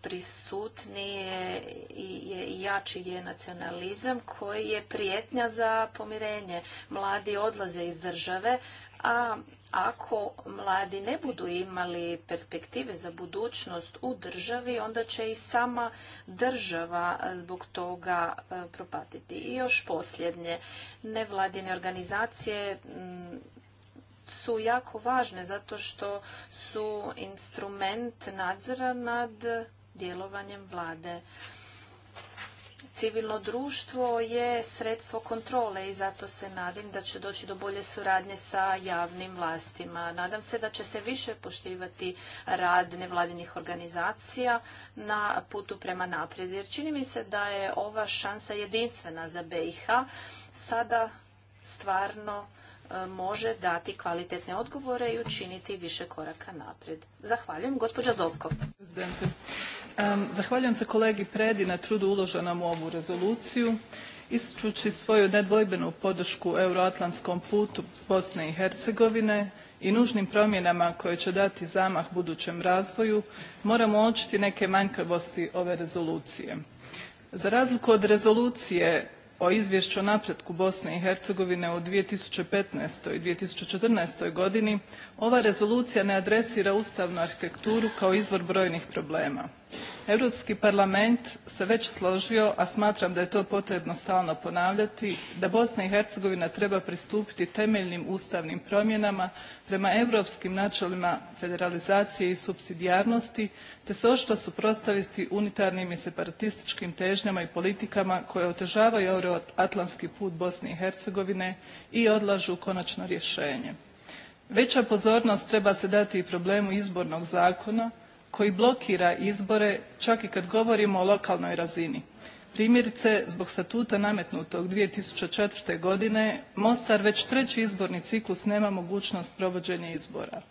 prisutniji je i jači je nacionalizam koji je prijetnja za pomirenje. Mladi odlaze iz države, a ako mladi ne budu imali perspektive za budućnost u državi, onda će i sama država zbog toga e, propatiti. I još posljednje, nevladine organizacije mm, su jako važne zato što su instrument nadzora nad djelovanjem vlade. Civilno društvo je sredstvo kontrole i zato se nadim da će doći do bolje suradnje sa javnim vlastima. Nadam se da će se više poštivati rad nevladinih organizacija na putu prema naprijed. Jer čini mi se da je ova šansa jedinstvena za BiH. Sada stvarno e, može dati kvalitetne odgovore i učiniti više koraka naprijed. Zahvaljujem. Gospođa Zovko. Zahvaljujem se kolegi Predi na trudu uloženom u ovu rezoluciju ističući svoju nedvojbenu podršku euroatlantskom putu Bosne i Hercegovine i nužnim promjenama koje će dati zamah budućem razvoju moramo očiti neke manjkavosti ove rezolucije. Za razliku od rezolucije o izvješću o napretku Bosne i Hercegovine u 2015. i 2014. godini ova rezolucija ne adresira ustavnu arhitekturu kao izvor brojnih problema. Europski parlament se već složio, a smatram da je to potrebno stalno ponavljati da Bosna i Hercegovina treba pristupiti temeljnim ustavnim promjenama prema europskim načelima federalizacije i supsidijarnosti te se suprostaviti suprotstaviti unitarnim i separatističkim težnjama i politikama koje otežavaju euroatlantski put Bosne i Hercegovine i odlažu konačno rješenje. Veća pozornost treba se dati i problemu izbornog zakona koji blokira izbore čak i kad govorimo o lokalnoj razini. Primjerice zbog statuta nametnutog 2004. godine Mostar već treći izborni ciklus nema mogućnost provođenja izbora.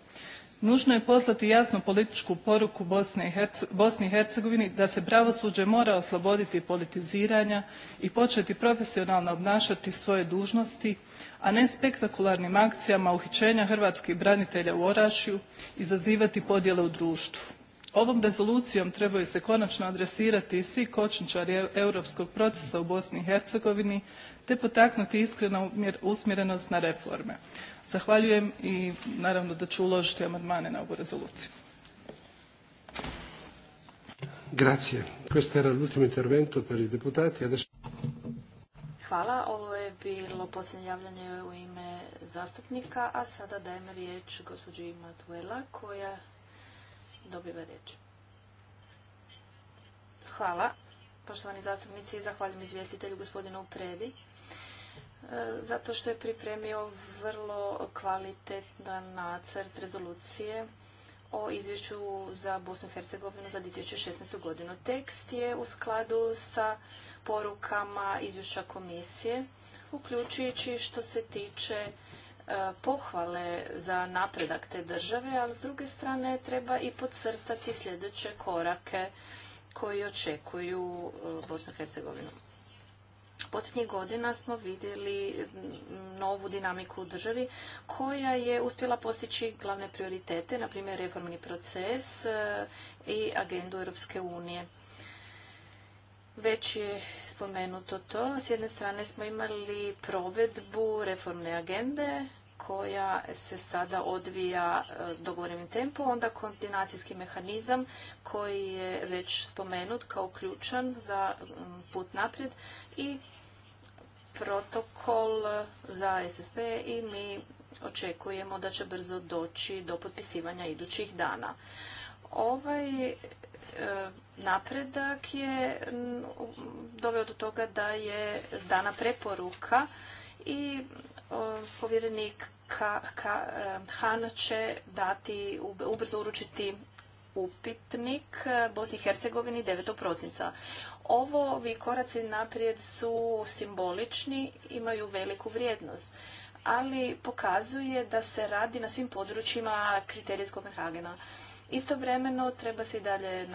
Nužno je poslati jasnu političku poruku Bosni i Hercegovini da se pravosuđe mora osloboditi politiziranja i početi profesionalno obnašati svoje dužnosti, a ne spektakularnim akcijama uhićenja hrvatskih branitelja u Orašju izazivati podjele u društvu. Ovom rezolucijom trebaju se konačno adresirati svi kočničari europskog procesa u Bosni i Hercegovini te potaknuti iskrena usmjerenost na reforme. Zahvaljujem i naravno da ću uložiti amandmane na ovu rezoluciju. Grazie. Questo Hvala. Ovo je bilo posljednje javljanje u ime zastupnika, a sada dajem riječ gospođi Matuela koja dobiva riječ. Hvala, poštovani zastupnici, zahvaljujem izvjestitelju gospodinu Predi e, zato što je pripremio vrlo kvalitetan nacrt rezolucije o izvješću za Bosnu i Hercegovinu za 2016. godinu. Tekst je u skladu sa porukama izvješća komisije, uključujući što se tiče E, pohvale za napredak te države, ali s druge strane treba i podcrtati sljedeće korake koji očekuju e, Bosnu i Hercegovinu. Posljednjih godina smo vidjeli novu dinamiku u državi koja je uspjela postići glavne prioritete, na primjer reformni proces e, i agendu Europske unije. Već je spomenuto to. S jedne strane smo imali provedbu reformne agende koja se sada odvija e, dogovorenim tempom, onda koordinacijski mehanizam koji je već spomenut kao ključan za put naprijed i protokol za SSP i mi očekujemo da će brzo doći do potpisivanja idućih dana. Ovaj e, napredak je doveo do toga da je dana preporuka i povjerenik ka, e, Han će dati, ubrzo uručiti upitnik e, Bosni i Hercegovini 9. prosinca. vi koraci naprijed su simbolični, imaju veliku vrijednost, ali pokazuje da se radi na svim područjima kriterija Kopenhagena. Istovremeno treba se i dalje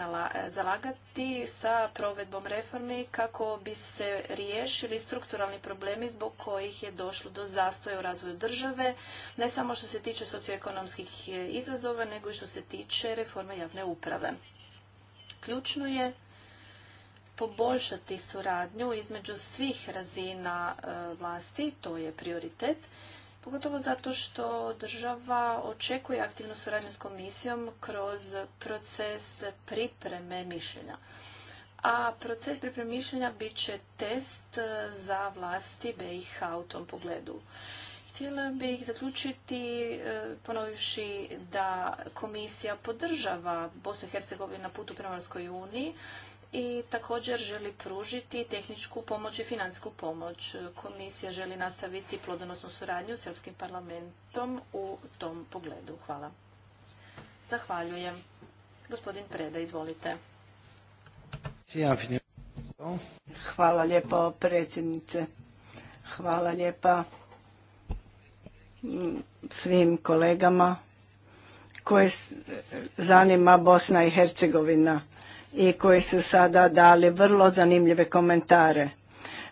zalagati sa provedbom reformi kako bi se riješili strukturalni problemi zbog kojih je došlo do zastoja u razvoju države, ne samo što se tiče socioekonomskih e, izazova, nego i što se tiče reforme javne uprave. Ključno je poboljšati suradnju između svih razina e, vlasti, to je prioritet, pogotovo zato što država očekuje aktivnu suradnju s komisijom kroz proces pripreme mišljenja. A proces pripreme mišljenja bit će test za vlasti BiH u tom pogledu. Htjela bih zaključiti e, ponovivši da komisija podržava Bosnu i Hercegovinu na putu prema uniji, i također želi pružiti tehničku pomoć i financijsku pomoć. Komisija želi nastaviti plodonosnu suradnju s Europskim parlamentom u tom pogledu. Hvala. Zahvaljujem. Gospodin Preda, izvolite. Hvala lijepo predsjednice. Hvala lijepa svim kolegama koje zanima Bosna i Hercegovina i koji su sada dali vrlo zanimljive komentare.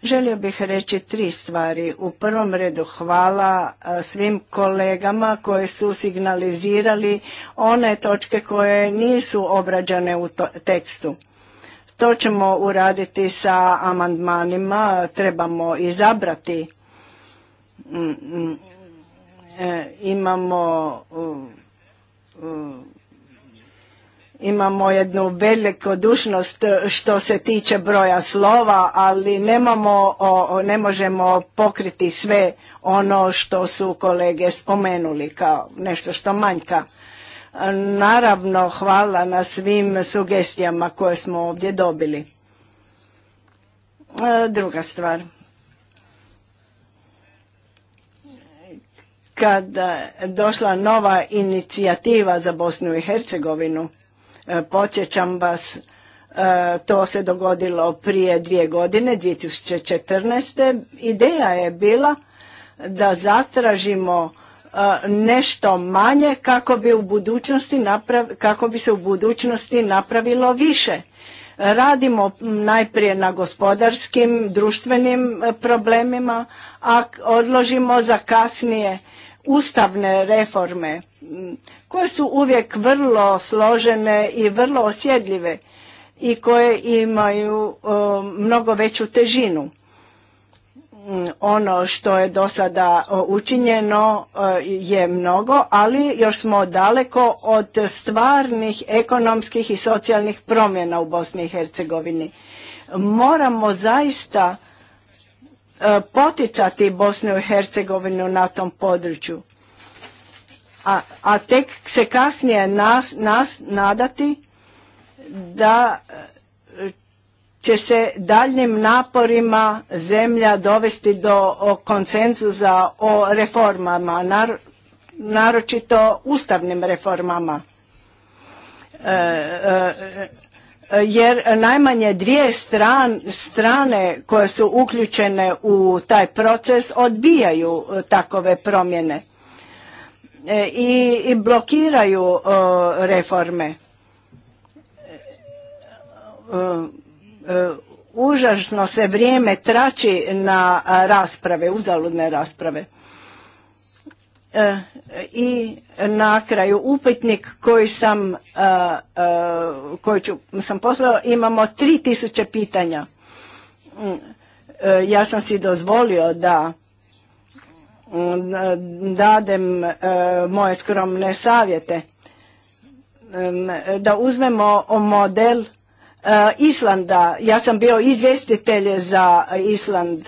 Želio bih reći tri stvari. U prvom redu hvala e, svim kolegama koji su signalizirali one točke koje nisu obrađene u tekstu. To ćemo uraditi sa amandmanima, trebamo izabrati. Mm, mm, e, imamo Imamo jednu veliku dušnost eh, što se tiče broja slova, ali nemamo, ne možemo pokriti sve ono što su kolege spomenuli kao nešto što manjka. Naravno, hvala na svim sugestijama koje smo ovdje dobili. Eh, druga stvar. Kad eh, došla nova inicijativa za Bosnu i Hercegovinu, E, podsjećam vas, e, to se dogodilo prije dvije godine, 2014. Ideja je bila da zatražimo e, nešto manje kako bi, u budućnosti kako bi se u budućnosti napravilo više. Radimo najprije na gospodarskim, društvenim problemima, a odložimo za kasnije ustavne reforme koje su uvijek vrlo složene i vrlo osjedljive i koje imaju mnogo veću težinu mm, ono što je do sada učinjeno je mnogo, ali još smo daleko od stvarnih ekonomskih i socijalnih promjena u Bosni i Hercegovini. Moramo zaista e, poticati Bosnu i Hercegovinu na tom području a, a tek se kasnije nas, nas nadati da e, će se daljnim naporima zemlja dovesti do konsenzusa o reformama, naročito ustavnim reformama. E, e, e, jer najmanje dvije stran, strane koje su uključene u taj proces odbijaju e, takove promjene. E, i, i blokiraju e, reforme. E, užasno se vrijeme trači na rasprave, uzaludne rasprave. I na kraju upitnik koji sam, koji ću, sam poslao, imamo 3000 pitanja. Ja sam si dozvolio da Mm, dadem e, moje skromne savjete da uzmemo model e, Islanda. Ja sam bio izvjestitelj za Island.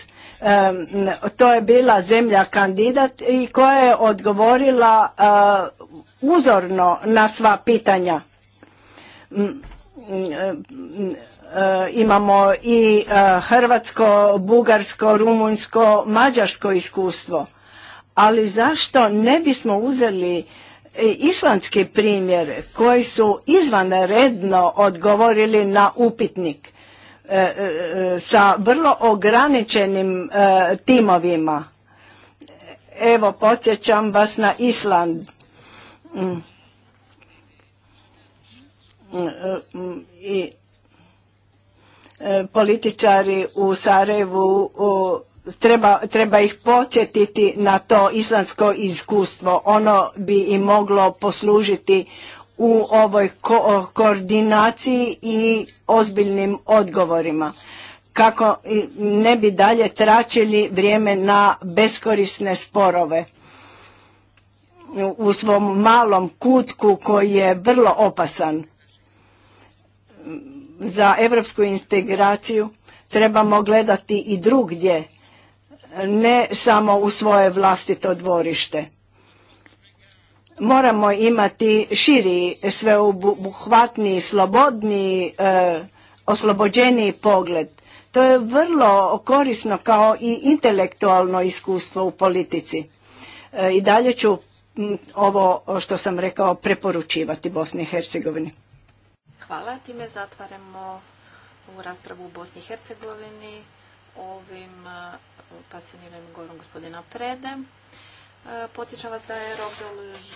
To je bila zemlja kandidat i koja je odgovorila e, uzorno na sva pitanja. Mm, mm, imamo i hrvatsko, bugarsko, rumunjsko, mađarsko iskustvo ali zašto ne bismo uzeli e, islandski primjer koji su izvanredno odgovorili na upitnik e, e, sa vrlo ograničenim timovima. Evo, podsjećam vas na Island. Mm. Mm, mm, I političari u Sarajevu u, treba, treba ih podsjetiti na to islandsko iskustvo. Ono bi i moglo poslužiti u ovoj koordinaciji i ozbiljnim odgovorima kako ne bi dalje tračili vrijeme na beskorisne sporove u svom malom kutku koji je vrlo opasan za evropsku integraciju trebamo gledati i drugdje ne samo u svoje vlastito dvorište. Moramo imati širi, sveobuhvatni, slobodni, e, oslobođeniji pogled. To je vrlo korisno kao i intelektualno iskustvo u politici. E, I dalje ću ovo što sam rekao preporučivati Bosni i Hercegovini. Hvala, time zatvaramo u raspravu u Bosni i Hercegovini ovim pasioniranim govorom gospodina Prede. E, podsjećam vas da je rok za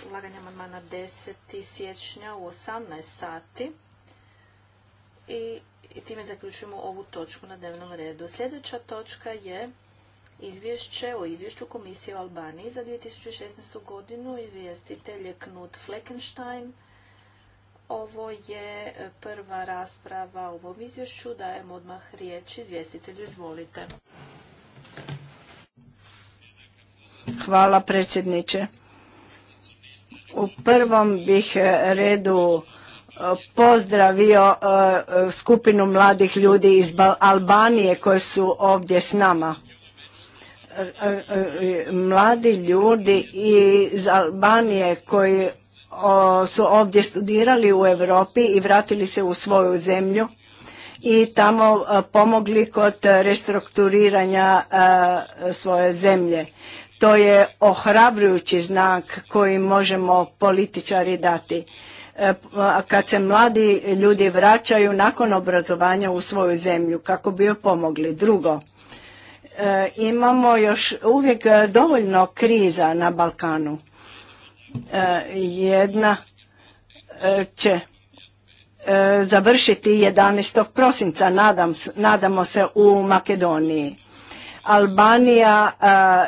ulaganje amandmana 10. siječnja u 18 sati i time zaključujemo ovu točku na dnevnom redu. Sljedeća točka je izvješće o izvješću Komisije u Albaniji za 2016. godinu. Izvjestitelj je Knut Fleckenstein. Ovo je prva rasprava u ovom izvješću. Dajem odmah riječ izvjestitelju. Izvolite. Hvala predsjedniče. U prvom bih e, redu e, pozdravio e, skupinu mladih ljudi iz Albanije koji su ovdje s nama. Mladi ljudi iz Albanije koji su ovdje studirali u Europi i vratili se u svoju zemlju i tamo e, pomogli kod restrukturiranja e, svoje zemlje. To je ohrabrujući znak koji možemo političari dati. E, kad se mladi ljudi vraćaju nakon obrazovanja u svoju zemlju kako bi joj pomogli. Drugo, imamo još uvijek dovoljno kriza na Balkanu. Jedna će E, završiti 11. prosinca, nadamo se, u Makedoniji. Albanija e,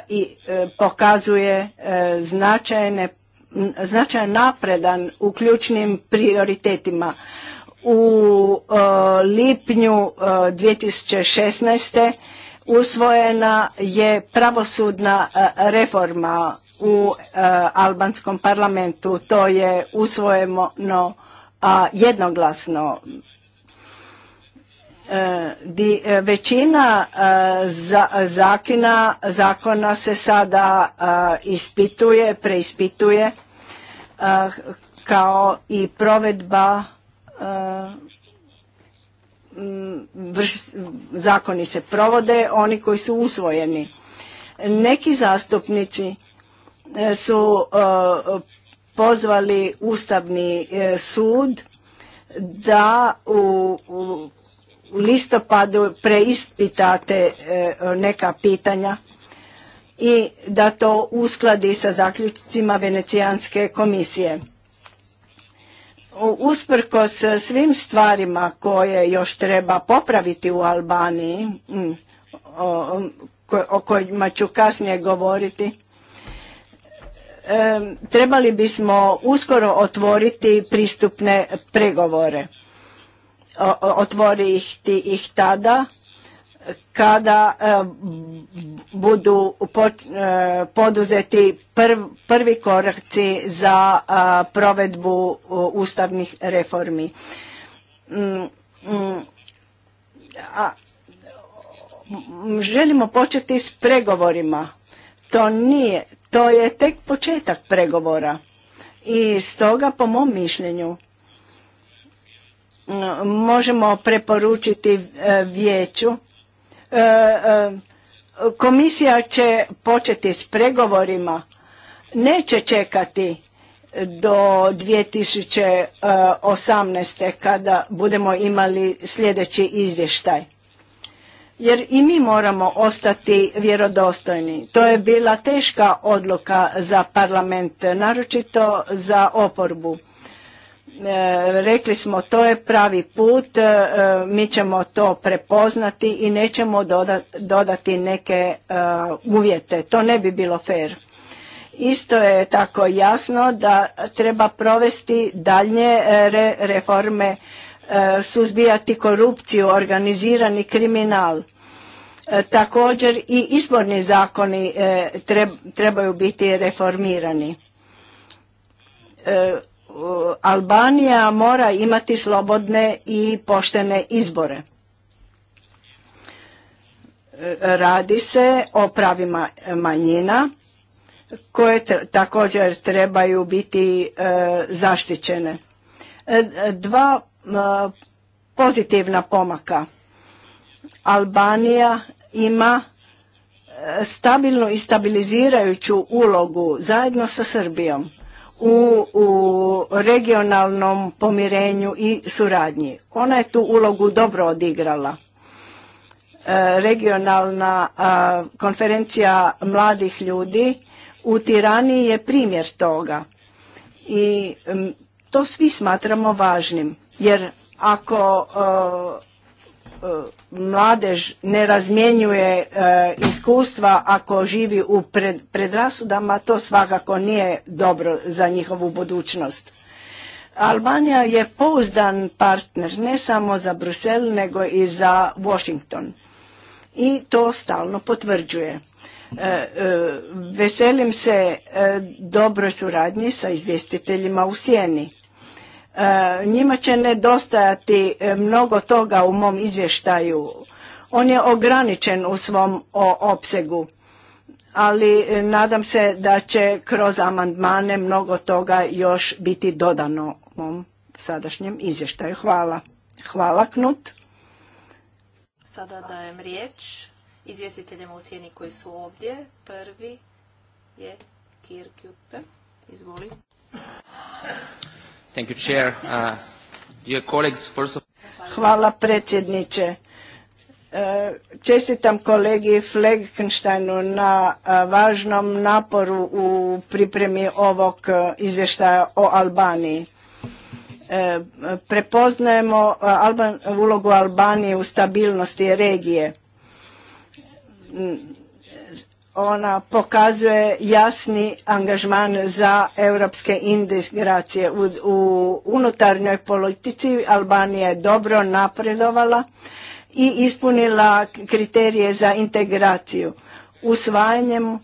i e, pokazuje značajne, značajan napredan u ključnim prioritetima. U lipnju 2016. usvojena je pravosudna reforma u albanskom parlamentu. To je usvojeno a jednoglasno e, di e, većina e, zakina, zakona se sada ispituje, preispituje kao i provedba zakoni se provode, oni koji su usvojeni. Neki zastupnici su pozvali Ustavni e, sud da u listopadu preispitate e, neka pitanja i da to uskladi sa zaključcima Venecijanske komisije. Usprkos svim stvarima koje još treba popraviti u Albaniji, mm, o kojima ću kasnije govoriti, trebali bismo uskoro otvoriti pristupne pregovore. Otvori ih, tada kada budu poduzeti prvi korakci za provedbu ustavnih reformi. Mm, mm, želimo početi s pregovorima. To nije, to je tek početak pregovora i stoga po mom mišljenju možemo preporučiti e, vijeću. E, e, komisija će početi s pregovorima, neće čekati do 2018. kada budemo imali sljedeći izvještaj jer i mi moramo ostati vjerodostojni. To je bila teška odluka za parlament, naročito za oporbu. E, rekli smo to je pravi put, e, mi ćemo to prepoznati i nećemo dodati neke e, uvjete. To ne bi bilo fair. Isto je tako jasno da treba provesti dalje reforme E, suzbijati korupciju, organizirani kriminal. E, također i izborni zakoni e, trebaju biti reformirani. Albanija mora imati slobodne i poštene izbore. Radi se o pravima manjina koje također trebaju biti zaštićene. Dva E, pozitivna pomaka. Albanija ima e, stabilnu i stabilizirajuću ulogu zajedno sa Srbijom u, regionalnom pomirenju i suradnji. Ona je tu ulogu dobro odigrala. E, regionalna konferencija mladih ljudi u Tirani je primjer toga i to svi smatramo važnim. Jer ako e, e, mladež ne razmjenjuje e, iskustva, ako živi u predrasudama, to svakako nije dobro za njihovu budućnost. Albanija je pouzdan partner ne samo za Brusel nego i za Washington i to stalno potvrđuje. veselim se dobroj suradnji sa izvjestiteljima u Sjeni. E, njima će nedostajati e, mnogo toga u mom izvještaju. On je ograničen u svom opsegu, ali e, nadam se da će kroz amandmane mnogo toga još biti dodano u mom sadašnjem izvještaju. Hvala. Hvala Knut. Sada dajem riječ izvjestiteljima u sjeni koji su ovdje. Prvi je Kirkjupe. Izvoli. Uh, Hvala predsjedniče. Uh, čestitam kolegi Fleckensteinu na uh, važnom naporu u pripremi ovog izvještaja o Albaniji. Prepoznajemo ulogu Albanije u stabilnosti regije ona pokazuje jasni angažman za europske integracije. U, u unutarnjoj politici Albanija je dobro napredovala i ispunila kriterije za integraciju. Usvajanjem e,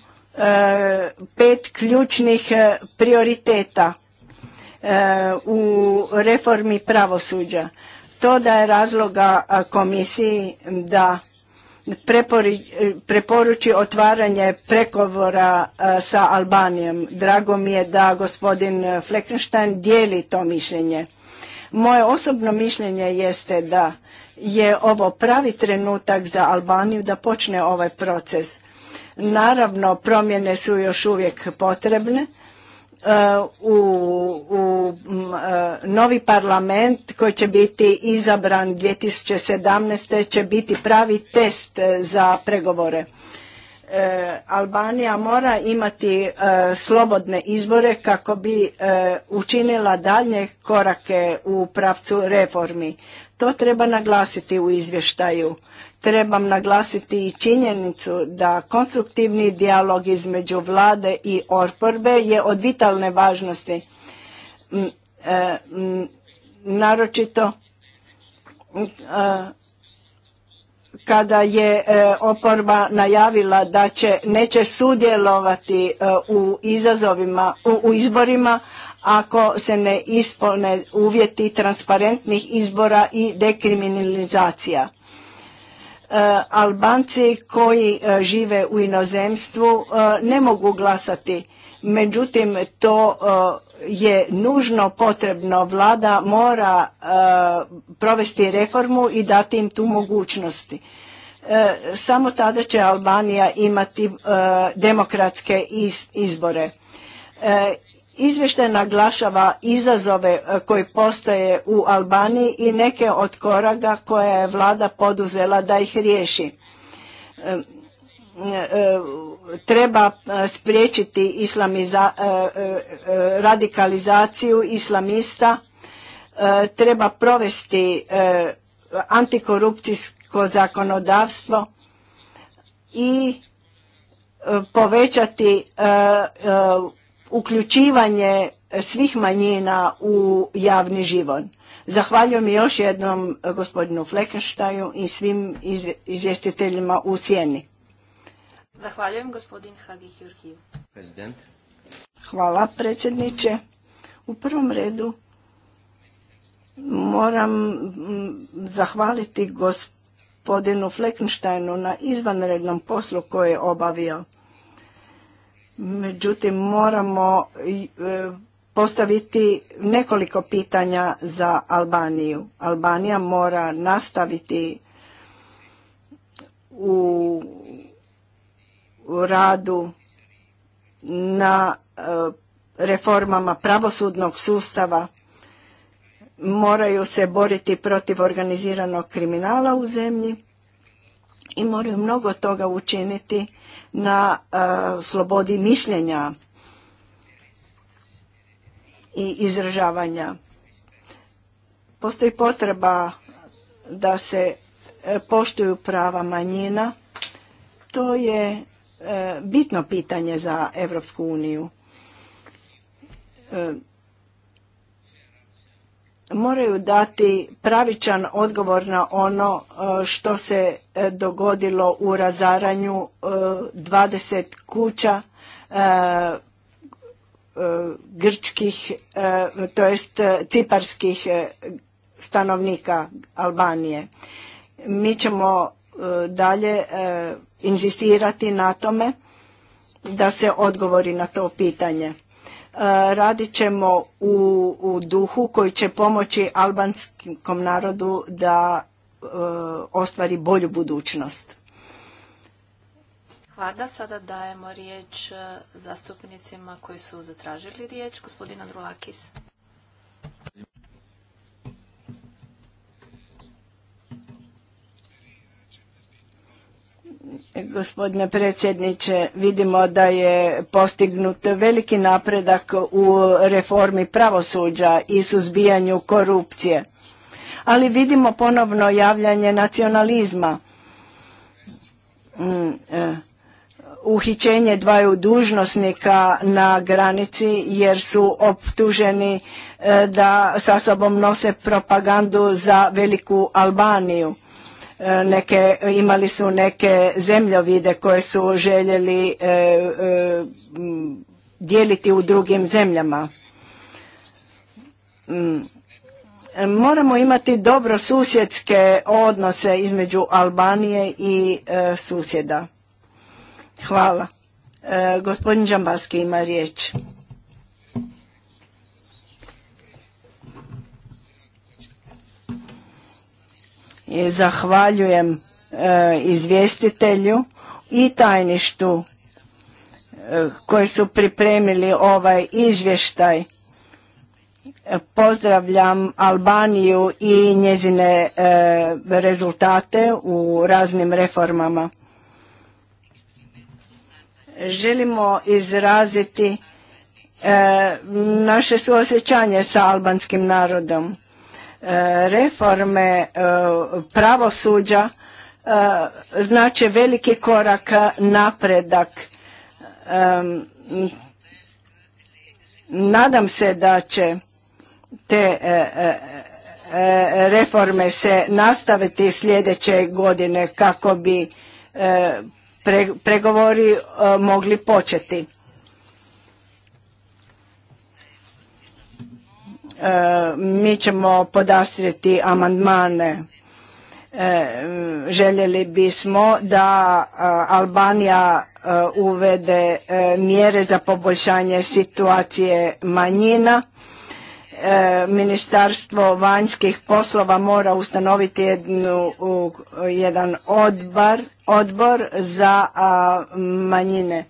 pet ključnih e, prioriteta e, u reformi pravosuđa. To da je razloga komisiji da preporuči otvaranje pregovora e, sa Albanijom. Drago mi je da gospodin Fleckenstein dijeli to mišljenje. Moje osobno mišljenje jeste da je ovo pravi trenutak za Albaniju da počne ovaj proces. Naravno, promjene su još uvijek potrebne, u, e, novi parlament koji će biti izabran 2017. će biti pravi test e, za pregovore. E, Albanija mora imati slobodne izbore kako bi učinila dalje korake u pravcu reformi. To treba naglasiti u izvještaju. Trebam naglasiti i činjenicu da konstruktivni dijalog između vlade i oporbe je od vitalne važnosti, mm, e, mm, naročito e, kada je e, oporba najavila da će neće sudjelovati u izazovima, u, u izborima ako se ne ispone uvjeti transparentnih izbora i dekriminalizacija E, Albanci koji e, žive u inozemstvu e, ne mogu glasati. Međutim, to je nužno potrebno. Vlada mora provesti reformu i dati im tu mogućnosti. Samo tada će Albanija imati demokratske izbore. Izvještaj naglašava izazove e, koji postoje u Albaniji i neke od koraga koje je vlada poduzela da ih riješi. E, e, treba spriječiti radikalizaciju islamista, treba provesti antikorupcijsko zakonodavstvo i povećati uključivanje svih manjina u javni život. Zahvaljujem još jednom eh, gospodinu Flekenštaju i svim izvjestiteljima u Sjeni. Zahvaljujem gospodin Hagi Hjurhiju. Hvala predsjedniče. U prvom redu moram mm, zahvaliti gospodinu Fleckensteinu na izvanrednom poslu koje je obavio Međutim, moramo e, postaviti nekoliko pitanja za Albaniju. Albanija mora nastaviti u radu na e, reformama pravosudnog sustava moraju se boriti protiv organiziranog kriminala u zemlji i moraju mnogo toga učiniti na e, slobodi mišljenja i izražavanja. Postoji potreba da se e, poštuju prava manjina. To je e, bitno pitanje za Europsku uniju moraju dati pravičan odgovor na ono e, što se e, dogodilo u razaranju 20 e, kuća grčkih, to jest ciparskih stanovnika Albanije. Mi ćemo dalje inzistirati na tome da se odgovori na to pitanje radit ćemo u, duhu koji će pomoći albanskom narodu da e, ostvari bolju budućnost. Hvala. Sada dajemo riječ e, zastupnicima koji su zatražili riječ. Gospodin Andrulakis. Gospodine predsjedniče, vidimo da je postignut veliki napredak u reformi pravosuđa i suzbijanju korupcije. Ali vidimo ponovno javljanje nacionalizma. Mm, e, uhićenje dvaju dužnosnika na granici jer su optuženi e, da sa sobom nose propagandu za veliku Albaniju E, neke, imali su neke zemljovide koje su željeli e, e, dijeliti u drugim zemljama. Mm. Moramo imati dobro susjedske odnose između Albanije i susjeda. Hvala. Gospodin Džambaski ima riječ. Zahvaljujem e, izvjestitelju i tajništu e, koji su pripremili ovaj izvještaj. E, pozdravljam Albaniju i njezine rezultate u raznim reformama. Želimo izraziti naše suosjećanje sa albanskim narodom Reforme e, pravosuđa e, znače veliki korak napredak. Nadam se da će te e, reforme se nastaviti sljedeće godine kako bi pregovori mogli početi. E, mi ćemo podastriti amandmane. E, željeli bismo da e, Albanija uvede mjere za poboljšanje situacije manjina. Ministarstvo vanjskih poslova mora ustanoviti jednu, jedan odbar, odbor za manjine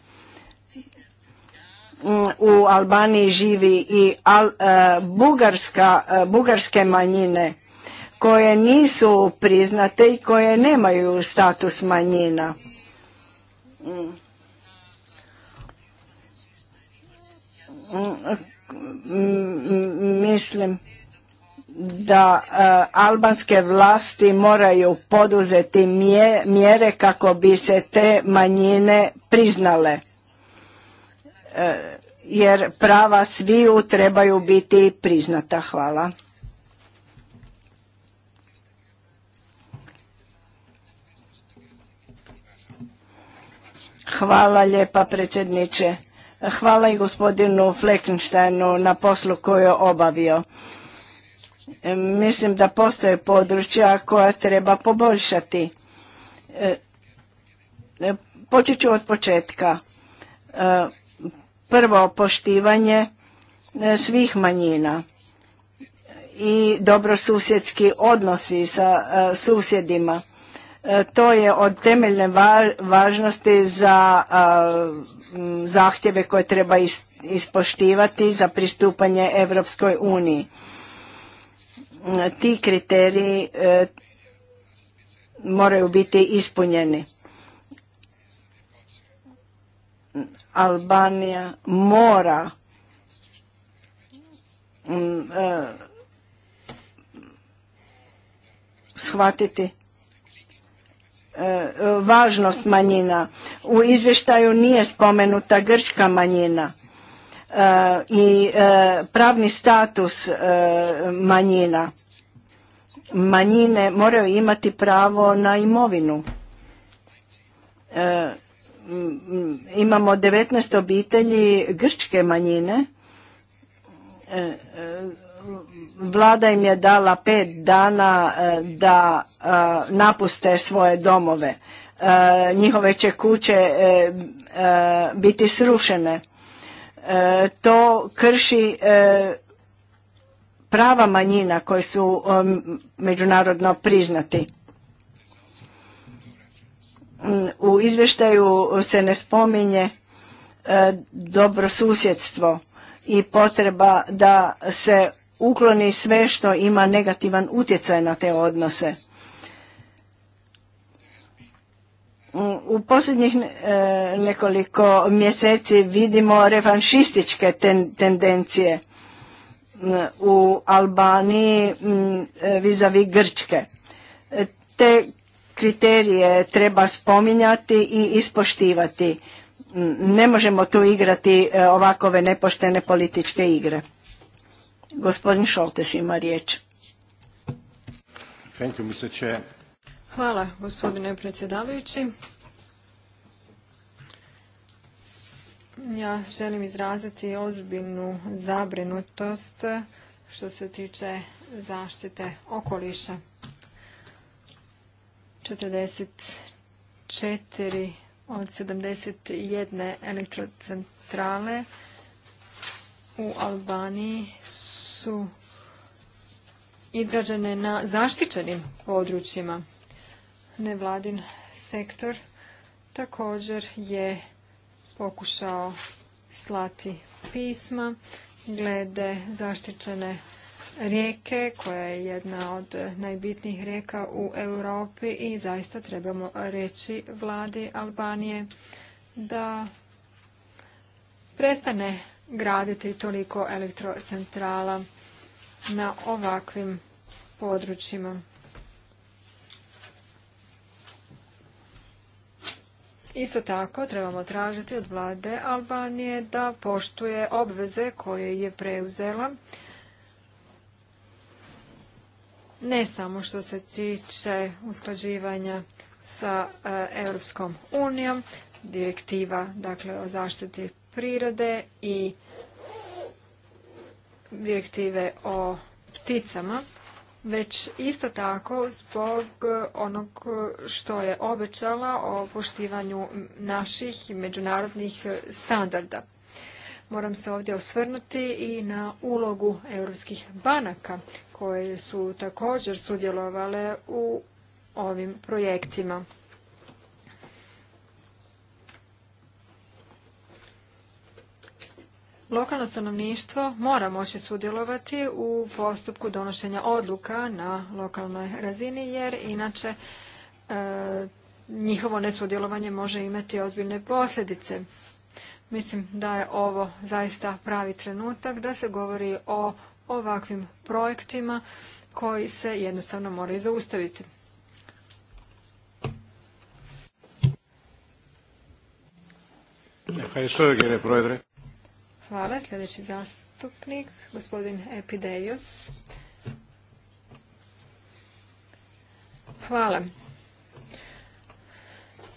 u Albaniji živi i al, e, bugarska, e, bugarske manjine koje nisu priznate i koje nemaju status manjina. Mislim da e, albanske vlasti moraju poduzeti mjere kako bi se te manjine priznale Eh, jer prava sviju trebaju biti priznata. Hvala. Hvala lijepa predsjedniče. Hvala i gospodinu Fleckensteinu na poslu koju je obavio. Mislim da postoje područja koja treba poboljšati. Eh, eh, počet ću od početka. Prvo, poštivanje e, svih manjina i dobrosusjedski odnosi sa e, susjedima. E, to je od temeljne važnosti za zahtjeve koje treba ispoštivati za pristupanje Europskoj uniji. Ti kriteriji moraju biti ispunjeni. Albanija mora mm, e, shvatiti e, važnost manjina. U izvještaju nije spomenuta grčka manjina e, i pravni status manjina. Manjine moraju imati pravo na imovinu imamo 19 obitelji grčke manjine. E, e, vlada im je dala pet dana e, da napuste svoje domove. Njihove će kuće biti srušene. To krši prava manjina koje su međunarodno priznati u izvještaju se ne spominje e, dobro susjedstvo i potreba da se ukloni sve što ima negativan utjecaj na te odnose. U posljednjih e, nekoliko mjeseci vidimo revanšističke tendencije e, u Albaniji vizavi Grčke. Te kriterije treba spominjati i ispoštivati. Mm, ne možemo tu igrati e, ovakove nepoštene političke igre. Gospodin Šoltes ima riječ. Hvala, gospodine predsjedavajući. Ja želim izraziti ozbiljnu zabrinutost što se tiče zaštite okoliša. 44 od 71 elektrocentrale u Albaniji su izražene na zaštićenim područjima. Nevladin sektor također je pokušao slati pisma glede zaštićene rijeke koja je jedna od najbitnijih rijeka u Europi i zaista trebamo reći vladi Albanije da prestane graditi toliko elektrocentrala na ovakvim područjima. Isto tako trebamo tražiti od vlade Albanije da poštuje obveze koje je preuzela ne samo što se tiče usklađivanja sa e, Europskom unijom, direktiva dakle o zaštiti prirode i direktive o pticama, već isto tako zbog onog što je obećala o poštivanju naših međunarodnih standarda. Moram se ovdje osvrnuti i na ulogu europskih banaka koje su također sudjelovale u ovim projektima. Lokalno stanovništvo mora moći sudjelovati u postupku donošenja odluka na lokalnoj razini jer inače e, njihovo nesudjelovanje može imati ozbiljne posljedice. Mislim da je ovo zaista pravi trenutak da se govori o ovakvim projektima koji se jednostavno moraju zaustaviti. Hvala. Sljedeći zastupnik, gospodin Epidejos. Hvala.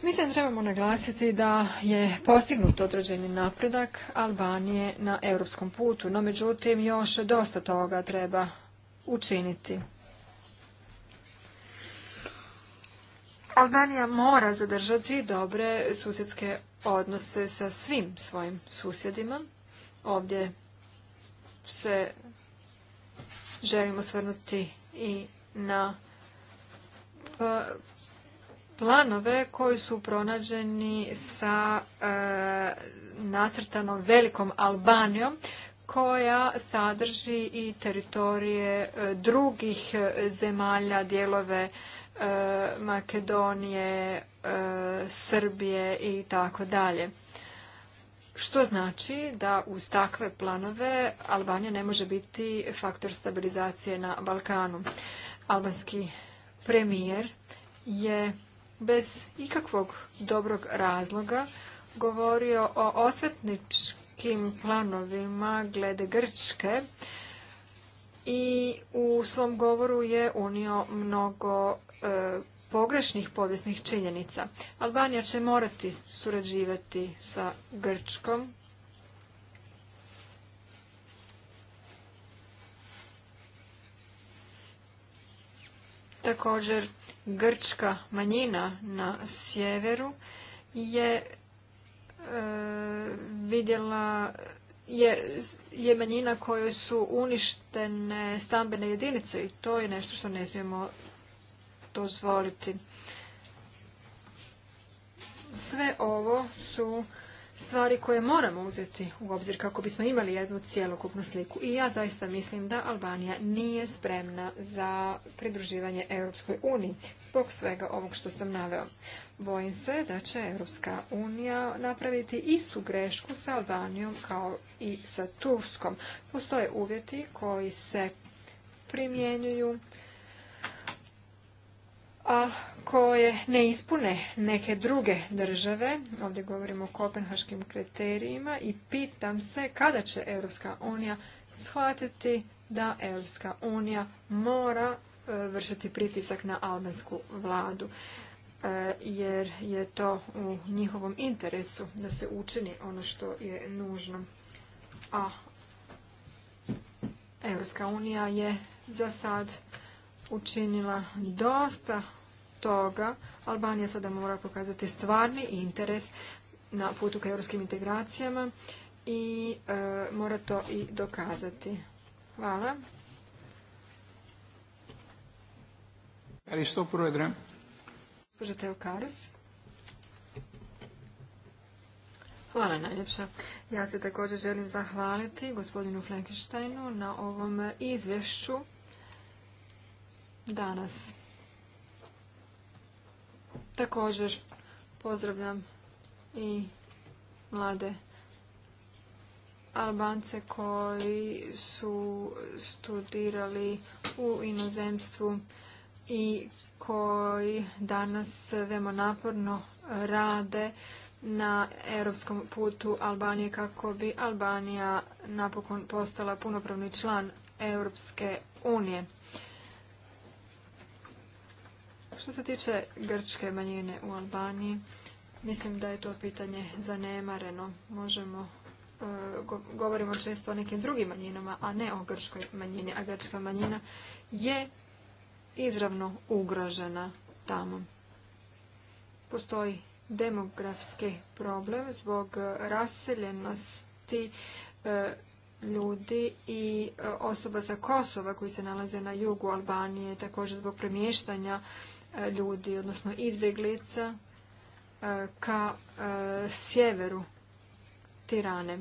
Mislim da trebamo naglasiti da je postignut određeni napredak Albanije na europskom putu, no međutim još dosta toga treba učiniti. Albanija mora zadržati dobre susjedske odnose sa svim svojim susjedima. Ovdje se želimo svrnuti i na planove koji su pronađeni sa e, nacrtanom velikom Albanijom koja sadrži i teritorije e, drugih e, zemalja, dijelove Makedonije, Srbije i tako dalje. Što znači da uz takve planove Albanija ne može biti faktor stabilizacije na Balkanu. Albanski premijer je bez ikakvog dobrog razloga govorio o osvetničkim planovima glede Grčke i u svom govoru je unio mnogo e, pogrešnih povijesnih činjenica. Albanija će morati surađivati sa Grčkom. Također grčka manjina na sjeveru je e, vidjela je, manjina kojoj su uništene stambene jedinice i to je nešto što ne smijemo dozvoliti. Sve ovo su stvari koje moramo uzeti u obzir kako bismo imali jednu cjelokupnu sliku. I ja zaista mislim da Albanija nije spremna za pridruživanje Europskoj uniji zbog svega ovog što sam naveo. Bojim se da će Europska unija napraviti istu grešku sa Albanijom kao i sa Turskom. Postoje uvjeti koji se primjenjuju a koje ne ispune neke druge države, ovdje govorimo o kopenhaškim kriterijima i pitam se kada će Europska unija shvatiti da Europska unija mora e, vršiti pritisak na albansku vladu e, jer je to u njihovom interesu da se učini ono što je nužno. A Europska unija je za sad učinila dosta toga Albanija sada mora pokazati stvarni interes na putu ka europskim integracijama i e, mora to i dokazati. Hvala. Hvala najljepša. Ja se također želim zahvaliti gospodinu Flenkeštajnu na ovom izvješću danas. Također pozdravljam i mlade Albance koji su studirali u inozemstvu i koji danas vemo naporno rade na europskom putu Albanije kako bi Albanija napokon postala punopravni član Europske unije. Što se tiče grčke manjine u Albaniji, mislim da je to pitanje zanemareno. Možemo e, govorimo često o nekim drugim manjinama, a ne o grčkoj manjini. A grčka manjina je izravno ugrožena tamo. Postoji demografski problem zbog raseljenosti e, ljudi i e, osoba sa Kosova koji se nalaze na jugu Albanije, također zbog premještanja ljudi, odnosno izbjeglica e, ka e, sjeveru Tirane.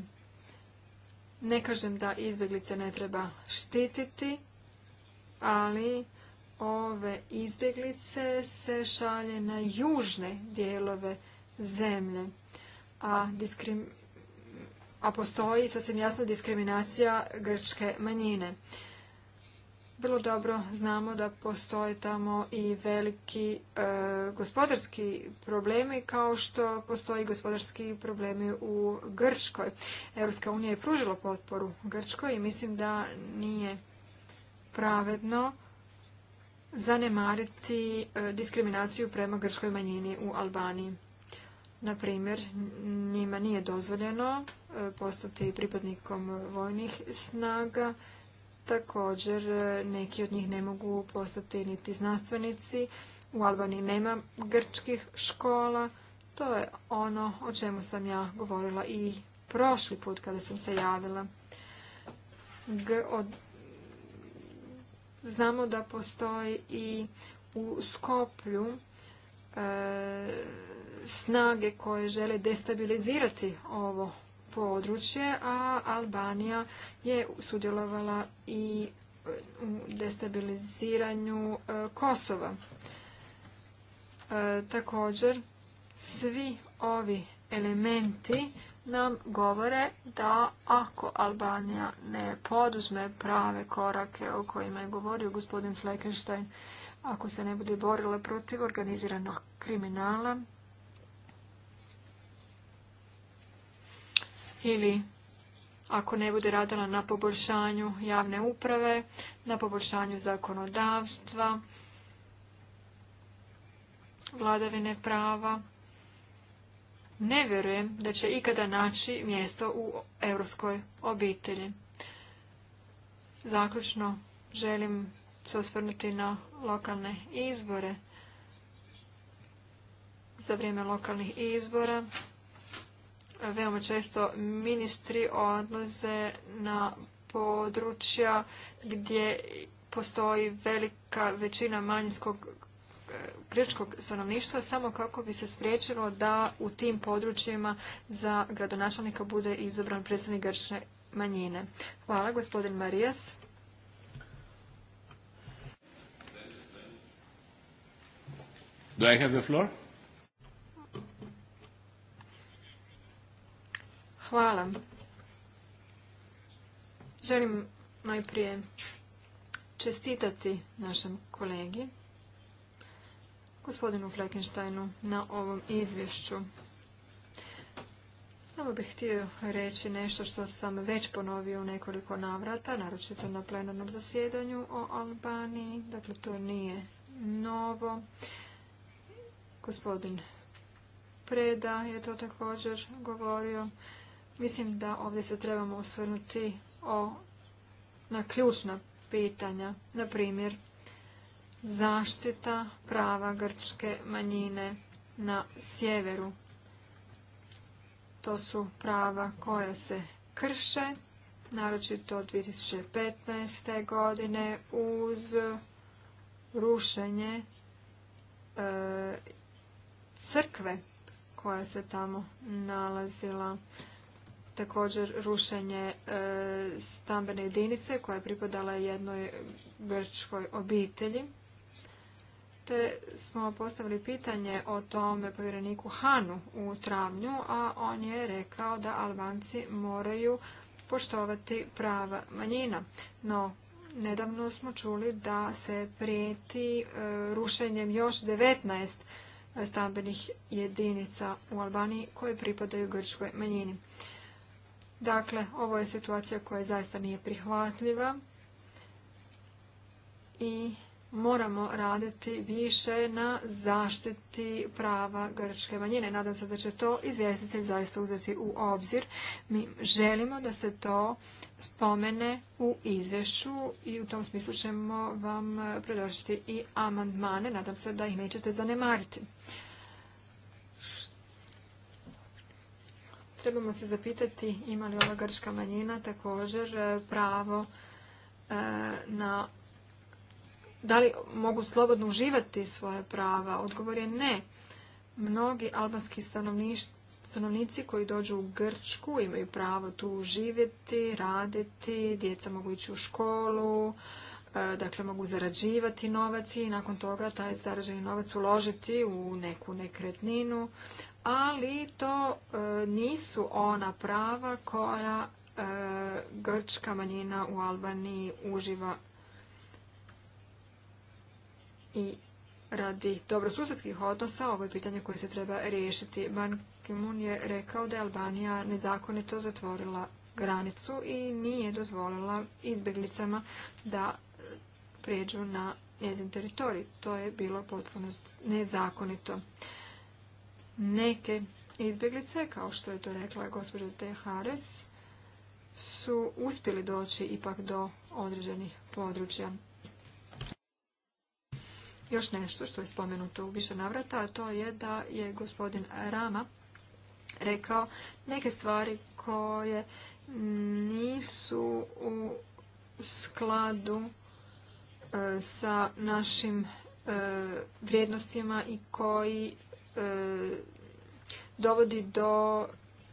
Ne kažem da izbjeglice ne treba štititi, ali ove izbjeglice se šalje na južne dijelove zemlje. A, diskrim... A postoji sasvim jasna diskriminacija grčke manjine vrlo dobro znamo da postoje tamo i veliki e, gospodarski problemi kao što postoji gospodarski problemi u Grčkoj. Europska unija je pružila potporu Grčkoj i mislim da nije pravedno zanemariti e, diskriminaciju prema grčkoj manjini u Albaniji. Na primjer, njima nije dozvoljeno e, postati pripadnikom vojnih snaga Također, e, neki od njih ne mogu postati niti znanstvenici. U Albaniji nema grčkih škola. To je ono o čemu sam ja govorila i prošli put kada sam se javila. Znamo da postoji i u Skoplju e, snage koje žele destabilizirati ovo područje, a Albanija je sudjelovala i u destabiliziranju e, Kosova. E, također, svi ovi elementi nam govore da ako Albanija ne poduzme prave korake o kojima je govorio gospodin Fleckenstein, ako se ne bude borila protiv organiziranog kriminala, ili ako ne bude radila na poboljšanju javne uprave, na poboljšanju zakonodavstva, vladavine prava, ne vjerujem da će ikada naći mjesto u europskoj obitelji. Zaključno želim se osvrnuti na lokalne izbore. Za vrijeme lokalnih izbora veoma često ministri odlaze na područja gdje postoji velika većina manjinskog e, grčkog stanovništva samo kako bi se spriječilo da u tim područjima za gradonačelnika bude izabran predstavnik grčne manjine. Hvala, gospodin Marijas. Do I have the floor? Hvala. Želim najprije čestitati našem kolegi, gospodinu Fleckensteinu, na ovom izvješću. Samo bih htio reći nešto što sam već ponovio u nekoliko navrata, naročito na plenarnom zasjedanju o Albaniji. Dakle, to nije novo. Gospodin Preda je to također govorio. Mislim da ovdje se trebamo osvrnuti o, na ključna pitanja, na primjer zaštita prava grčke manjine na sjeveru. To su prava koja se krše, naročito od 2015. godine uz rušenje e, crkve koja se tamo nalazila također rušenje e, stambene jedinice koja je pripadala jednoj grčkoj obitelji. Te smo postavili pitanje o tome povjereniku Hanu u travnju, a on je rekao da Albanci moraju poštovati prava manjina. No, nedavno smo čuli da se prijeti e, rušenjem još 19 stambenih jedinica u Albaniji koje pripadaju grčkoj manjini. Dakle, ovo je situacija koja zaista nije prihvatljiva i moramo raditi više na zaštiti prava grčke manjine. Nadam se da će to izvjestitelj zaista uzeti u obzir. Mi želimo da se to spomene u izvješću i u tom smislu ćemo vam predložiti i amandmane. Nadam se da ih nećete zanemariti. trebamo se zapitati ima li ova grčka manjina također e, pravo e, na da li mogu slobodno uživati svoje prava? Odgovor je ne. Mnogi albanski stanovnici koji dođu u Grčku imaju pravo tu živjeti, raditi, djeca mogu ići u školu, e, dakle mogu zarađivati novac i nakon toga taj zarađeni novac uložiti u neku nekretninu ali to e, nisu ona prava koja e, grčka manjina u Albaniji uživa i radi dobrosusjedskih odnosa, ovo je pitanje koje se treba riješiti. Ban ki je rekao da je Albanija nezakonito zatvorila granicu i nije dozvolila izbjeglicama da e, prijeđu na njezin teritorij. To je bilo potpuno nezakonito neke izbjeglice, kao što je to rekla gospođa T. Hares, su uspjeli doći ipak do određenih područja. Još nešto što je spomenuto u više navrata, a to je da je gospodin Rama rekao neke stvari koje nisu u skladu e, sa našim e, vrijednostima i koji E, dovodi do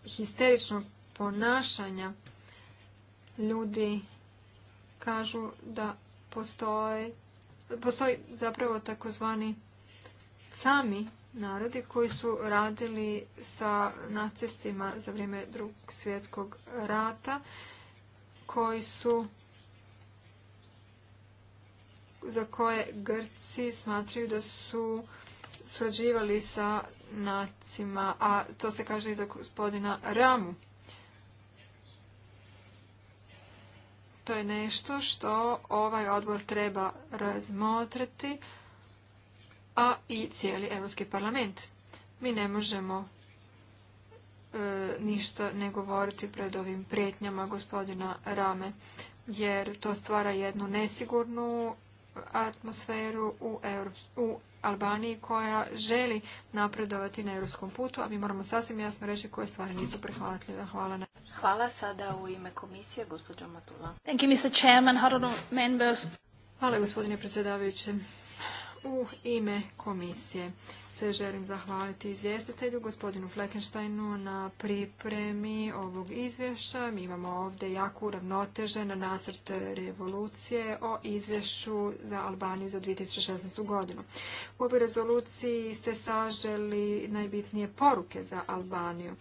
histeričnog ponašanja. Ljudi kažu da postoje, postoji zapravo takozvani sami narodi koji su radili sa nacistima za vrijeme drugog svjetskog rata, koji su za koje Grci smatraju da su surađivali sa nacima, a to se kaže i za gospodina Ramu. To je nešto što ovaj odbor treba razmotriti, a i cijeli Europski parlament. Mi ne možemo e, ništa ne govoriti pred ovim prijetnjama gospodina Rame, jer to stvara jednu nesigurnu atmosferu u, u Albaniji koja želi napredovati na europskom putu, a mi moramo sasvim jasno reći koje stvari nisu prihvatljive. Hvala. Na... Hvala sada u ime komisije, gospođo Matula. Thank you, Mr. Chairman, members. Hvala, gospodine predsjedavajući. U ime komisije se želim zahvaliti izvjestitelju, gospodinu Fleckensteinu, na pripremi ovog izvješća. Mi imamo ovdje jako uravnotežen nacrt revolucije o izvješću za Albaniju za 2016. godinu. U ovoj rezoluciji ste saželi najbitnije poruke za Albaniju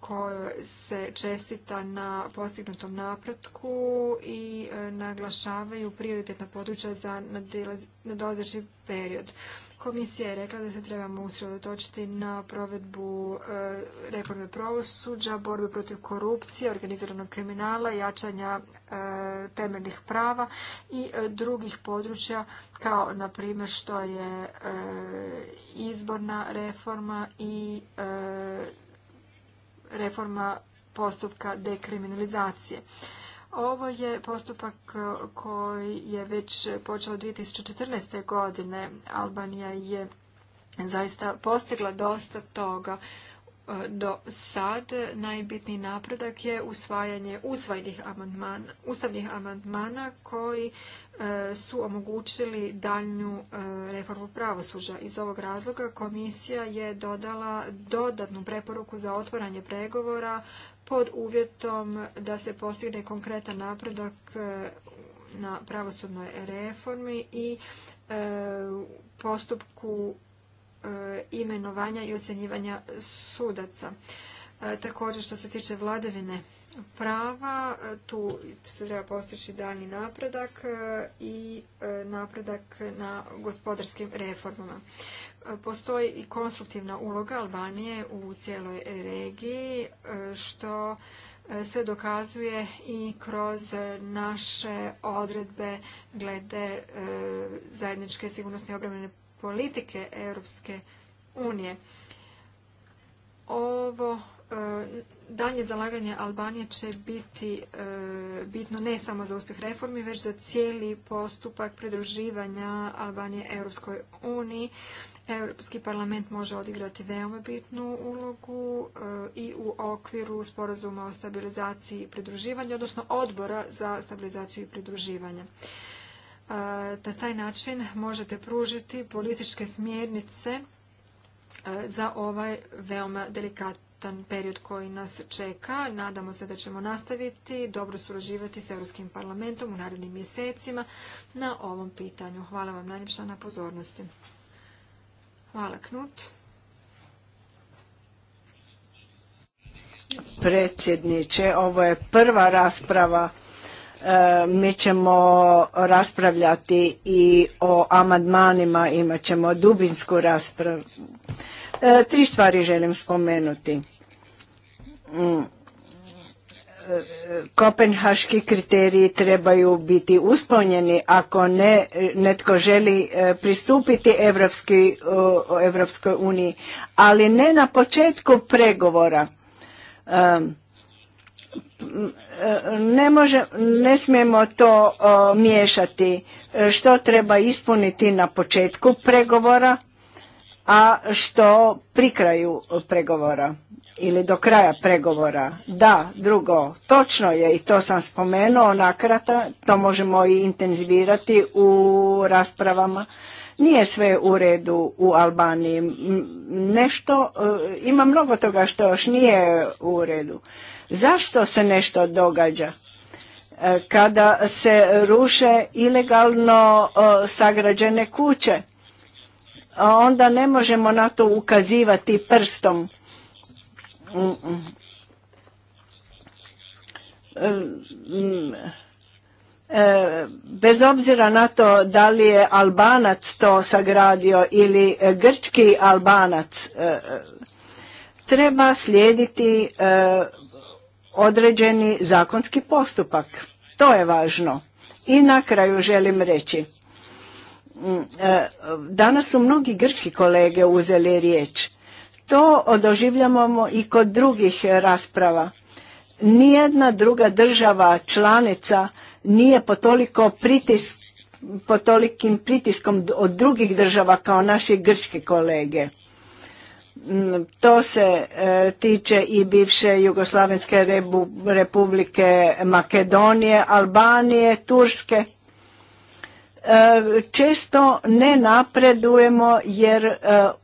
koje se čestita na postignutom napretku i e, naglašavaju prioritetna područja za nadolazeći period. Komisija je rekla da se trebamo usredotočiti na provedbu e, reforme pravosuđa, borbe protiv korupcije, organiziranog kriminala, jačanja e, temeljnih prava i e, drugih područja kao na primjer što je izborna reforma i reforma postupka dekriminalizacije. Ovo je postupak e, koji je već počeo 2014. godine. Albanija je zaista postigla dosta toga e, do sad najbitniji napredak je usvajanje ustavnih amandmana koji e, su omogućili daljnju reformu pravosuđa. Iz ovog razloga komisija je dodala dodatnu preporuku za otvoranje pregovora pod uvjetom da se postigne konkretan napredak e, na pravosudnoj reformi i e, postupku e, imenovanja i ocjenjivanja sudaca. Također što se tiče vladavine prava, tu se treba postići dalji napredak i napredak na gospodarskim reformama postoji i konstruktivna uloga Albanije u cijeloj regiji, e, što e, se dokazuje i kroz naše odredbe glede e, zajedničke sigurnosne i obrambene politike Europske unije. Ovo danje zalaganje Albanije će biti bitno ne samo za uspjeh reformi, već za cijeli postupak pridruživanja Albanije Europskoj uniji Europski parlament može odigrati veoma bitnu ulogu e, i u okviru sporazuma o stabilizaciji i pridruživanju, odnosno odbora za stabilizaciju i pridruživanje. E, na taj način možete pružiti političke smjernice e, za ovaj veoma delikatan period koji nas čeka. Nadamo se da ćemo nastaviti dobro surađivati s Europskim parlamentom u narednim mjesecima na ovom pitanju. Hvala vam najljepša na pozornosti. Hvala, Knut. Predsjedniče, ovo je prva rasprava. E, mi ćemo raspravljati i o amandmanima, imat ćemo dubinsku raspravu. E, tri stvari želim spomenuti. Mm kopenhaški kriteriji trebaju biti usponjeni ako ne netko želi e, pristupiti Evropski, Evropskoj uniji, ali ne na početku pregovora. Ne, ne smijemo to miješati što treba ispuniti na početku pregovora a što pri kraju pregovora ili do kraja pregovora. Da, drugo, točno je i to sam spomenuo nakrata, to možemo i intenzivirati u raspravama. Nije sve u redu u Albaniji. Nešto, e, ima mnogo toga što još nije u redu. Zašto se nešto događa? E, kada se ruše ilegalno e, sagrađene kuće, onda ne možemo na to ukazivati prstom. E, bez obzira na to da li je Albanac to sagradio ili grčki Albanac, e, treba slijediti e, određeni zakonski postupak. To je važno. I na kraju želim reći Mm, e, danas su mnogi grčki kolege uzeli riječ. To odoživljamo i kod drugih rasprava. Nijedna druga država članica nije po toliko pritisk tolikim pritiskom od drugih država kao naši grčki kolege. Mm, to se e, tiče i bivše Jugoslavenske republike Makedonije, Albanije, Turske. E, često ne napredujemo jer e,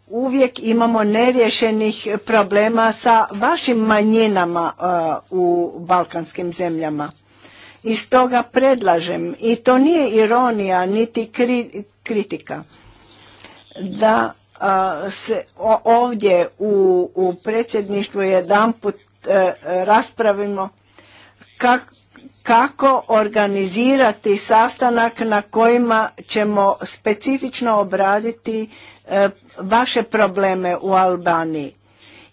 uvijek imamo nerješenih problema sa vašim manjinama e, u balkanskim zemljama. I stoga predlažem, i to nije ironija niti kritika, da se ovdje u predsjedništvu jedanput raspravimo kako kako organizirati sastanak na kojima ćemo specifično obraditi e, vaše probleme u Albaniji.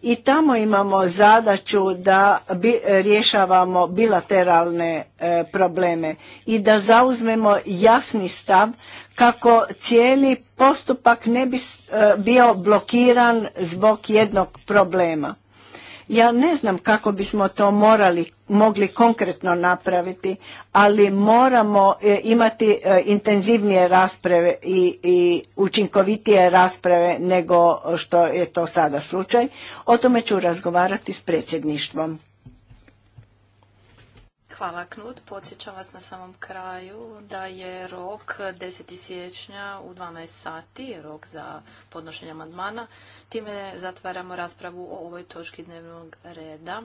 I tamo imamo zadaću da rješavamo bilateralne e, probleme i da zauzmemo jasni stav kako cijeli postupak ne bi e, bio blokiran zbog jednog problema. Ja ne znam kako bismo to morali mogli konkretno napraviti, ali moramo e, imati e, intenzivnije rasprave i, i učinkovitije rasprave nego što je to sada slučaj. O tome ću razgovarati s predsjedništvom. Hvala Knut. Podsjećam vas na samom kraju da je rok 10. siječnja u 12 sati, rok za podnošenje amandmana. Time zatvaramo raspravu o ovoj točki dnevnog reda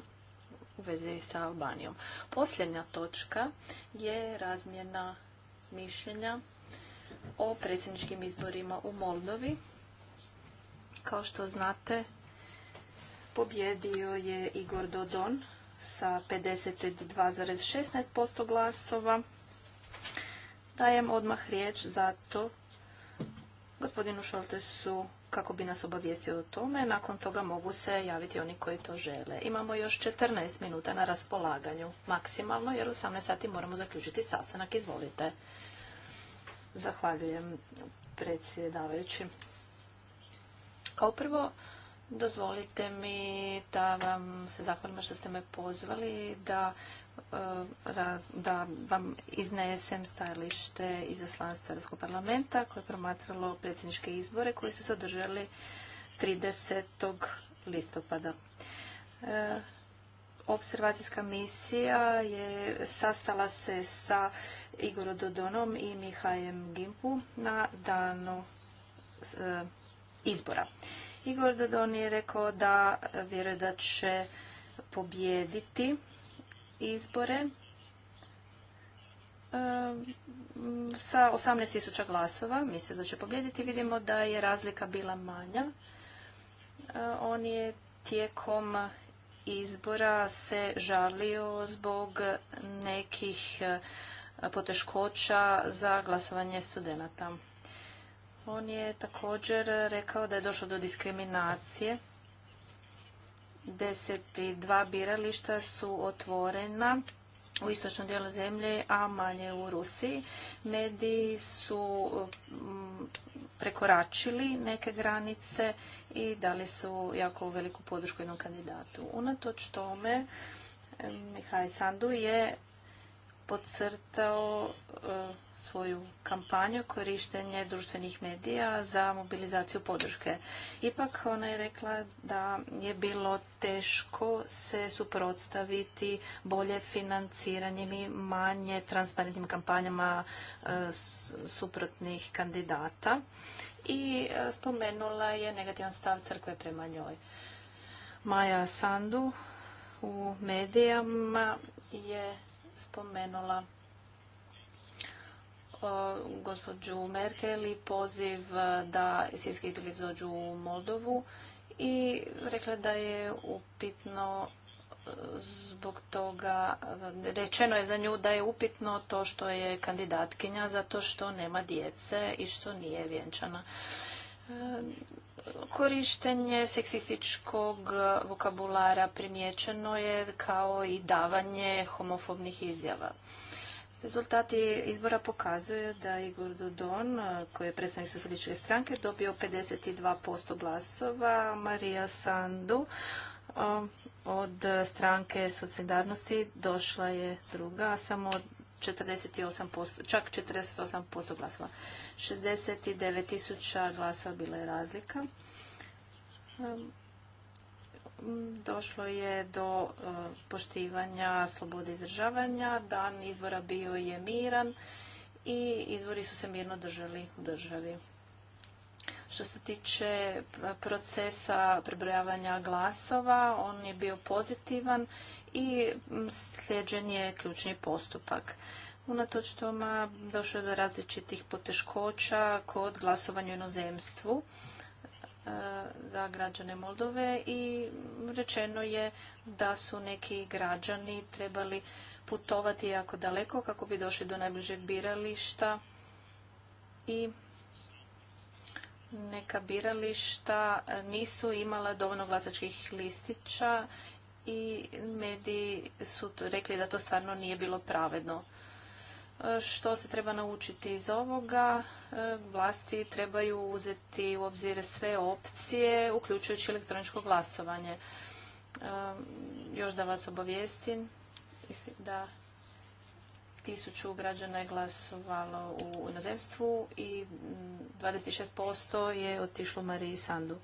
u vezi sa Albanijom. Posljednja točka je razmjena mišljenja o predsjedničkim izborima u Moldovi. Kao što znate, pobjedio je Igor Dodon sa 52,16% glasova. Dajem odmah riječ za to. gospodinu Šoltesu kako bi nas obavijestio o tome. Nakon toga mogu se javiti oni koji to žele. Imamo još 14 minuta na raspolaganju maksimalno, jer u 18 sati moramo zaključiti sastanak. Izvolite. Zahvaljujem predsjedavajući. Kao prvo, dozvolite mi da vam se zahvalim što ste me pozvali da E, da vam iznesem stajalište izaslanstva Europskog parlamenta koje je promatralo predsjedničke izbore koji su se održali 30. listopada. E, observacijska misija je sastala se sa Igorom Dodonom i Mihajem Gimpu na danu e, izbora. Igor Dodon je rekao da vjeruje da će pobijediti izbore eh, sa 18.000 glasova. mislim da će pobjediti. Vidimo da je razlika bila manja. Eh, on je tijekom izbora se žalio zbog nekih eh, poteškoća za glasovanje studenta. On je također rekao da je došlo do diskriminacije 12 birališta su otvorena u istočnom dijelu zemlje, a manje u Rusiji. Mediji su mm, prekoračili neke granice i dali su jako veliku podršku jednom kandidatu. Unatoč tome, Mihaj Sandu je podcrtao e, svoju kampanju korištenje društvenih medija za mobilizaciju podrške. Ipak ona je rekla da je bilo teško se suprotstaviti bolje financiranjem i manje transparentnim kampanjama e, suprotnih kandidata i e, spomenula je negativan stav crkve prema njoj. Maja Sandu u medijama je spomenula gospođu Merkel i poziv e, da sirski izbjeglice dođu u Moldovu i rekla da je upitno e, zbog toga, rečeno je za nju da je upitno to što je kandidatkinja zato što nema djece i što nije vjenčana. E, Korištenje seksističkog vokabulara primijećeno je kao i davanje homofobnih izjava. Rezultati izbora pokazuju da Igor Dodon, koji je predstavnik socijalističke stranke, dobio 52% glasova, Marija Sandu od stranke Solidarnosti došla je druga, samo 48%, čak 48% glasova. 69.000 tisuća glasova bila je razlika. Došlo je do e, poštivanja slobode izražavanja. Dan izbora bio je miran i izbori su se mirno držali u državi. Što se tiče e, procesa prebrojavanja glasova, on je bio pozitivan i sljeđen je ključni postupak. Unatoč toma došlo je do različitih poteškoća kod glasovanja u inozemstvu e, za građane Moldove i rečeno je da su neki građani trebali putovati jako daleko kako bi došli do najbližeg birališta i neka birališta nisu imala dovoljno glasačkih listića i mediji su rekli da to stvarno nije bilo pravedno. E, što se treba naučiti iz ovoga? E, vlasti trebaju uzeti u obzir sve opcije, uključujući elektroničko glasovanje. E, još da vas obavijestim da tisuću građana je glasovalo u inozemstvu i 26% je otišlo Mariji Sandu.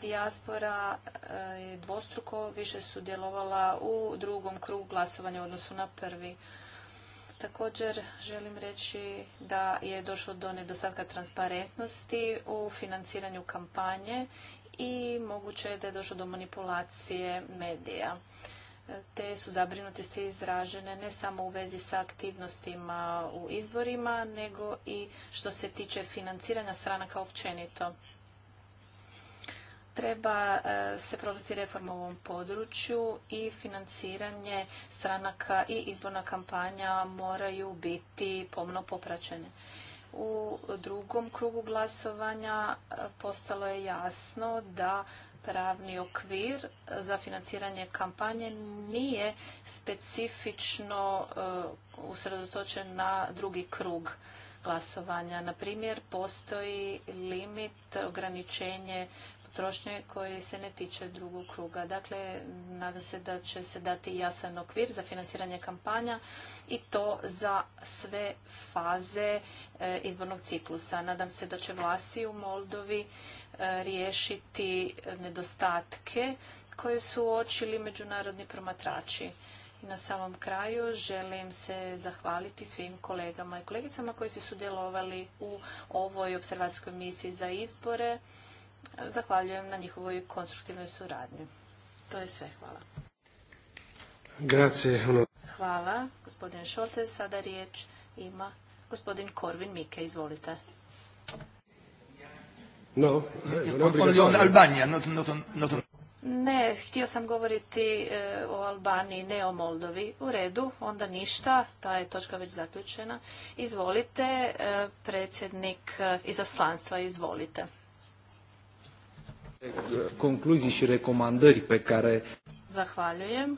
Dijaspora eh, je dvostruko više sudjelovala u drugom krugu glasovanja u odnosu na prvi. Također želim reći da je došlo do nedostatka transparentnosti u financiranju kampanje i moguće je da je došlo do manipulacije medija te su zabrinutosti izražene ne samo u vezi sa aktivnostima u izborima, nego i što se tiče financiranja stranaka općenito. Treba e, se provesti reforma u ovom području i financiranje stranaka i izborna kampanja moraju biti pomno popraćene. U drugom krugu glasovanja e, postalo je jasno da pravni okvir za financiranje kampanje nije specifično eh, usredotočen na drugi krug glasovanja. Na primjer, postoji limit, ograničenje potrošnje koji se ne tiče drugog kruga. Dakle, nadam se da će se dati jasan okvir za financiranje kampanja i to za sve faze eh, izbornog ciklusa. Nadam se da će vlasti u Moldovi riješiti nedostatke koje su uočili međunarodni promatrači. I na samom kraju želim se zahvaliti svim kolegama i kolegicama koji su sudjelovali u ovoj observacijskoj misiji za izbore. Zahvaljujem na njihovoj konstruktivnoj suradnji. To je sve. Hvala. Ono- Hvala. Gospodin Šote, sada riječ ima gospodin Korvin Mike. Izvolite. No, on, Ne, htio sam govoriti e, o Albaniji, ne o Moldovi. U redu, onda ništa, ta je točka već zaključena. Izvolite, e, predsjednik e, izaslanstva, izvolite. pe Zahvaljujem.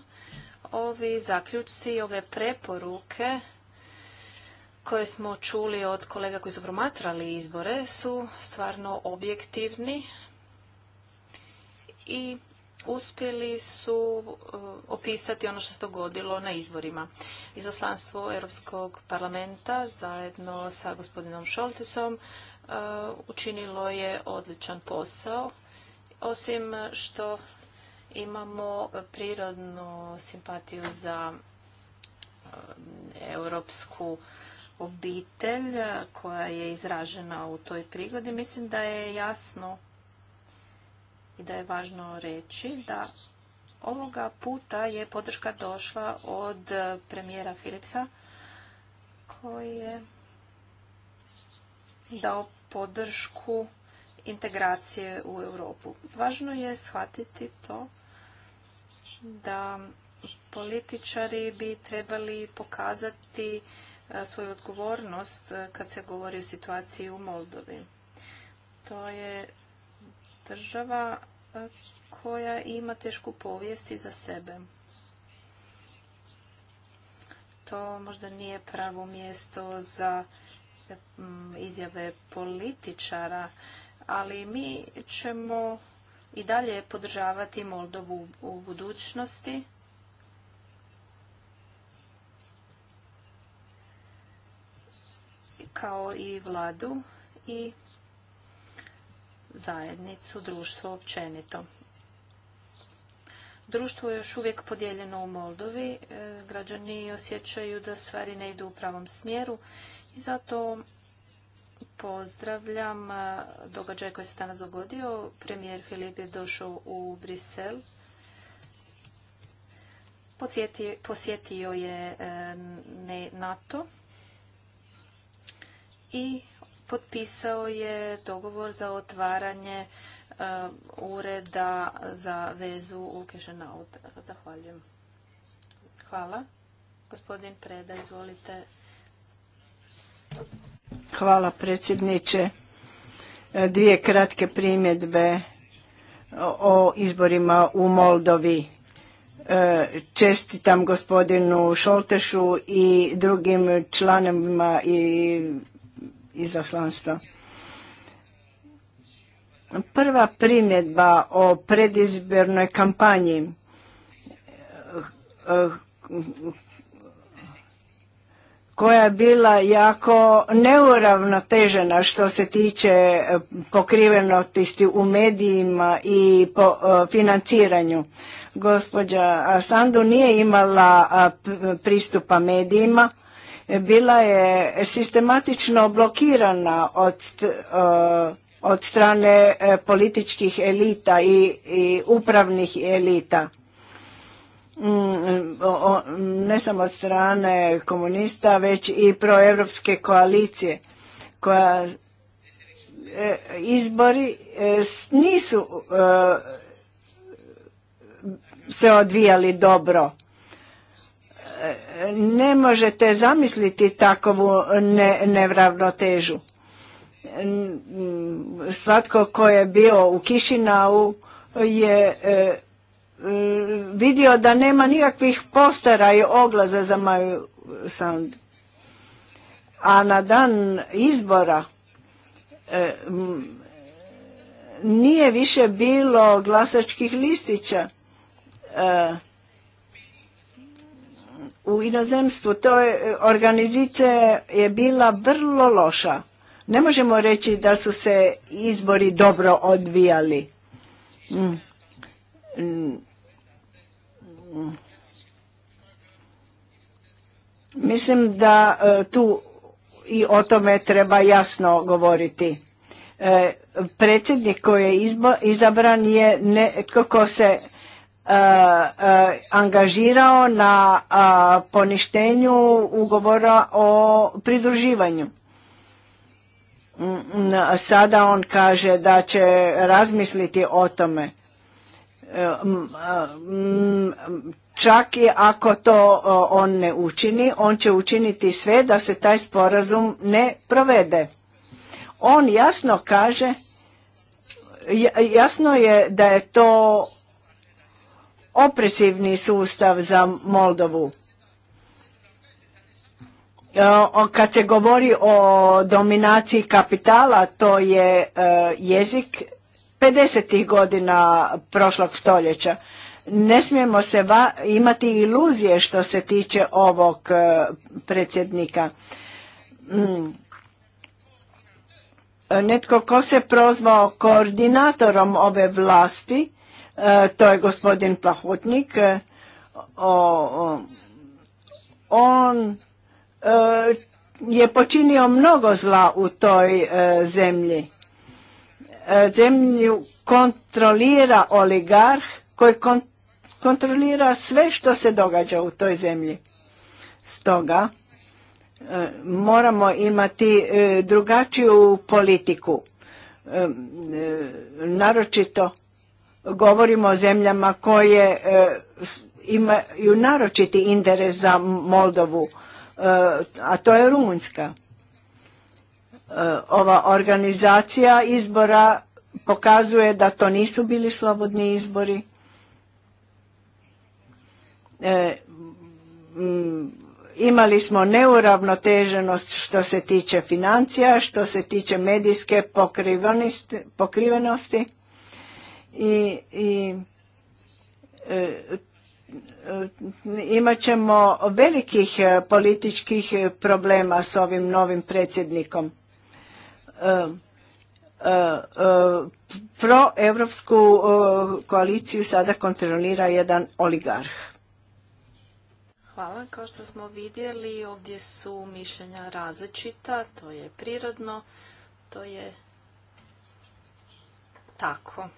Ovi zaključci i ove preporuke koje smo čuli od kolega koji su promatrali izbore su stvarno objektivni i uspjeli su e, opisati ono što se dogodilo na izborima. Izaslanstvo Europskog parlamenta zajedno sa gospodinom Šoltisom e, učinilo je odličan posao, osim što imamo prirodnu simpatiju za e, europsku obitelj koja je izražena u toj prigodi, mislim da je jasno i da je važno reći da ovoga puta je podrška došla od premijera Filipsa koji je dao podršku integracije u Europu. Važno je shvatiti to da političari bi trebali pokazati E, svoju odgovornost e, kad se govori o situaciji u Moldovi. To je država e, koja ima tešku povijest iza sebe. To možda nije pravo mjesto za izjave političara, ali mi ćemo i dalje podržavati Moldovu u budućnosti kao i vladu i zajednicu, društvo općenito. Društvo je još uvijek podijeljeno u Moldovi. E, građani osjećaju da stvari ne idu u pravom smjeru i zato pozdravljam e, događaj koji se danas dogodio. Premijer Filip je došao u Brisel. Posjetio je e, NATO i potpisao je dogovor za otvaranje e, ureda za vezu u Kešenaut. Zahvaljujem. Hvala. Gospodin Preda, izvolite. Hvala predsjedniče. E, dvije kratke primjedbe o izborima u Moldovi. E, čestitam gospodinu Šoltešu i drugim članima i izaslanstva. Prva primjedba o predizbornoj kampanji koja je bila jako neuravnotežena što se tiče pokrivenosti u medijima i po e, financiranju. Gospođa Sandu nije imala pristupa medijima bila je sistematično blokirana od, e, od strane e, političkih elita i, i upravnih elita mm, ne samo od strane komunista, već i proevropske koalicije koja e, izbori nisu se odvijali dobro ne možete zamisliti takovu ne, nevravnotežu. Svatko ko je bio u Kišinau je e, vidio da nema nikakvih postara i oglaza za Maju sand. A na dan izbora e, nije više bilo glasačkih listića. E, u inozemstvu. To je, e, organizacija je bila vrlo loša. Ne možemo reći da su se izbori dobro odvijali. Mm. Mm. Mislim da e, tu i o tome treba jasno govoriti. E, predsjednik koji je izabran je netko ko se E, e, angažirao na poništenju ugovora o pridruživanju. Mm, sada on kaže da će razmisliti o tome. E, čak i ako to on ne učini, on će učiniti sve da se taj sporazum ne provede. On jasno kaže, jasno je da je to opresivni sustav za Moldovu. E, kad se govori o dominaciji kapitala, to je e, jezik 50. godina prošlog stoljeća. Ne smijemo se imati iluzije što se tiče ovog e, predsjednika. Mm. Netko ko se prozvao koordinatorom ove vlasti, E, to je gospodin Plahotnik. E, o, on e, je počinio mnogo zla u toj zemlji. Zemlju kontrolira oligarh koji kontrolira sve što se događa u toj zemlji. Stoga moramo imati drugačiju politiku, naročito Govorimo o zemljama koje e, imaju naročiti interes za Moldovu, e, a to je Rumunjska. E, ova organizacija izbora pokazuje da to nisu bili slobodni izbori. imali smo neuravnoteženost što se tiče financija, što se tiče medijske pokrivenosti i, i e, e, imat ćemo velikih e, političkih problema s ovim novim predsjednikom. Pro-evropsku koaliciju sada kontrolira jedan oligarh. Hvala. Kao što smo vidjeli, ovdje su mišljenja različita, to je prirodno, to je tako.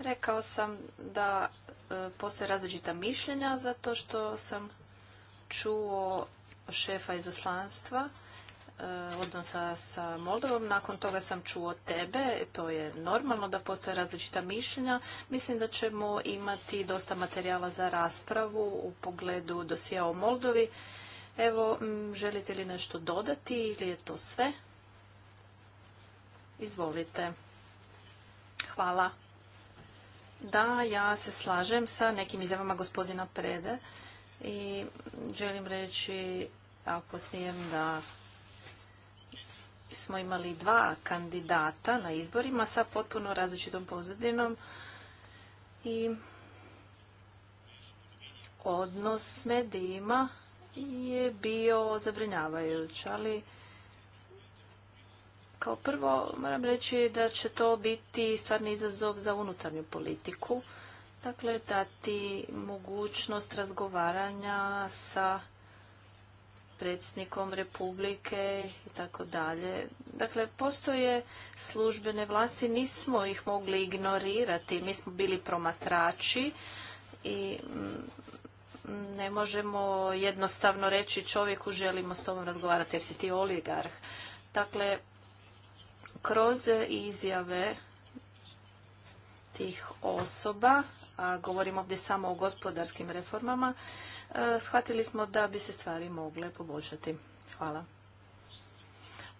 Rekao sam da e, postoje različita mišljenja zato što sam čuo šefa izaslanstva e, odnosa sa Moldovom. Nakon toga sam čuo tebe, to je normalno da postoje različita mišljenja. Mislim da ćemo imati dosta materijala za raspravu u pogledu dosija o Moldovi. Evo, želite li nešto dodati ili je to sve? Izvolite. Hvala. Da, ja se slažem sa nekim izjavama gospodina Prede i želim reći, ako smijem, da smo imali dva kandidata na izborima sa potpuno različitom pozadinom i odnos s medijima je bio zabrinjavajuć, ali kao prvo moram reći da će to biti stvarni izazov za unutarnju politiku. Dakle, dati mogućnost razgovaranja sa predsjednikom republike i tako dalje. Dakle, postoje službene vlasti, nismo ih mogli ignorirati, mi smo bili promatrači i mm, ne možemo jednostavno reći čovjeku želimo s tobom razgovarati jer si ti oligarh. Dakle, kroz izjave tih osoba, a govorim ovdje samo o gospodarskim reformama, e, shvatili smo da bi se stvari mogle poboljšati. Hvala.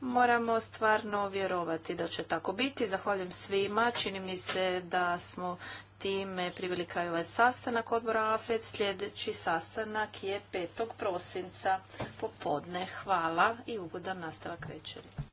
Moramo stvarno vjerovati da će tako biti. Zahvaljujem svima. Čini mi se da smo time priveli kraj ovaj sastanak odbora AFED. Sljedeći sastanak je 5. prosinca popodne. Hvala i ugodan nastavak večeri.